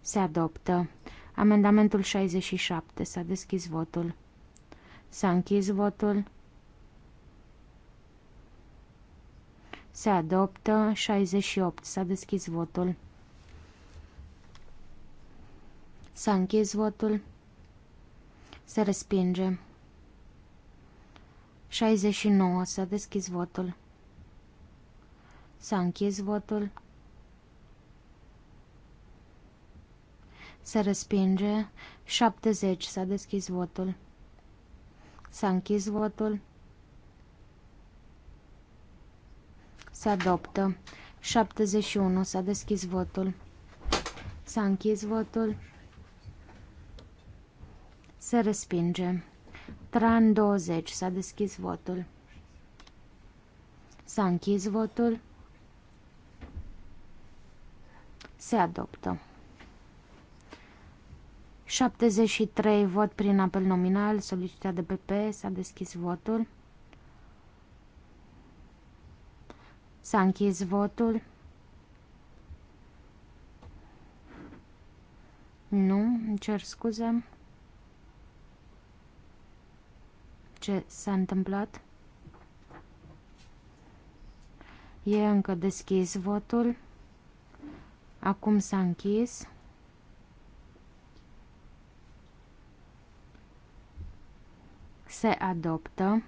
Se adoptă. Amendamentul 67. S-a deschis votul. S-a închis votul. Se adoptă. 68. S-a deschis votul. S-a închis votul. Se respinge. 69. S-a deschis votul. S-a închis votul. Se respinge. 70. S-a deschis votul. S-a închis votul. Se adoptă. 71. S-a deschis votul. S-a închis votul. Se respinge. Tran 20. S-a deschis votul. S-a închis votul. Se adoptă. 73 vot prin apel nominal solicitat de PP. S-a deschis votul. S-a închis votul. Nu, îmi cer scuze. ce s-a întâmplat? E încă deschis votul. Acum s-a închis. Se adoptă.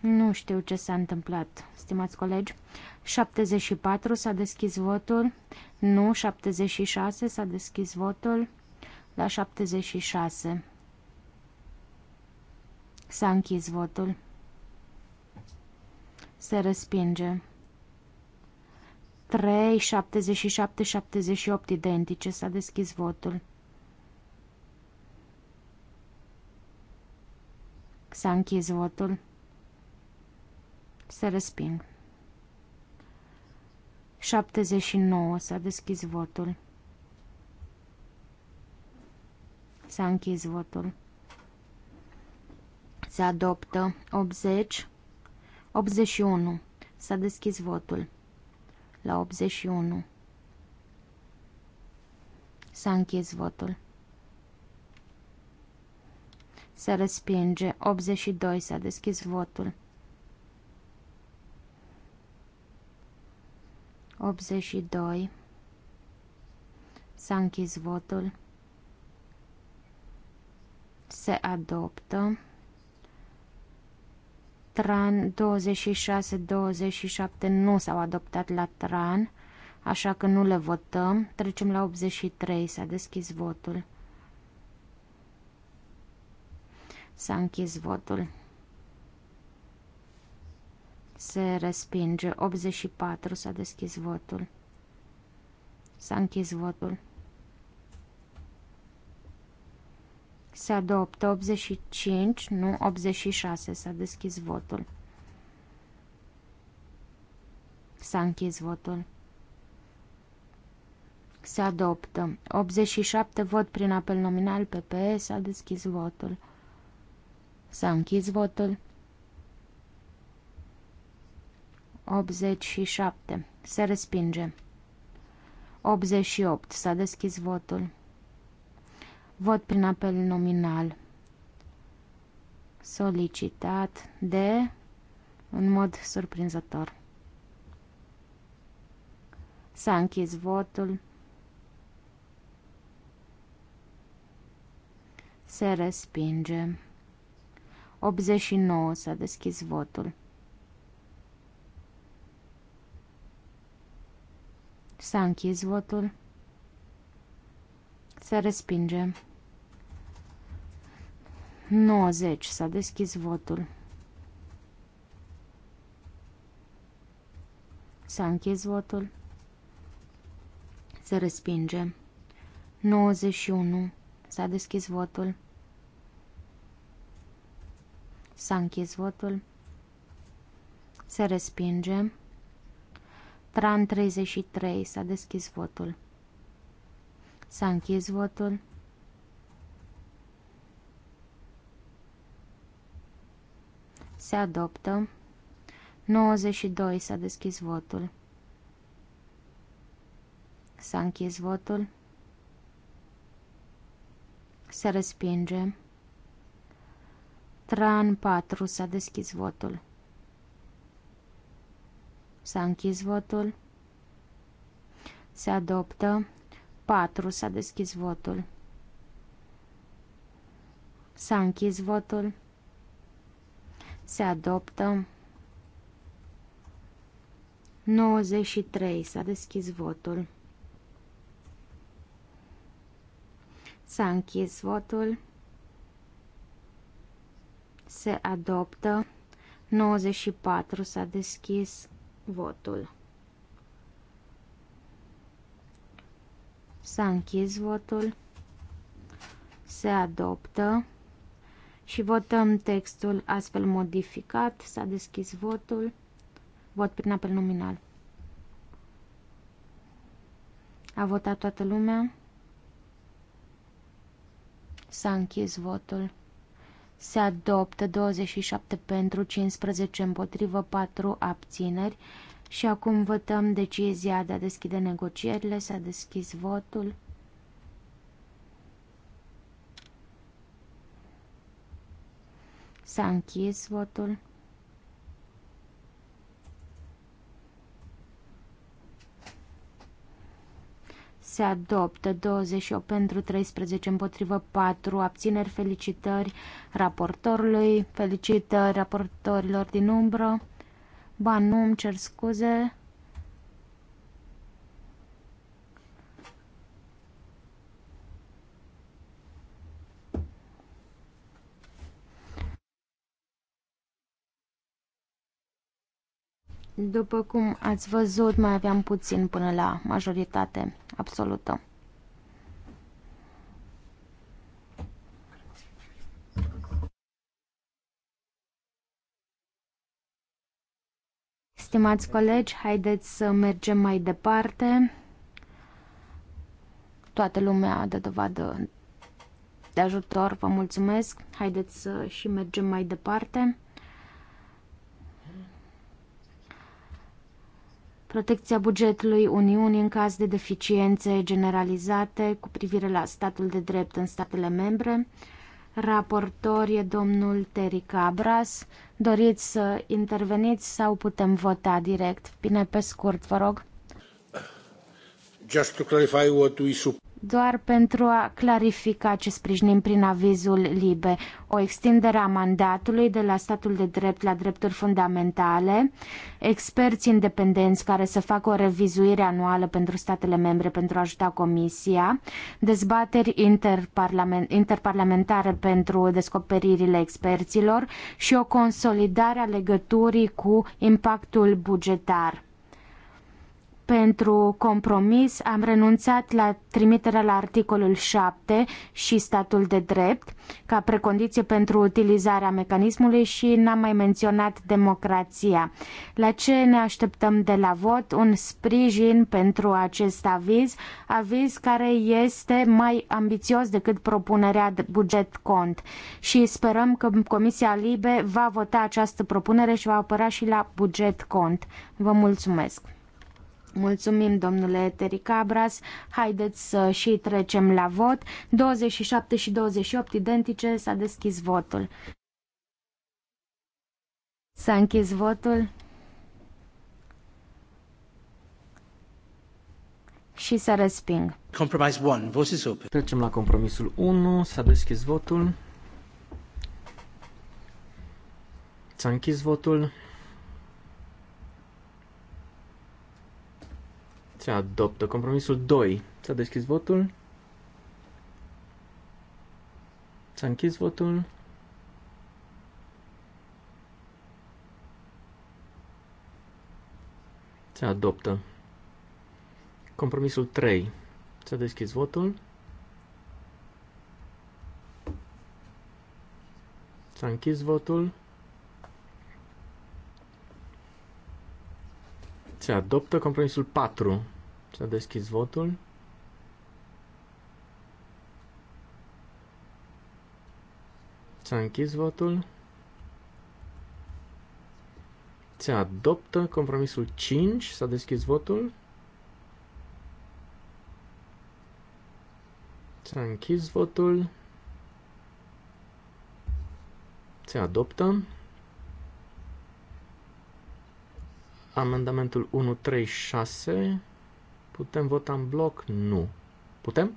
Nu știu ce s-a întâmplat, stimați colegi. 74 s-a deschis votul. Nu, 76 s-a deschis votul la 76. S-a închis votul. Se respinge. 3, 77, 78 identice. S-a deschis votul. S-a închis votul. Se resping. 79. S-a deschis votul. S-a închis votul. Se adoptă 80, 81. S-a deschis votul. La 81. S-a închis votul. Se respinge. 82. S-a deschis votul. 82. S-a închis votul se adoptă. Tran 26-27 nu s-au adoptat la Tran, așa că nu le votăm. Trecem la 83, s-a deschis votul. S-a închis votul. Se respinge. 84 s-a deschis votul. S-a închis votul. Se adoptă 85, nu 86. S-a deschis votul. S-a închis votul. Se adoptă. 87 vot prin apel nominal PPE. S-a deschis votul. S-a închis votul. 87. Se respinge. 88. S-a deschis votul. Vot prin apel nominal solicitat de, în mod surprinzător. S-a închis votul. Se respinge. 89 s-a deschis votul. S-a închis votul. Se respinge. 90. S-a deschis votul. S-a închis votul. Se respinge. 91. S-a deschis votul. S-a închis votul. Se respinge. Tran 33. S-a deschis votul. S-a închis votul. Se adoptă. 92. S-a deschis votul. S-a închis votul. Se respinge. Tran 4. S-a deschis votul. S-a închis votul. Se adoptă. 4. S-a deschis votul. S-a închis votul se adoptă. 93. S-a deschis votul. S-a închis votul. Se adoptă. 94. S-a deschis votul. S-a închis votul. Se adoptă și votăm textul astfel modificat. S-a deschis votul. Vot prin apel nominal. A votat toată lumea. S-a închis votul. Se adoptă 27 pentru, 15 împotrivă, 4 abțineri. Și acum votăm decizia de a deschide negocierile. S-a deschis votul. S-a închis votul. se adoptă 28 pentru 13 împotrivă 4 abțineri, felicitări raportorului, felicitări raportorilor din umbră. Ba nu, îmi cer scuze, După cum ați văzut, mai aveam puțin până la majoritate absolută. Stimați colegi, haideți să mergem mai departe. Toată lumea de dovadă de ajutor, vă mulțumesc. Haideți să și mergem mai departe. protecția bugetului Uniunii în caz de deficiențe generalizate cu privire la statul de drept în statele membre. Raportor e domnul Terry Cabras. Doriți să interveniți sau putem vota direct? Bine, pe scurt, vă rog. Just to clarify what we doar pentru a clarifica ce sprijinim prin avizul LIBE, o extindere a mandatului de la statul de drept la drepturi fundamentale, experți independenți care să facă o revizuire anuală pentru statele membre pentru a ajuta Comisia, dezbateri interparlament, interparlamentare pentru descoperirile experților și o consolidare a legăturii cu impactul bugetar pentru compromis am renunțat la trimiterea la articolul 7 și statul de drept ca precondiție pentru utilizarea mecanismului și n-am mai menționat democrația. La ce ne așteptăm de la vot? Un sprijin pentru acest aviz, aviz care este mai ambițios decât propunerea de buget cont și sperăm că Comisia Libe va vota această propunere și va apăra și la buget cont. Vă mulțumesc! Mulțumim, domnule Tericabras. Haideți să și trecem la vot. 27 și 28 identice. S-a deschis votul. S-a închis votul. Și să resping. Compromise 1. Vote is open. Trecem la compromisul 1. S-a deschis votul. S-a închis votul. Se adoptă. Compromisul 2. S-a deschis votul. S-a închis votul. Se adoptă. Compromisul 3. S-a deschis votul. S-a închis votul. Se adoptă compromisul 4. S-a deschis votul. S-a închis votul. Se adoptă compromisul 5. S-a deschis votul. S-a închis votul. Se adoptă. Amendamentul 136 Putem vota în bloc? Nu. Putem?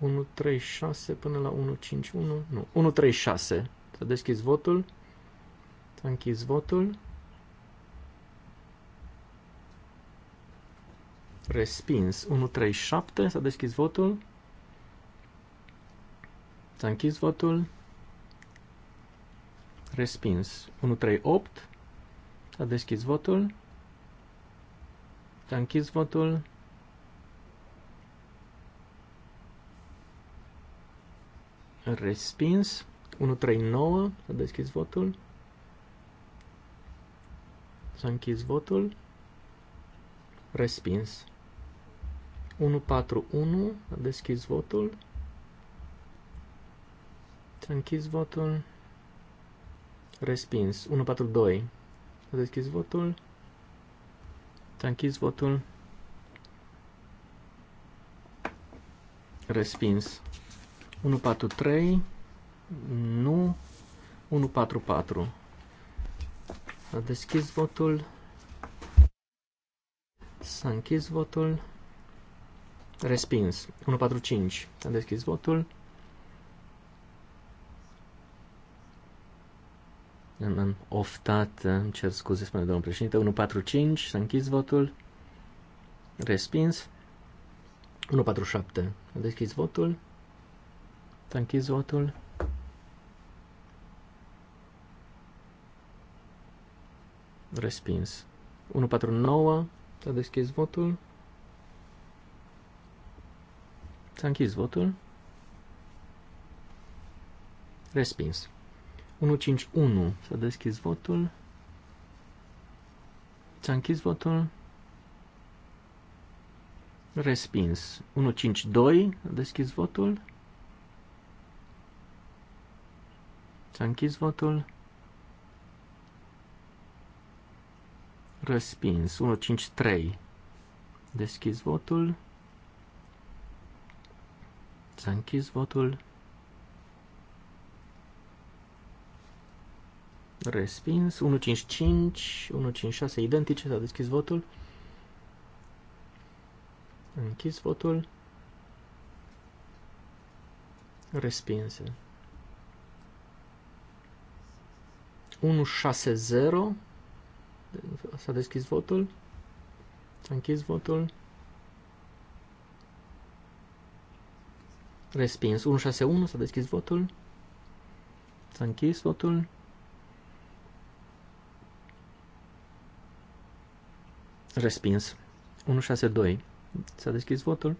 136 până la 151? Nu. 136. Să deschizi votul. Să a închis votul. Respins. 137. Să a votul. Să a închis votul. Respins. 138. Să a votul. Te a închis votul. Respins. 139. S-a deschis votul. S-a închis votul. Respins. 141. S-a deschis votul. S-a închis votul. Respins. 142. S-a deschis votul. Te a închis votul. Respins. 143. Nu. 144. S-a deschis votul. S-a închis votul. Respins. 145. S-a deschis votul. în, în oftat, îmi cer scuze, spune domnul președinte, 145, s-a închis votul, respins, 147, a deschis votul, s-a închis votul, respins, 149, s-a deschis votul, s-a închis votul, respins. 151. S-a deschis votul. S-a închis votul. Respins. 152. S-a deschis votul. S-a închis votul. Respins. 153. Deschis votul. S-a închis votul. Respins. 155, 156 identice. S-a deschis votul. Închis votul. Respinse. 160. S-a deschis votul. închis votul. Respins. 161. S-a deschis votul. S-a închis votul. Respins. 162. S-a deschis votul.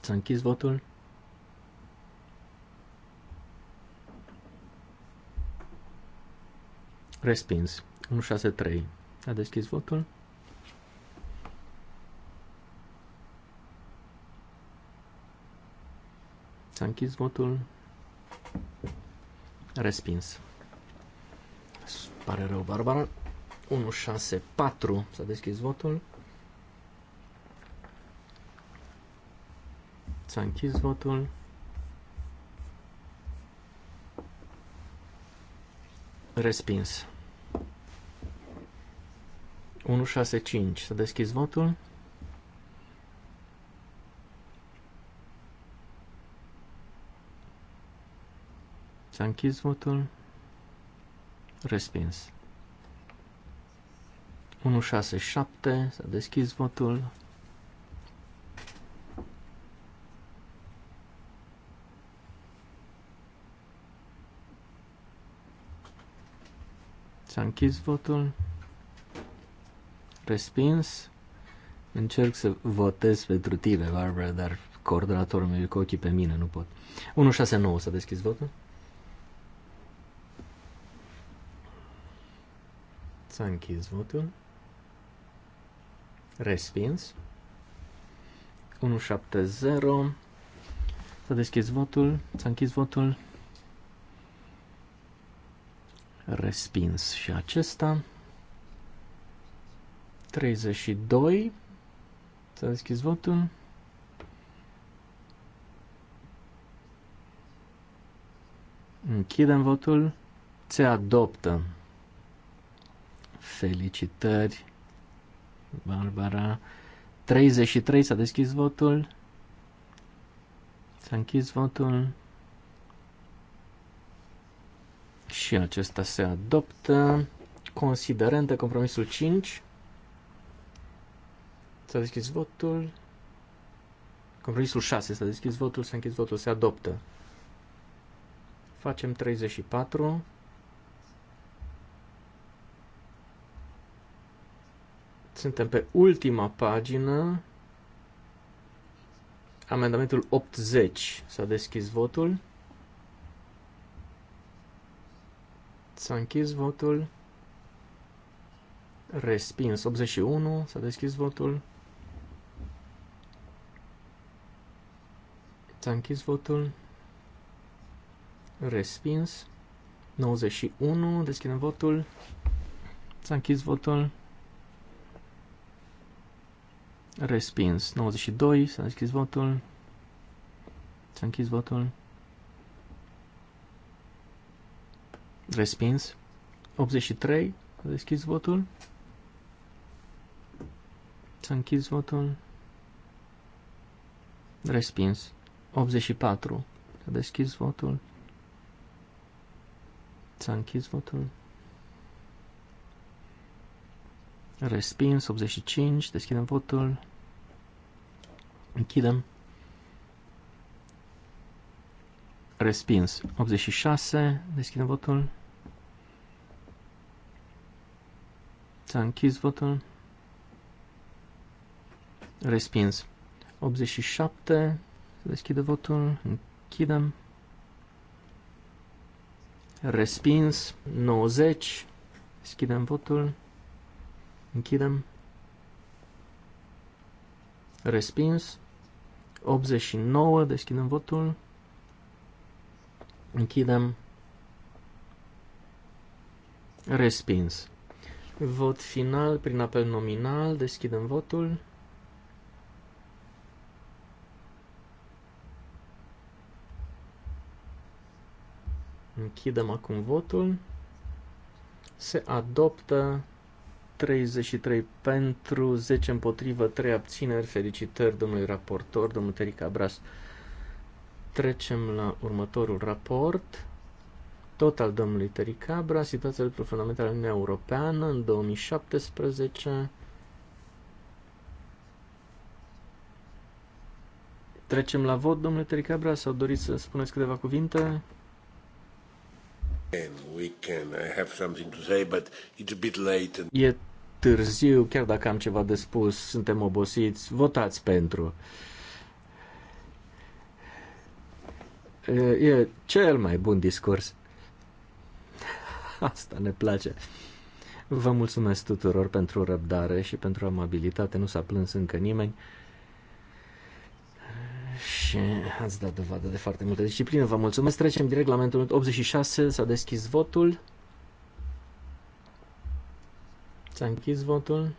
S-a închis votul. Respins. 163. S-a deschis votul. S-a închis votul. Respins. Pare rău, Barbara. 164. S-a deschis votul. S-a închis votul. Respins. 165. S-a deschis votul. S-a închis votul. Respins. 167, s-a deschis votul. S-a închis votul. Respins. Încerc să votez pentru tine, Barbara, dar coordonatorul meu e cu ochii pe mine, nu pot. 169 s-a deschis votul. S-a închis votul. Respins. 170. S-a deschis votul. S-a închis votul. Respins și acesta. 32. S-a deschis votul. Închidem votul. Se adoptă. Felicitări Barbara. 33 s-a deschis votul. S-a închis votul. Și acesta se adoptă. Considerente, compromisul 5. S-a deschis votul. Compromisul 6 s-a deschis votul, s-a închis votul, se adoptă. Facem 34. Suntem pe ultima pagină. Amendamentul 80. S-a deschis votul. S-a închis votul. Respins 81. S-a deschis votul. S-a închis votul. Respins. 91. Deschidem votul. S-a închis votul. Respins. 92. S-a deschis votul. S-a închis votul. Respins. 83. S-a deschis votul. S-a închis votul. Respins. 84. S-a deschis votul. S-a închis votul. Respins, 85, deschidem votul. Închidem. Respins, 86, deschidem votul. S-a închis votul. Respins. 87. deschidem votul. Închidem. Respins. 90. Deschidem votul. Închidem. Respins. 89. Deschidem votul. Închidem. Respins. Vot final prin apel nominal. Deschidem votul. Închidem acum votul. Se adoptă 33 pentru, 10 împotrivă, 3 abțineri. Felicitări domnului raportor, domnul Terica Abras. Trecem la următorul raport, tot al domnului Tericabra, situația de fundamentale în Europeană în 2017. Trecem la vot, domnule Tericabra, sau doriți să spuneți câteva cuvinte? E târziu, chiar dacă am ceva de spus, suntem obosiți, votați pentru. E cel mai bun discurs. Asta ne place. Vă mulțumesc tuturor pentru răbdare și pentru amabilitate. Nu s-a plâns încă nimeni. Și ați dat dovadă de foarte multă disciplină. Vă mulțumesc. Trecem direct la momentul 86. S-a deschis votul. Ați închis votul.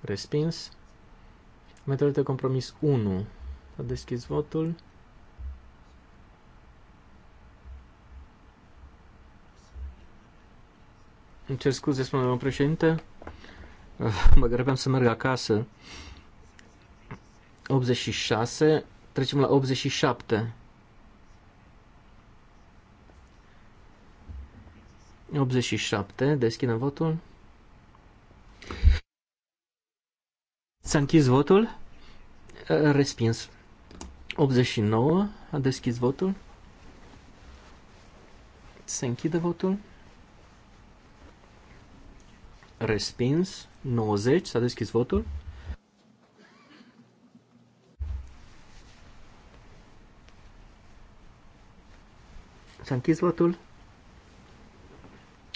Respins. Metodul de compromis 1. a deschis votul. Îmi cer scuze, spune domnul președinte. <laughs> Mă grăbeam să merg acasă. 86. Trecem la 87. 87. Deschidem votul. S-a închis votul. Respins. 89. A deschis votul. Se închide votul. Respins. 90. S-a deschis votul. S-a închis votul.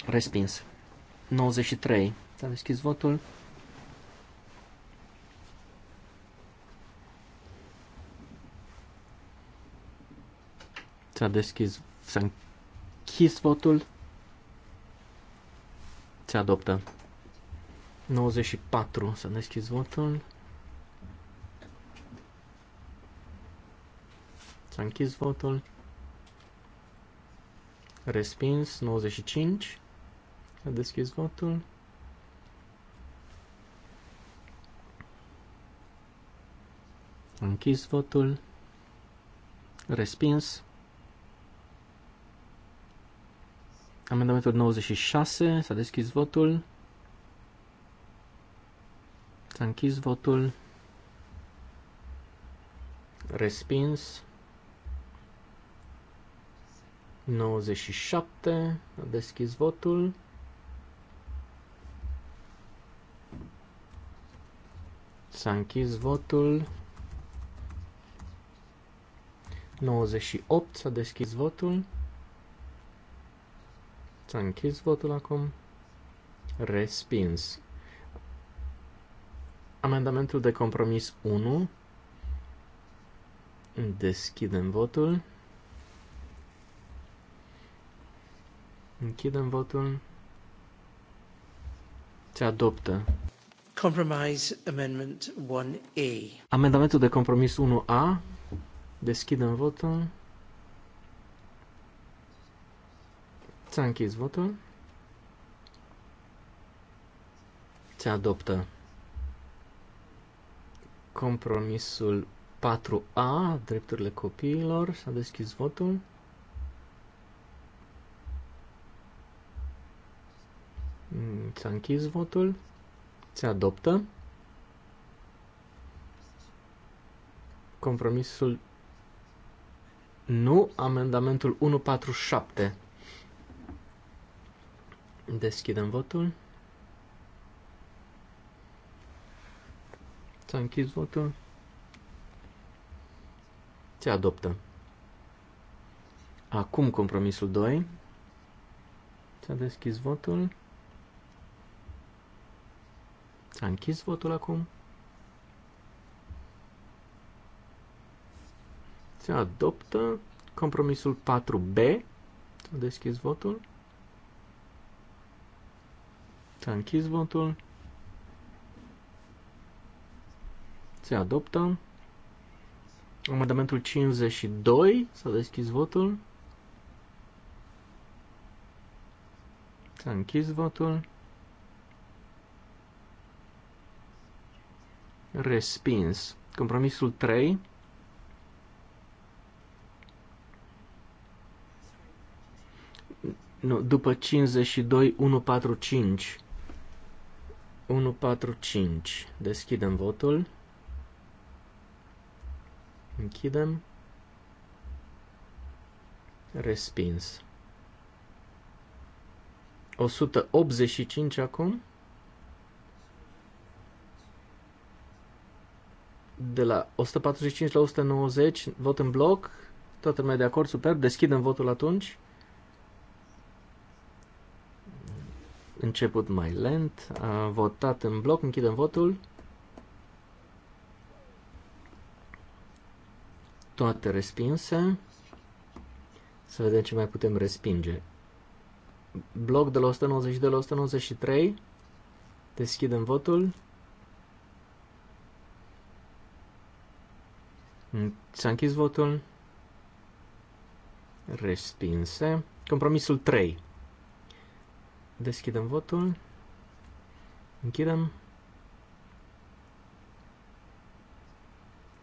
Respins. 93. S-a deschis votul. S-a deschis, s-a închis votul. Se adoptă. 94. S-a deschis votul. S-a închis votul. Respins. 95. A deschis votul. Am închis votul. Respins. Amendamentul 96. S-a deschis votul. S-a închis votul. Respins. 97. A deschis votul. S-a închis votul. 98 s-a deschis votul. S-a închis votul acum. Respins. Amendamentul de compromis 1. Deschidem votul. Închidem votul. Se adoptă. Compromise Amendment 1A. Amendamentul de compromis 1A. Deschidem votul. S-a închis votul. Se adoptă compromisul 4A, drepturile copiilor. S-a deschis votul. Mm, s-a închis votul. Se adoptă. Compromisul nu, amendamentul 147. Deschidem votul. S-a închis votul. Se adoptă. Acum compromisul 2. S-a deschis votul. S-a închis votul acum. Se adoptă compromisul 4B. S-a deschis votul. S-a închis votul. Se adoptă. Amendamentul 52. S-a deschis votul. S-a închis votul. Respins. Compromisul 3. Nu, după 52, 145. 145. Deschidem votul. Închidem. Respins. 185 acum. de la 145 la 190, vot în bloc, toată lumea de acord, superb, deschidem votul atunci. Început mai lent, a votat în bloc, închidem votul. Toate respinse. Să vedem ce mai putem respinge. Bloc de la 190 de la 193. Deschidem votul. S-a închis votul. Respinse. Compromisul 3. Deschidem votul. Închidem.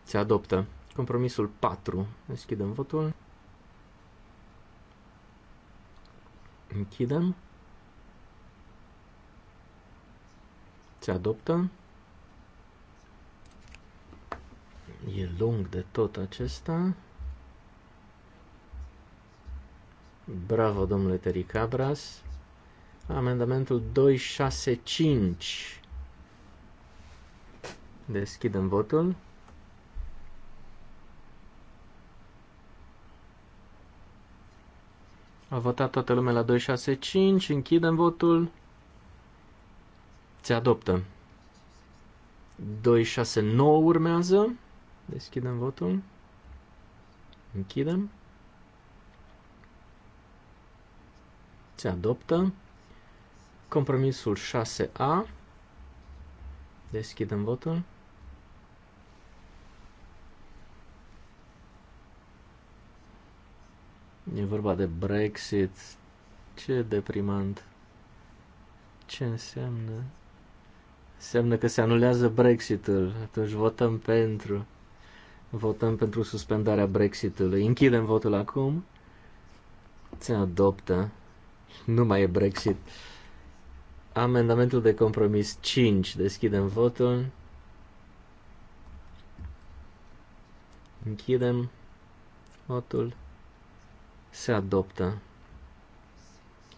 Se adoptă. Compromisul 4. Deschidem votul. Închidem. Se adoptă. E lung de tot acesta. Bravo, domnule Tericabras. Amendamentul 265. Deschidem votul. A votat toată lumea la 265, închidem votul. Se adoptă. 269 urmează. Deschidem votul. Închidem. Se adoptă. Compromisul 6A. Deschidem votul. E vorba de Brexit. Ce deprimant. Ce înseamnă? Înseamnă că se anulează Brexitul. Atunci votăm pentru. Votăm pentru suspendarea Brexitului. Închidem votul acum. Se adoptă. Nu mai e Brexit. Amendamentul de compromis 5. Deschidem votul. Închidem votul. Se adoptă.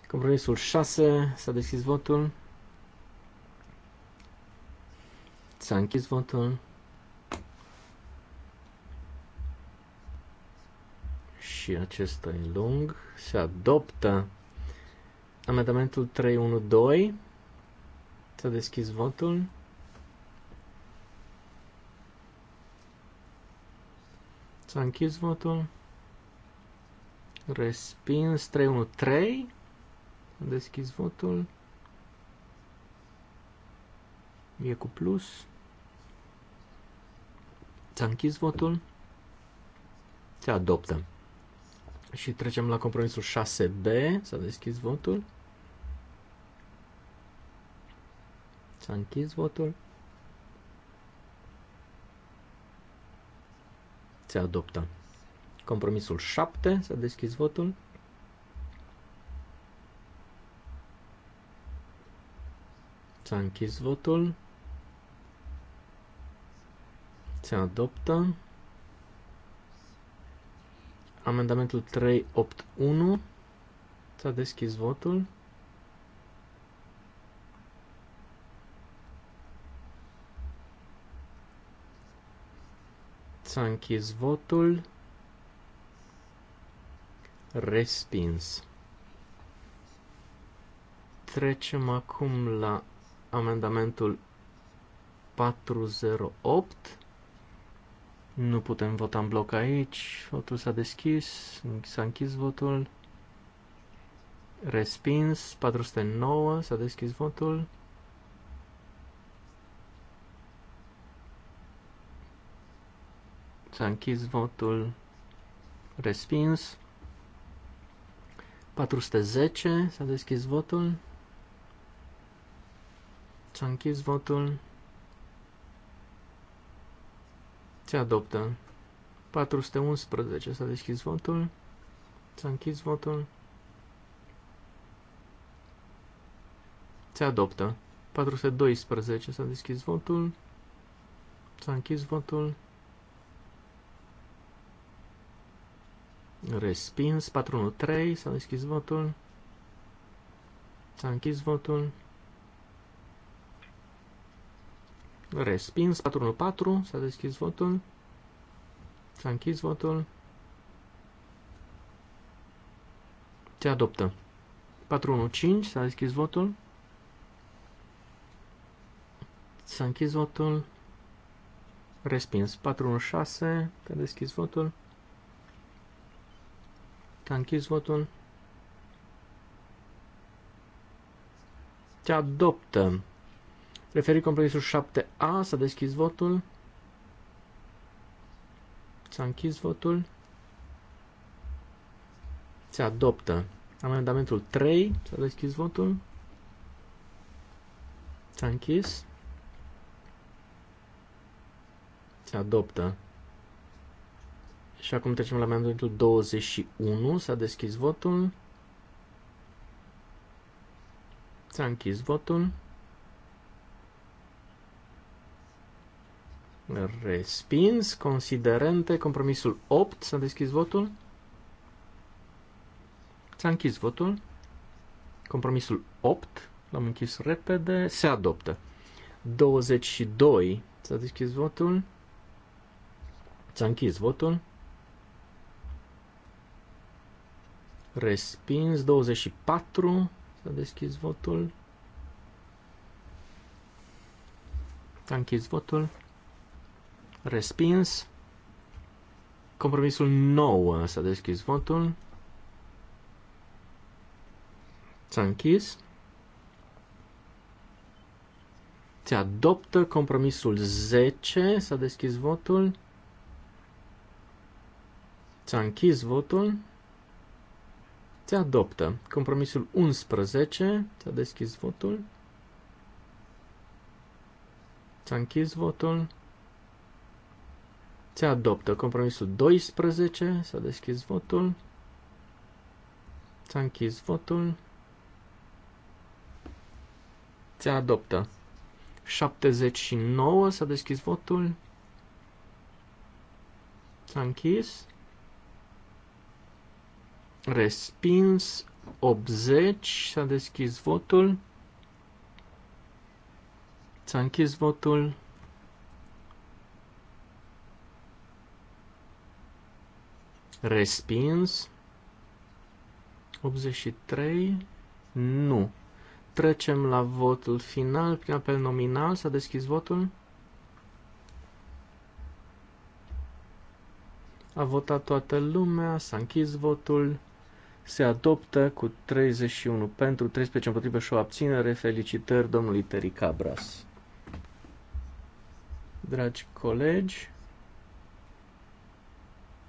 Compromisul 6. S-a deschis votul. S-a închis votul. și acesta e lung, se adoptă amendamentul 312. S-a deschis votul. S-a închis votul. Respins 313. S-a deschis votul. E cu plus. S-a închis votul. Se adoptă. Și trecem la compromisul 6B. S-a deschis votul. S-a închis votul. Se adoptă. Compromisul 7. S-a deschis votul. S-a închis votul. Se adoptă. Amendamentul 381. S-a deschis votul. S-a închis votul. Respins. Trecem acum la amendamentul 408. Nu putem vota în bloc aici. Votul s-a deschis. S-a închis votul. Respins. 409. S-a deschis votul. S-a închis votul. Respins. 410. S-a deschis votul. S-a închis votul. Se adoptă. 411. S-a deschis votul. S-a închis votul. Se adoptă. 412. S-a deschis votul. S-a închis votul. Respins. 413. S-a deschis votul. S-a închis votul. Respins. 414. S-a deschis votul. S-a închis votul. Se adoptă. 415. S-a deschis votul. S-a închis votul. Respins. 416. S-a deschis votul. S-a închis votul. Se adoptă. Referit compromisul 7A, s-a deschis votul. S-a închis votul. Se adoptă. Amendamentul 3, s-a deschis votul. S-a închis. Se adoptă. Și acum trecem la amendamentul 21, s-a deschis votul. S-a închis votul. Respins. Considerente. Compromisul 8. S-a deschis votul. S-a închis votul. Compromisul 8. L-am închis repede. Se adoptă. 22. S-a deschis votul. S-a închis votul. Respins. 24. S-a deschis votul. S-a închis votul. Respins. Compromisul nou s-a deschis votul. S-a închis. Se adoptă compromisul 10. S-a deschis votul. S-a închis votul. Se adoptă. Compromisul 11. S-a deschis votul. S-a închis votul. Se adoptă. Compromisul 12. S-a deschis votul. S-a închis votul. Se adoptă. 79. S-a deschis votul. S-a închis. Respins. 80. S-a deschis votul. S-a închis votul. Respins. 83. Nu. Trecem la votul final. Prin apel nominal s-a deschis votul. A votat toată lumea, s-a închis votul. Se adoptă cu 31 pentru, 13 împotrivă și o abținere. Felicitări domnului Teri Cabras. Dragi colegi,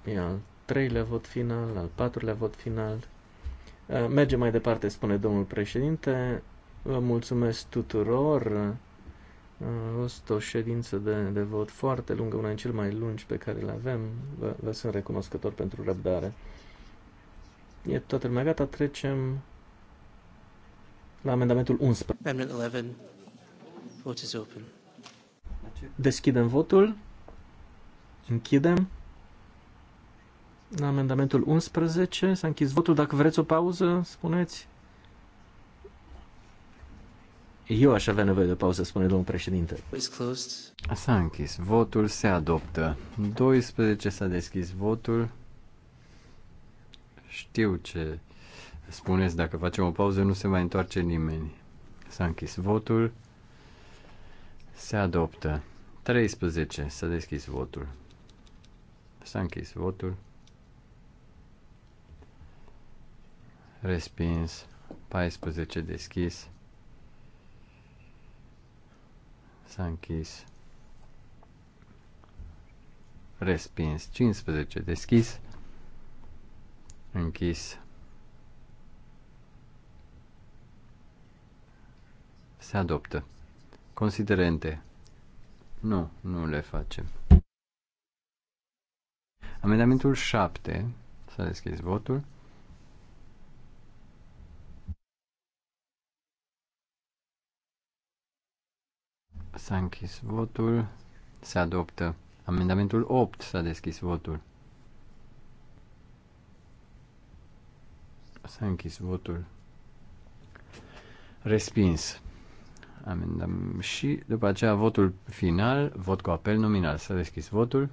ia treilea vot final, al patrulea vot final. Uh, mergem mai departe, spune domnul președinte. Vă mulțumesc tuturor. A uh, fost o ședință de, de vot foarte lungă, una din cel mai lungi pe care le avem. Vă, vă sunt recunoscător pentru răbdare. E toată lumea gata, trecem la amendamentul 11. 11. open. Deschidem votul. Închidem la amendamentul 11. S-a închis votul. Dacă vreți o pauză, spuneți. Eu aș avea nevoie de o pauză, spune domnul președinte. S-a închis votul, se adoptă. 12 s-a deschis votul. Știu ce spuneți, dacă facem o pauză nu se mai întoarce nimeni. S-a închis votul, se adoptă. 13 s-a deschis votul. S-a închis votul. respins, 14 deschis, s-a închis, respins, 15 deschis, închis, se adoptă. Considerente. Nu, nu le facem. Amendamentul 7. S-a deschis votul. S-a închis votul. Se adoptă. Amendamentul 8 s-a deschis votul. S-a închis votul. Respins. Amendam. Și după aceea votul final, vot cu apel nominal. S-a deschis votul.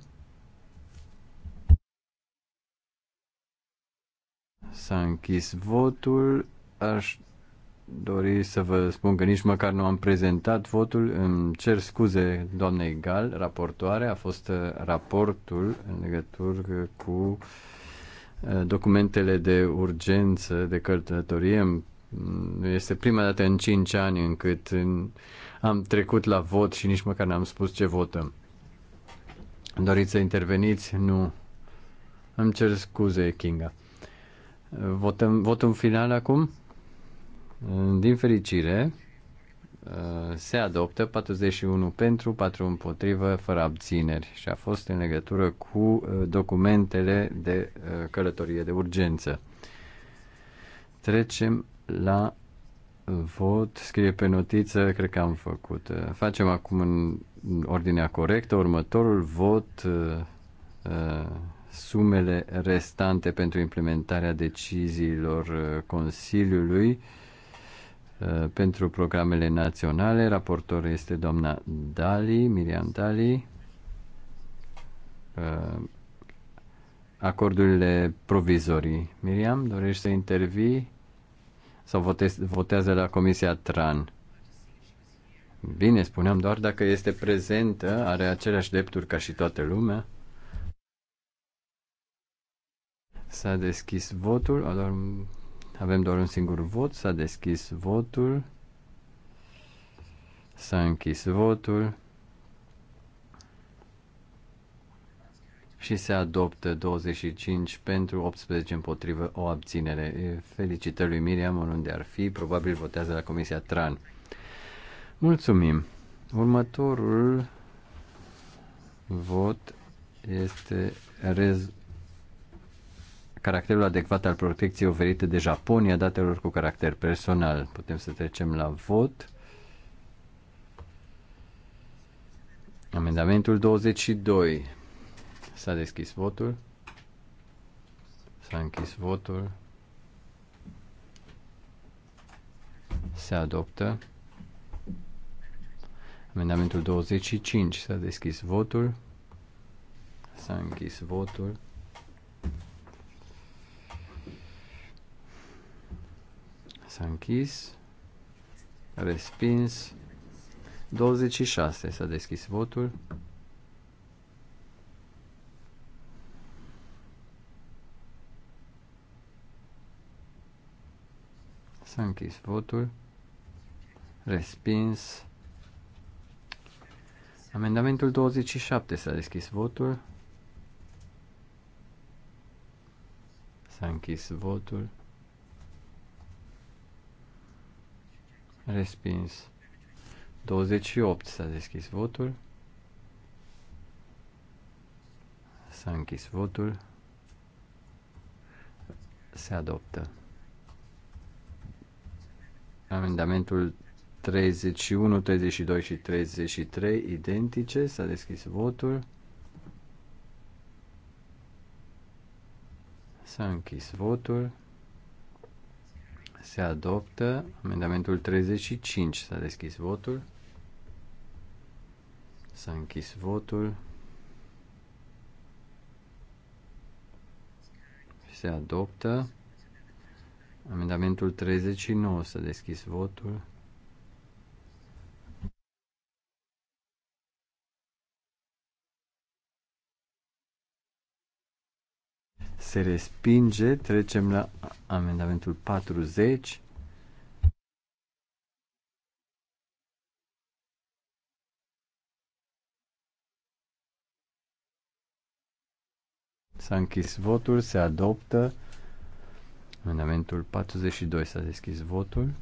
S-a închis votul. Aș dori să vă spun că nici măcar nu am prezentat votul. Îmi cer scuze doamnei Gal, raportoare. A fost uh, raportul în legătură cu uh, documentele de urgență de călătorie. Mm, este prima dată în 5 ani încât mm, am trecut la vot și nici măcar n-am spus ce votăm. Doriți să interveniți? Nu. Îmi cer scuze, Kinga. Uh, votăm, votul final acum? Mm, din fericire, uh, se adoptă 41 pentru, 4 împotrivă, fără abțineri și a fost în legătură cu uh, documentele de uh, călătorie de urgență. Trecem la vot, scrie pe notiță, cred că am făcut. Facem acum în ordinea corectă următorul vot sumele restante pentru implementarea deciziilor Consiliului Uh, pentru programele naționale. Raportor este doamna Dali, Miriam Dali. Uh, acordurile provizorii. Miriam, dorești să intervii? Sau votezi, votează la Comisia TRAN? Bine, spuneam doar dacă este prezentă, are aceleași drepturi ca și toată lumea. S-a deschis votul, avem doar un singur vot. S-a deschis votul. S-a închis votul. și se adoptă 25 pentru 18 împotrivă o abținere. Felicitări lui Miriam, oriunde ar fi, probabil votează la Comisia Tran. Mulțumim. Următorul vot este rez- caracterul adecvat al protecției oferite de Japonia datelor cu caracter personal. Putem să trecem la vot. Amendamentul 22. S-a deschis votul. S-a închis votul. Se adoptă. Amendamentul 25. S-a deschis votul. S-a închis votul. S-a închis. Respins. 26. S-a deschis votul. S-a închis votul. Respins. Amendamentul 27 s-a deschis votul. S-a închis votul. Respins. 28 s-a deschis votul. S-a închis votul. Se adoptă. Amendamentul 31, 32 și 33 identice. S-a deschis votul. S-a închis votul se adoptă. Amendamentul 35 s-a deschis votul. S-a închis votul. Se adoptă. Amendamentul 39 s-a deschis votul. se respinge. Trecem la amendamentul 40. S-a închis votul, se adoptă. Amendamentul 42 s-a deschis votul.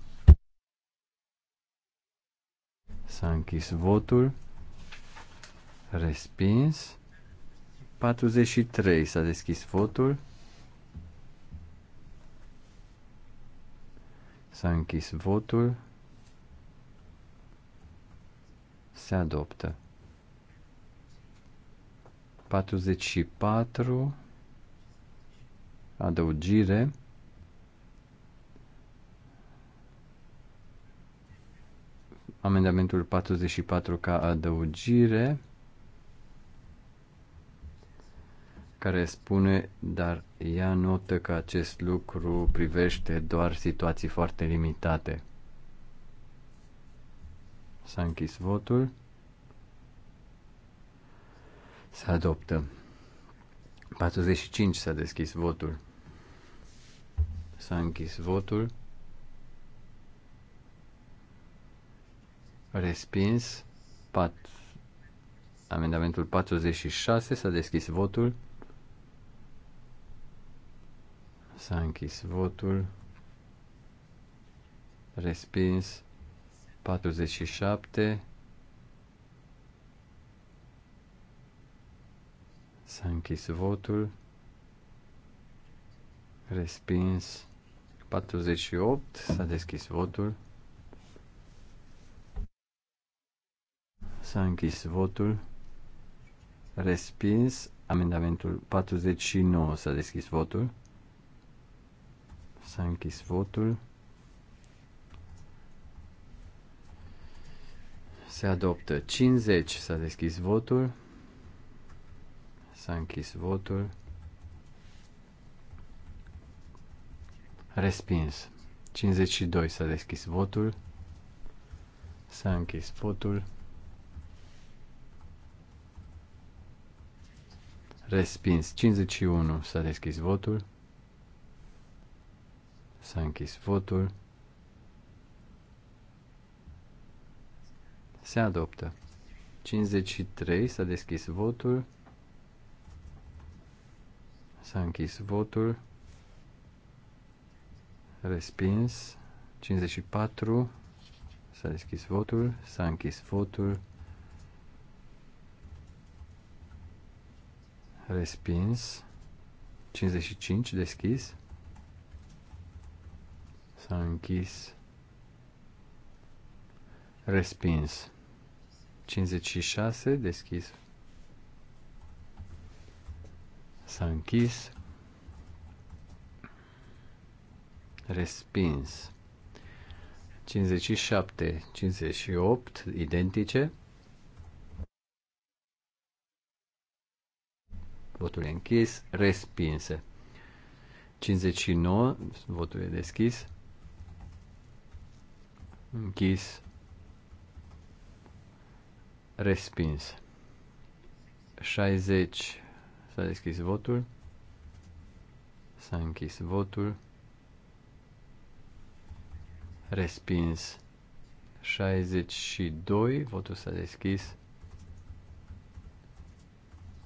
S-a închis votul. Respins. 43 s-a deschis votul. S-a închis votul. Se adoptă. 44 adăugire amendamentul 44 ca adăugire care spune, dar ea notă că acest lucru privește doar situații foarte limitate. S-a închis votul. Se adoptă. 45 s-a deschis votul. S-a închis votul. Respins. Pat... Amendamentul 46 s-a deschis votul. S-a închis votul. Respins 47. S-a închis votul. Respins 48. S-a deschis votul. S-a închis votul. Respins amendamentul 49. S-a deschis votul. S-a închis votul. Se adoptă 50. S-a deschis votul. S-a închis votul. Respins. 52. S-a deschis votul. S-a închis votul. Respins. 51. S-a deschis votul. S-a închis votul. Se adoptă. 53. S-a deschis votul. S-a închis votul. Respins. 54. S-a deschis votul. S-a închis votul. Respins. 55. Deschis. S-a închis. Respins. 56. Deschis. S-a închis. Respins. 57, 58, identice. Votul e închis, respinse. 59, votul e deschis. Închis. Respins. 60. S-a deschis votul. S-a închis votul. Respins. 62. Votul s-a deschis.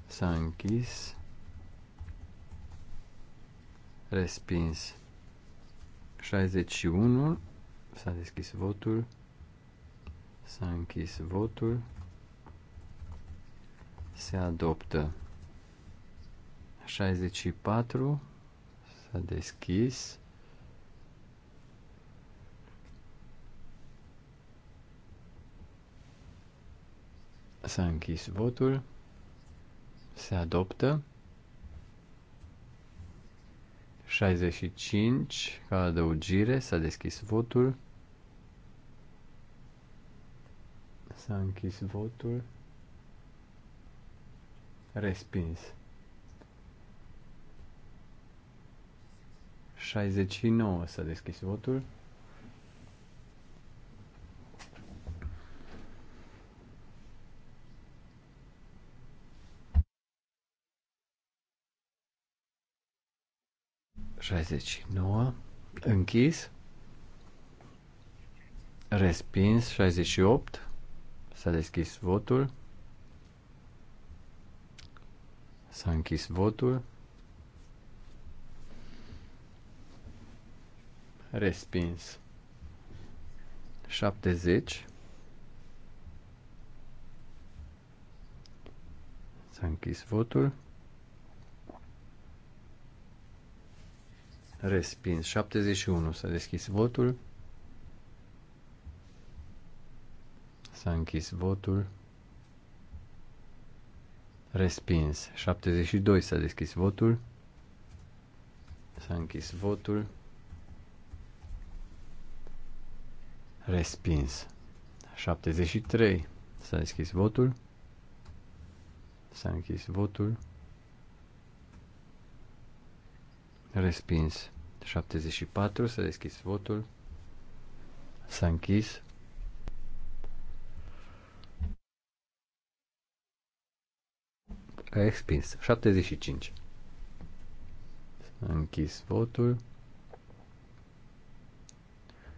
S-a închis. Respins. 61. S-a deschis votul. S-a închis votul. Se adoptă. 64. S-a deschis. S-a închis votul. Se adoptă. 65. Ca adăugire s-a deschis votul. S-a închis votul. Respins. 69 s-a deschis votul. Șaizeci nouă, închis, respins, șaizeci opt, S-a deschis votul. S-a închis votul. Respins. 70. S-a închis votul. Respins. 71. S-a deschis votul. S-a închis votul. Respins. 72 s-a deschis votul. S-a închis votul. Respins. 73 s-a deschis votul. S-a închis votul. Respins. 74 s-a deschis votul. S-a închis. Expins. 75. închis votul.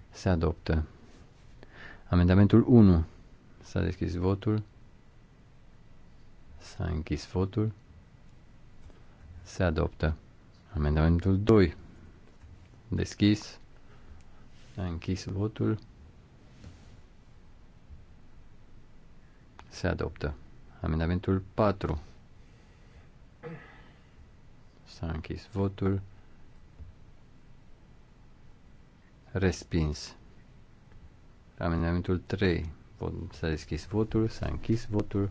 Se adoptă. Amendamentul 1. S-a deschis votul. S-a închis votul. Se adoptă. Amendamentul 2. Deschis. S-a închis votul. Se adoptă. Amendamentul 4. S-a închis votul. Respins. Amendamentul 3. S-a deschis votul, s-a închis votul.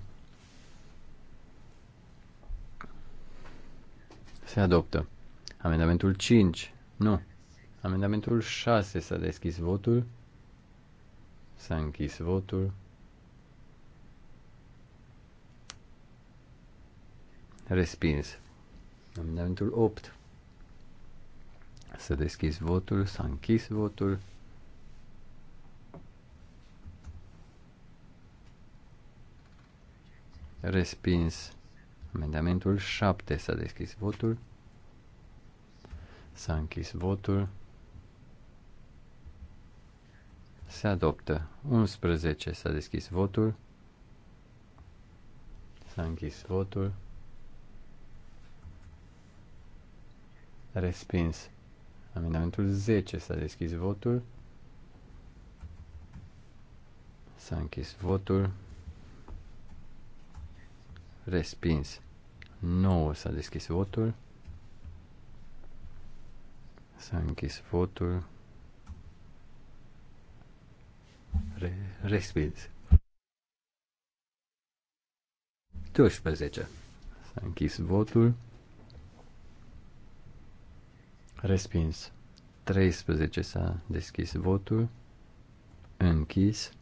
Se adoptă. Amendamentul 5. Nu. Amendamentul 6. S-a deschis votul. S-a închis votul. Respins. Amendamentul 8. S-a deschis votul, s-a închis votul. Respins. Amendamentul 7. S-a deschis votul. S-a închis votul. Se adoptă. 11. S-a deschis votul. S-a închis votul. Respins. Amendamentul 10. S-a deschis votul. S-a închis votul. Respins. 9. S-a deschis votul. S-a închis votul. Re respins. 12. S-a închis votul. Respins. 13 s-a deschis votul. Închis.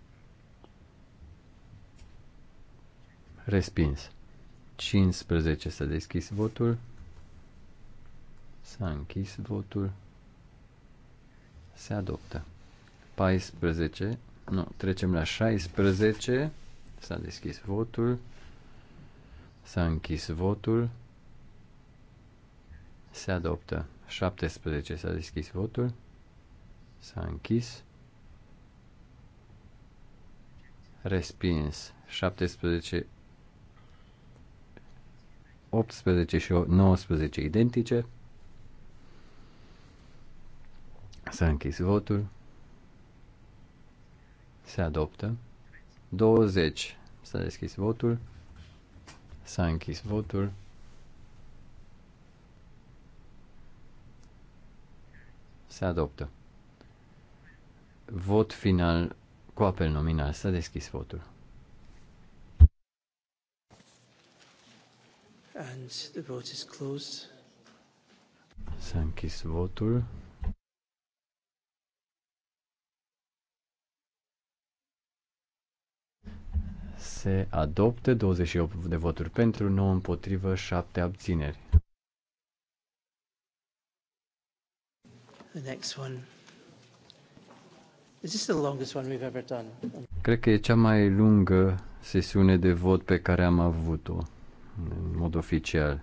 Respins. 15 s-a deschis votul. S-a închis votul. Se adoptă. 14. Nu, trecem la 16. S-a deschis votul. S-a închis votul. Se adoptă. 17 s-a deschis votul. S-a închis. Respins. 17 18 și 19 identice. S-a închis votul. Se adoptă. 20. S-a deschis votul. S-a închis votul. Se adoptă. Vot final cu apel nominal. S-a deschis votul. And the vote is closed. S-a închis votul. Se adoptă 28 de voturi pentru, 9 împotrivă, 7 abțineri. Cred că e cea mai lungă sesiune de vot pe care am avut-o în mod oficial.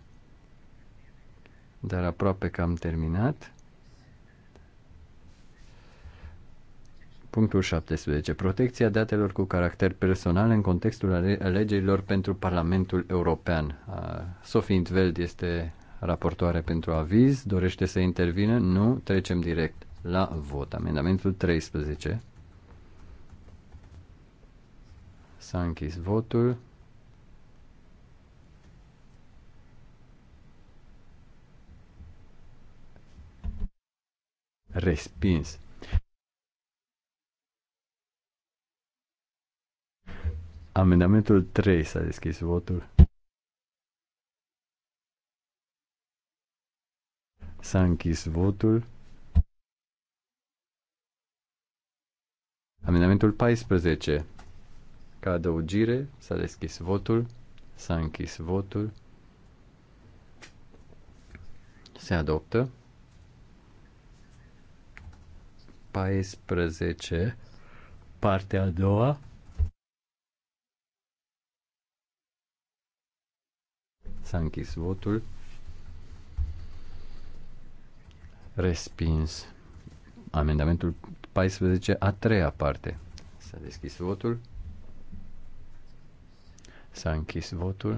Dar aproape că am terminat. Punctul 17. Protecția datelor cu caracter personal în contextul alegerilor pentru Parlamentul European. Sofie Intveld este raportoare pentru aviz, dorește să intervină? Nu, trecem direct la vot. Amendamentul 13. S-a închis votul. Respins. Amendamentul 3 s-a deschis votul. S-a închis votul. Amendamentul 14. Ca adăugire, s-a deschis votul, s-a închis votul, se adoptă. 14. Partea a doua. S-a închis votul. Respins. Amendamentul 14, a treia parte. S-a deschis votul. S-a închis votul.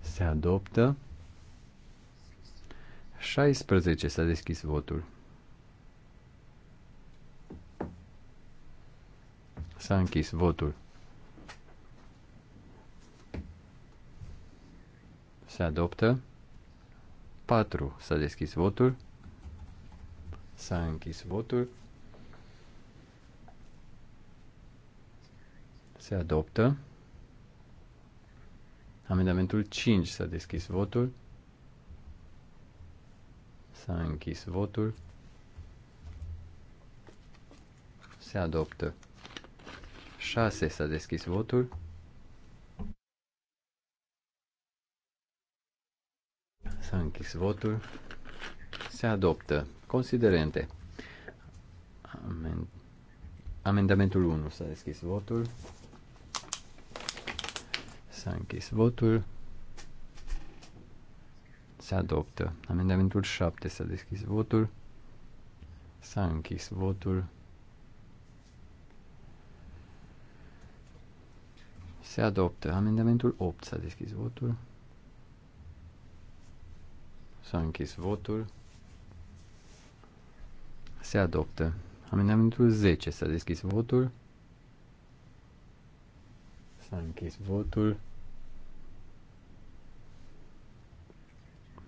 Se adoptă. 16 s-a deschis votul. S-a închis votul. Se adoptă. 4. S-a deschis votul. S-a închis votul. Se adoptă. Amendamentul 5 s-a deschis votul. S-a închis votul. Se adoptă. 6 s-a deschis votul. S-a închis votul. Se adoptă. Considerente. Amen. Amendamentul 1. S-a deschis votul. S-a închis votul. Se adoptă. Amendamentul 7. S-a deschis votul. S-a închis votul. Se adoptă. Amendamentul 8. S-a deschis votul. S-a închis votul. Se adoptă. Amendamentul 10. S-a deschis votul. S-a închis votul.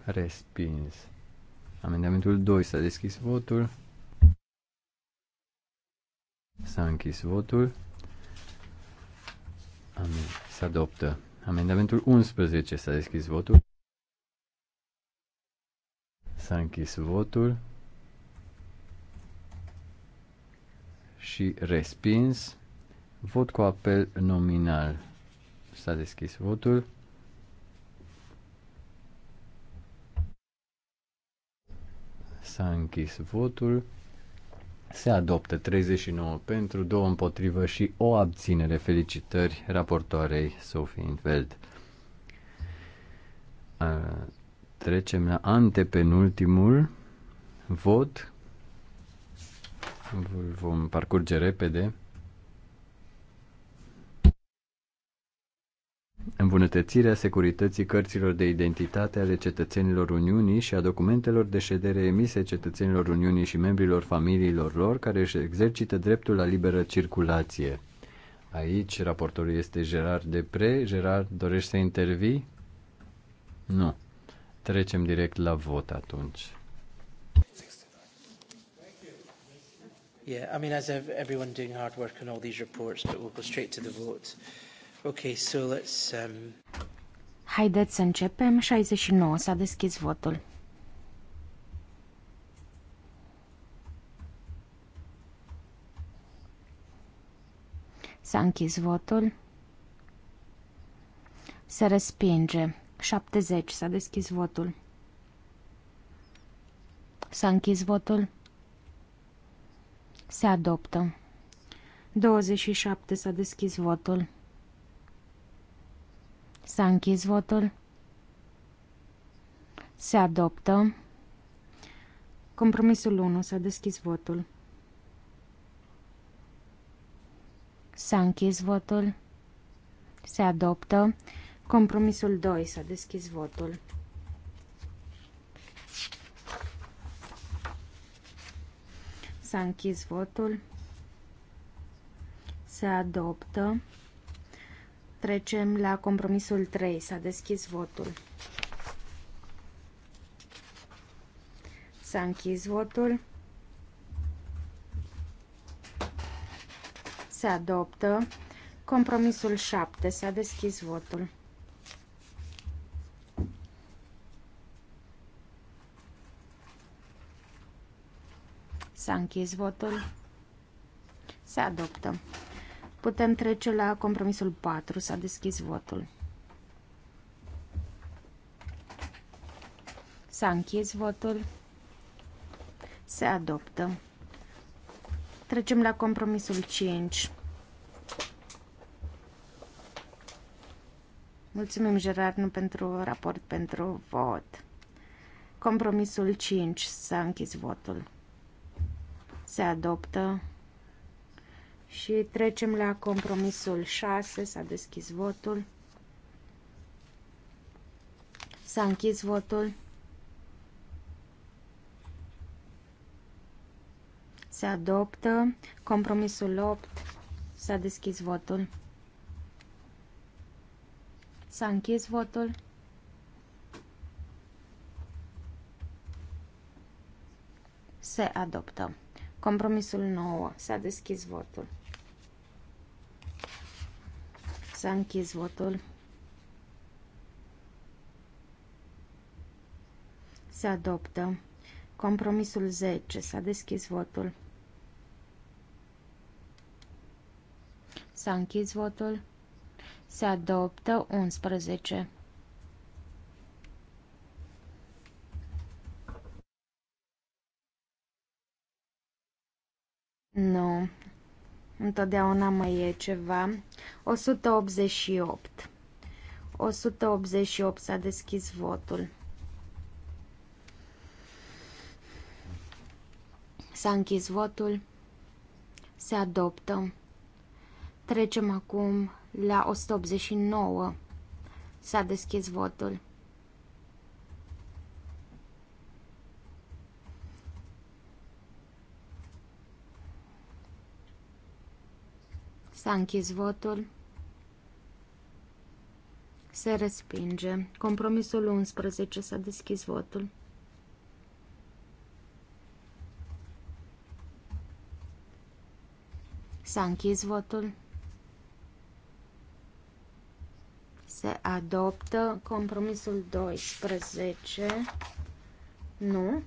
Respins. Amendamentul 2. S-a deschis votul. S-a închis votul. Se adoptă. Amendamentul 11. S-a deschis votul. S-a închis votul. Și respins. Vot cu apel nominal. S-a deschis votul. S-a închis votul. Se adoptă 39 pentru, 2 împotrivă și o abținere. Felicitări raportoarei Sophie Intveld. Trecem la antepenultimul vot. vom parcurge repede. Îmbunătățirea securității cărților de identitate ale cetățenilor Uniunii și a documentelor de ședere emise cetățenilor Uniunii și membrilor familiilor lor care își exercită dreptul la liberă circulație. Aici raportorul este Gerard Depre. Gerard, dorești să intervii? Nu. Trecem direct la vot atunci. Yeah, I mean, as everyone doing hard work on all these reports, but we'll go straight to the vote. Okay, so let's... Um... Haideți să începem. 69. S-a deschis votul. S-a închis votul. Se respinge. 70. S-a deschis votul. S-a închis votul. Se adoptă. 27. S-a deschis votul. S-a închis votul. Se adoptă. Compromisul 1. S-a deschis votul. S-a închis votul. Se adoptă. Compromisul 2. S-a deschis votul. S-a închis votul. Se adoptă. Trecem la compromisul 3. S-a deschis votul. S-a închis votul. Se adoptă. Compromisul 7. S-a deschis votul. S-a închis votul. Se adoptă. Putem trece la compromisul 4. S-a deschis votul. S-a închis votul. Se adoptă. Trecem la compromisul 5. Mulțumim, Gerard, nu pentru raport, pentru vot. Compromisul 5. S-a închis votul se adoptă. Și trecem la compromisul 6, s-a deschis votul. S-a închis votul. Se adoptă. Compromisul 8. S-a deschis votul. S-a închis votul. Se adoptă. Compromisul 9. S-a deschis votul. S-a închis votul. Se adoptă. Compromisul 10. S-a deschis votul. S-a închis votul. Se adoptă 11. Nu. Întotdeauna mai e ceva. 188. 188 s-a deschis votul. S-a închis votul. Se adoptă. Trecem acum la 189. S-a deschis votul. S-a închis votul. Se respinge. Compromisul 11. S-a deschis votul. S-a închis votul. Se adoptă compromisul 12. Nu.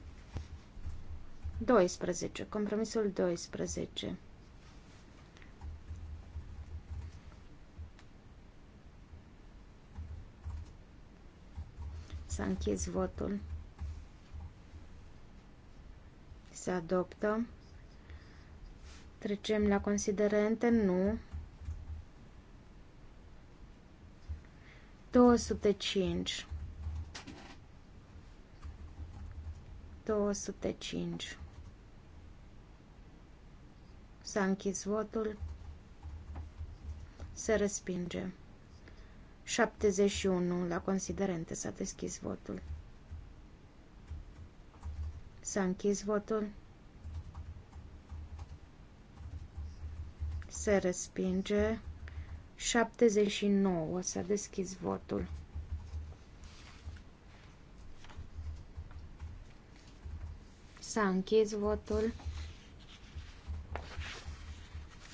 12. Compromisul 12. să închizi votul. Se adoptă. Trecem la considerente. Nu. 205. 205. S-a închis votul. Se respinge. 71. La considerente s-a deschis votul. S-a închis votul. Se respinge. 79. S-a deschis votul. S-a închis votul.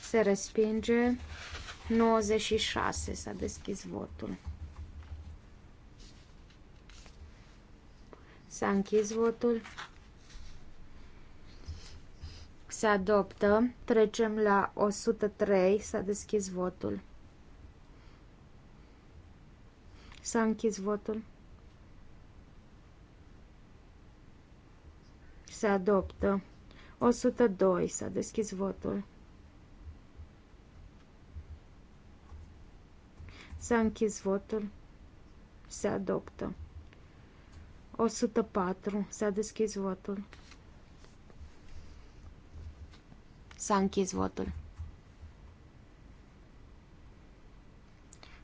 Se respinge. 96. S-a deschis votul. S-a închis votul. Se adoptă. Trecem la 103. S-a deschis votul. S-a închis votul. Se adoptă. 102. S-a deschis votul. S-a închis votul. Se adoptă. 104. S-a deschis votul. S-a închis votul.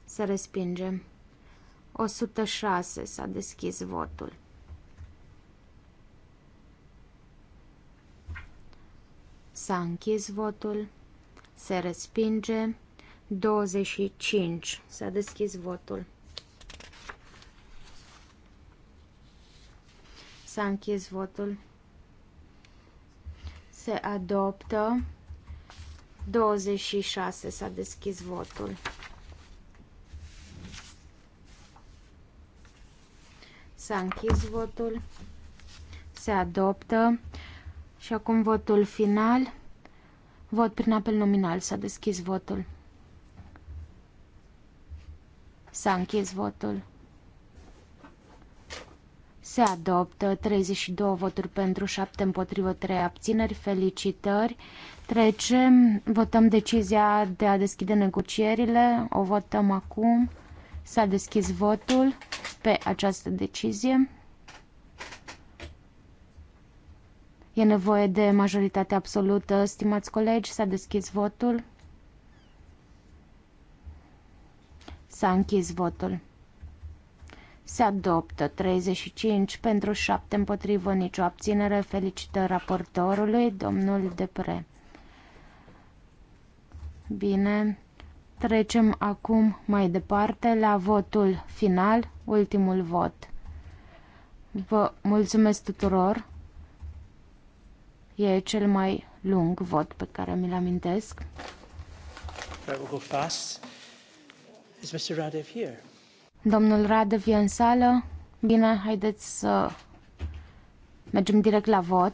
Să respingem. 106. S-a deschis votul. S-a închis votul. Se respinge. 25. S-a deschis votul. S-a închis votul. Se adoptă. 26. S-a deschis votul. S-a închis votul. Se adoptă. Și acum votul final. Vot prin apel nominal. S-a deschis votul. S-a închis votul. Se adoptă 32 voturi pentru, 7 împotrivă, 3 abțineri. Felicitări. Trecem, votăm decizia de a deschide negocierile. O votăm acum. S-a deschis votul pe această decizie. E nevoie de majoritate absolută, stimați colegi, s-a deschis votul. S-a închis votul. Se adoptă 35 pentru 7 împotrivă nicio abținere. Felicită raportorului, domnul Depre. Bine, trecem acum mai departe la votul final, ultimul vot. Vă mulțumesc tuturor. E cel mai lung vot pe care mi-l amintesc. Is Mr. Radev here? Domnul Radev e în sală. Bine, haideți să mergem direct la vot.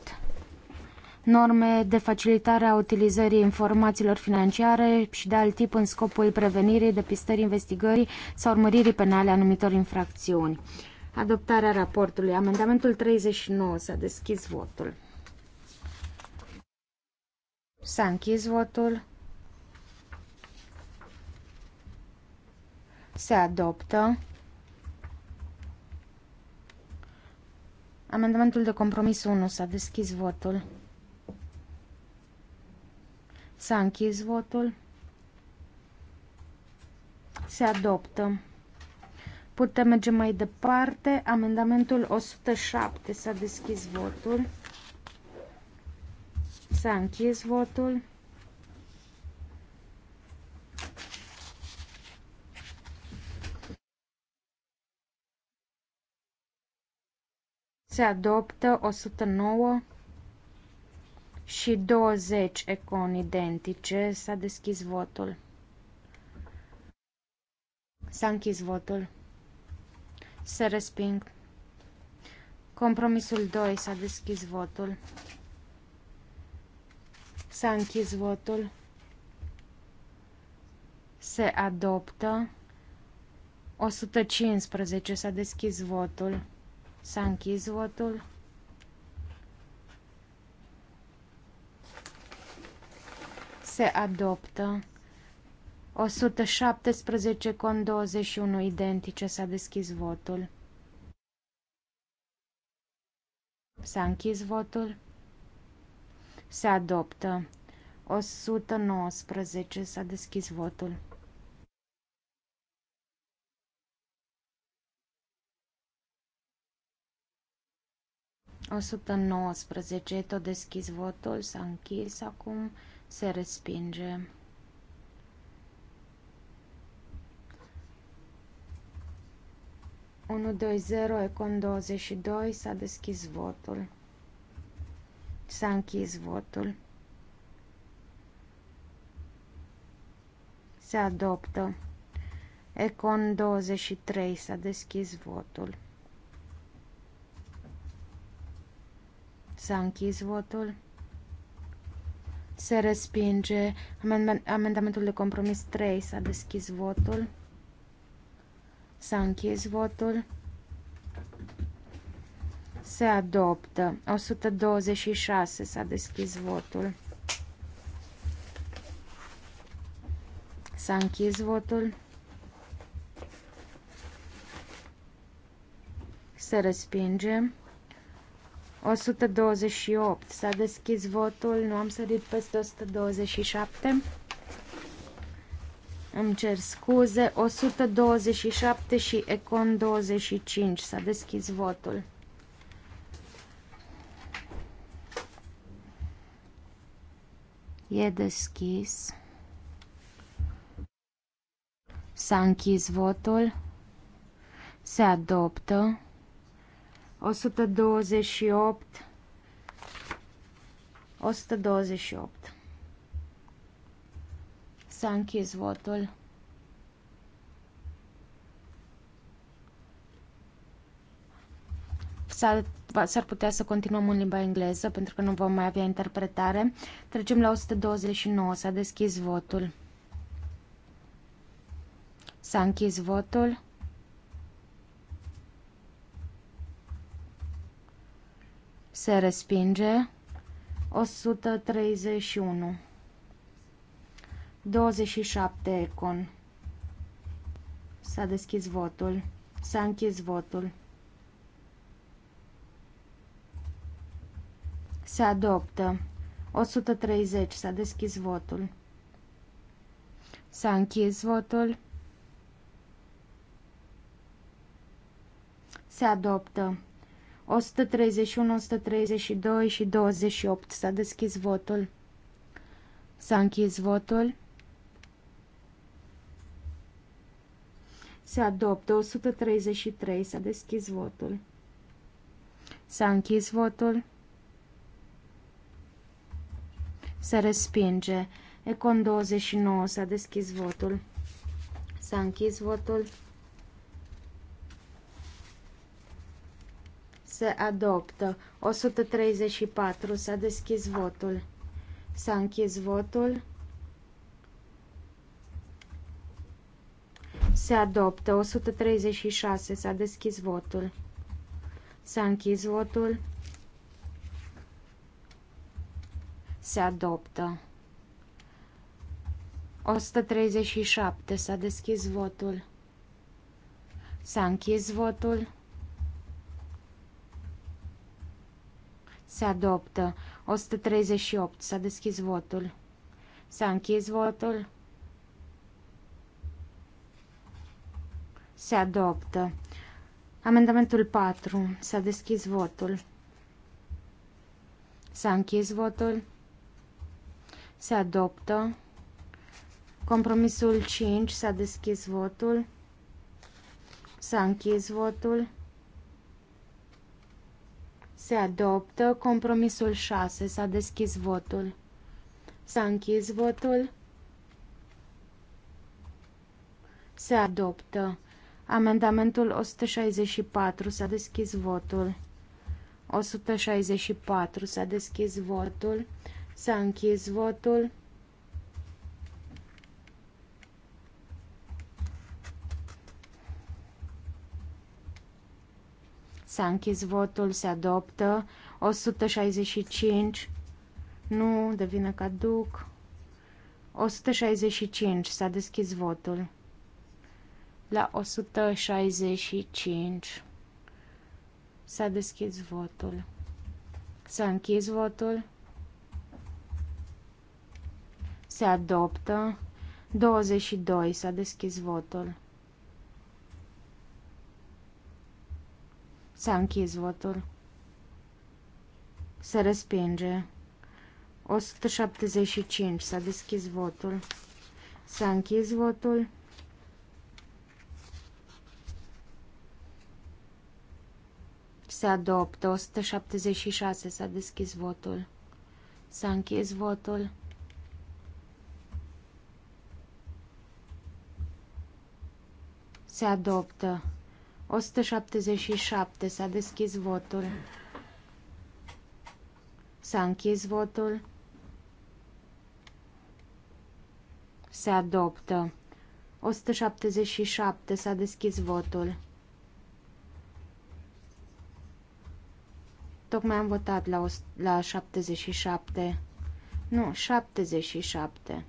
Norme de facilitare a utilizării informațiilor financiare și de alt tip în scopul prevenirii, depistării, investigării sau urmăririi penale a anumitor infracțiuni. Adoptarea raportului. Amendamentul 39. S-a deschis votul. S-a închis votul. Se adoptă. Amendamentul de compromis 1. S-a deschis votul. S-a închis votul. Se adoptă. Putem merge mai departe. Amendamentul 107. S-a deschis votul. S-a închis votul. Se adoptă 109 și 20 econ identice. S-a deschis votul. S-a închis votul. Se resping. Compromisul 2. S-a deschis votul. S-a închis votul. Se adoptă. 115. S-a deschis votul. S-a închis votul. Se adoptă. 117 con 21 identice s-a deschis votul. S-a închis votul. Se adoptă. 119 s-a deschis votul. 119. Tot deschis votul, s-a închis acum, se respinge. Unu doi zero Econ 22 s-a deschis votul. S-a închis votul. Se adoptă. Econ 23 s-a deschis votul. S-a închis votul. Se respinge amendamentul de compromis 3. S-a deschis votul. S-a închis votul. Se adoptă. 126. S-a deschis votul. S-a închis votul. Se respinge. 128. S-a deschis votul, nu am sărit peste 127. Îmi cer scuze, 127 și Econ 25. S-a deschis votul. E deschis. S-a închis votul. Se adoptă. 128 128 S-a închis votul. S-ar putea să continuăm în limba engleză pentru că nu vom mai avea interpretare. Trecem la 129. S-a deschis votul. S-a închis votul. se respinge 131 27 Econ S-a deschis votul S-a închis votul Se adoptă 130 S-a deschis votul S-a închis votul Se adoptă 131, 132 și 28. S-a deschis votul. S-a închis votul. Se adoptă 133. S-a deschis votul. S-a închis votul. Se respinge. Econ 29. S-a deschis votul. S-a închis votul. se adoptă. 134. S-a deschis votul. S-a închis votul. Se adoptă. 136. S-a deschis votul. S-a închis votul. Se adoptă. 137. S-a deschis votul. S-a închis votul. Se adoptă. 138. S-a deschis votul. S-a închis votul. Se adoptă. Amendamentul 4. S-a deschis votul. S-a închis votul. Se adoptă. Compromisul 5. S-a deschis votul. S-a închis votul. Se adoptă. Compromisul 6. S-a deschis votul. S-a închis votul. Se adoptă. Amendamentul 164. S-a deschis votul. 164. S-a deschis votul. S-a închis votul. S-a închis votul, se adoptă. 165 nu devine caduc. 165 s-a deschis votul. La 165 s-a deschis votul. S-a închis votul. Se adoptă. 22 s-a deschis votul. S-a închis votul. Se respinge. 175. S-a deschis votul. S-a închis votul. Se adoptă. 176. S-a deschis votul. S-a închis votul. Se adoptă. 177. S-a deschis votul. S-a închis votul. Se adoptă. 177. S-a deschis votul. Tocmai am votat la, la 77. Nu, 77.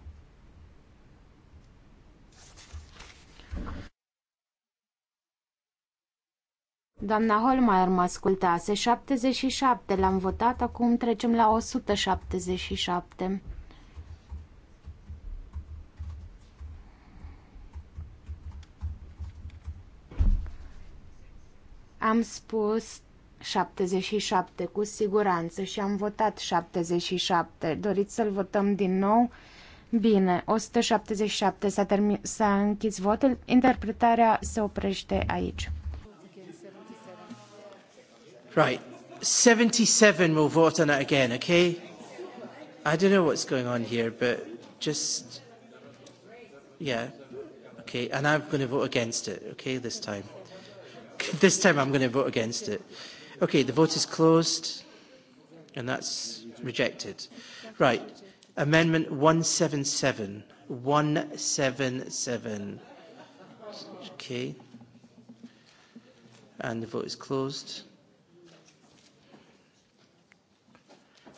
Doamna Holmeier mă ascultase. 77 l-am votat, acum trecem la 177. Am spus 77 cu siguranță și am votat 77. Doriți să-l votăm din nou? Bine, 177 s-a, termin- s-a închis votul. Interpretarea se oprește aici. Right. 77 will vote on it again, okay? I don't know what's going on here, but just, yeah, okay. And I'm going to vote against it, okay, this time. <laughs> this time I'm going to vote against it. Okay, the vote is closed, and that's rejected. Right, Amendment 177. 177. Okay. And the vote is closed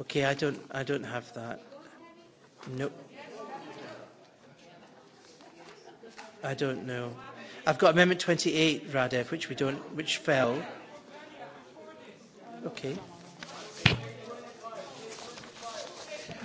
Okay, I don't, I don't have that. No. I don't know. I've got Amendment 28, Radev, which we don't, which fell. Okay.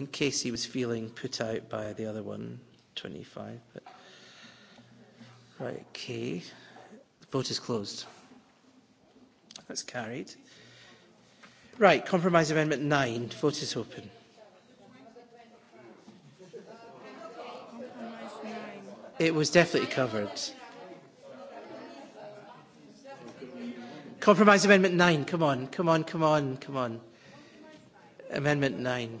in case he was feeling put out by the other one, 25. But, right, okay. The vote is closed. That's carried. Right, Compromise Amendment 9. Vote is open. It was definitely covered. Compromise Amendment nine. Come on, come on, come on, come on. Amendment nine.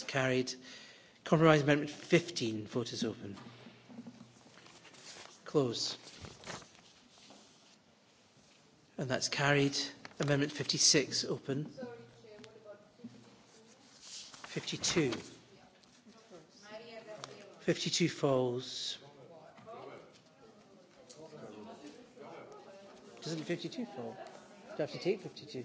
That's carried. Compromise Amendment 15. Vote is open. Close. And that's carried. Amendment 56. Open. 52. 52 falls. Doesn't 52 fall? Do I have to take 52?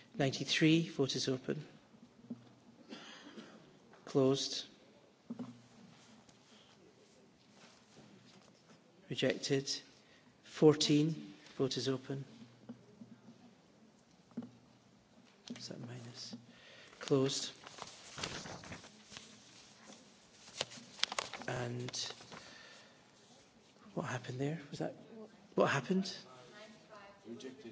93. Vote is open. Closed. Rejected. 14. Vote is open. Is that minus? Closed. And what happened there? Was that what happened? Rejected.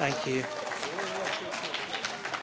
Thank you.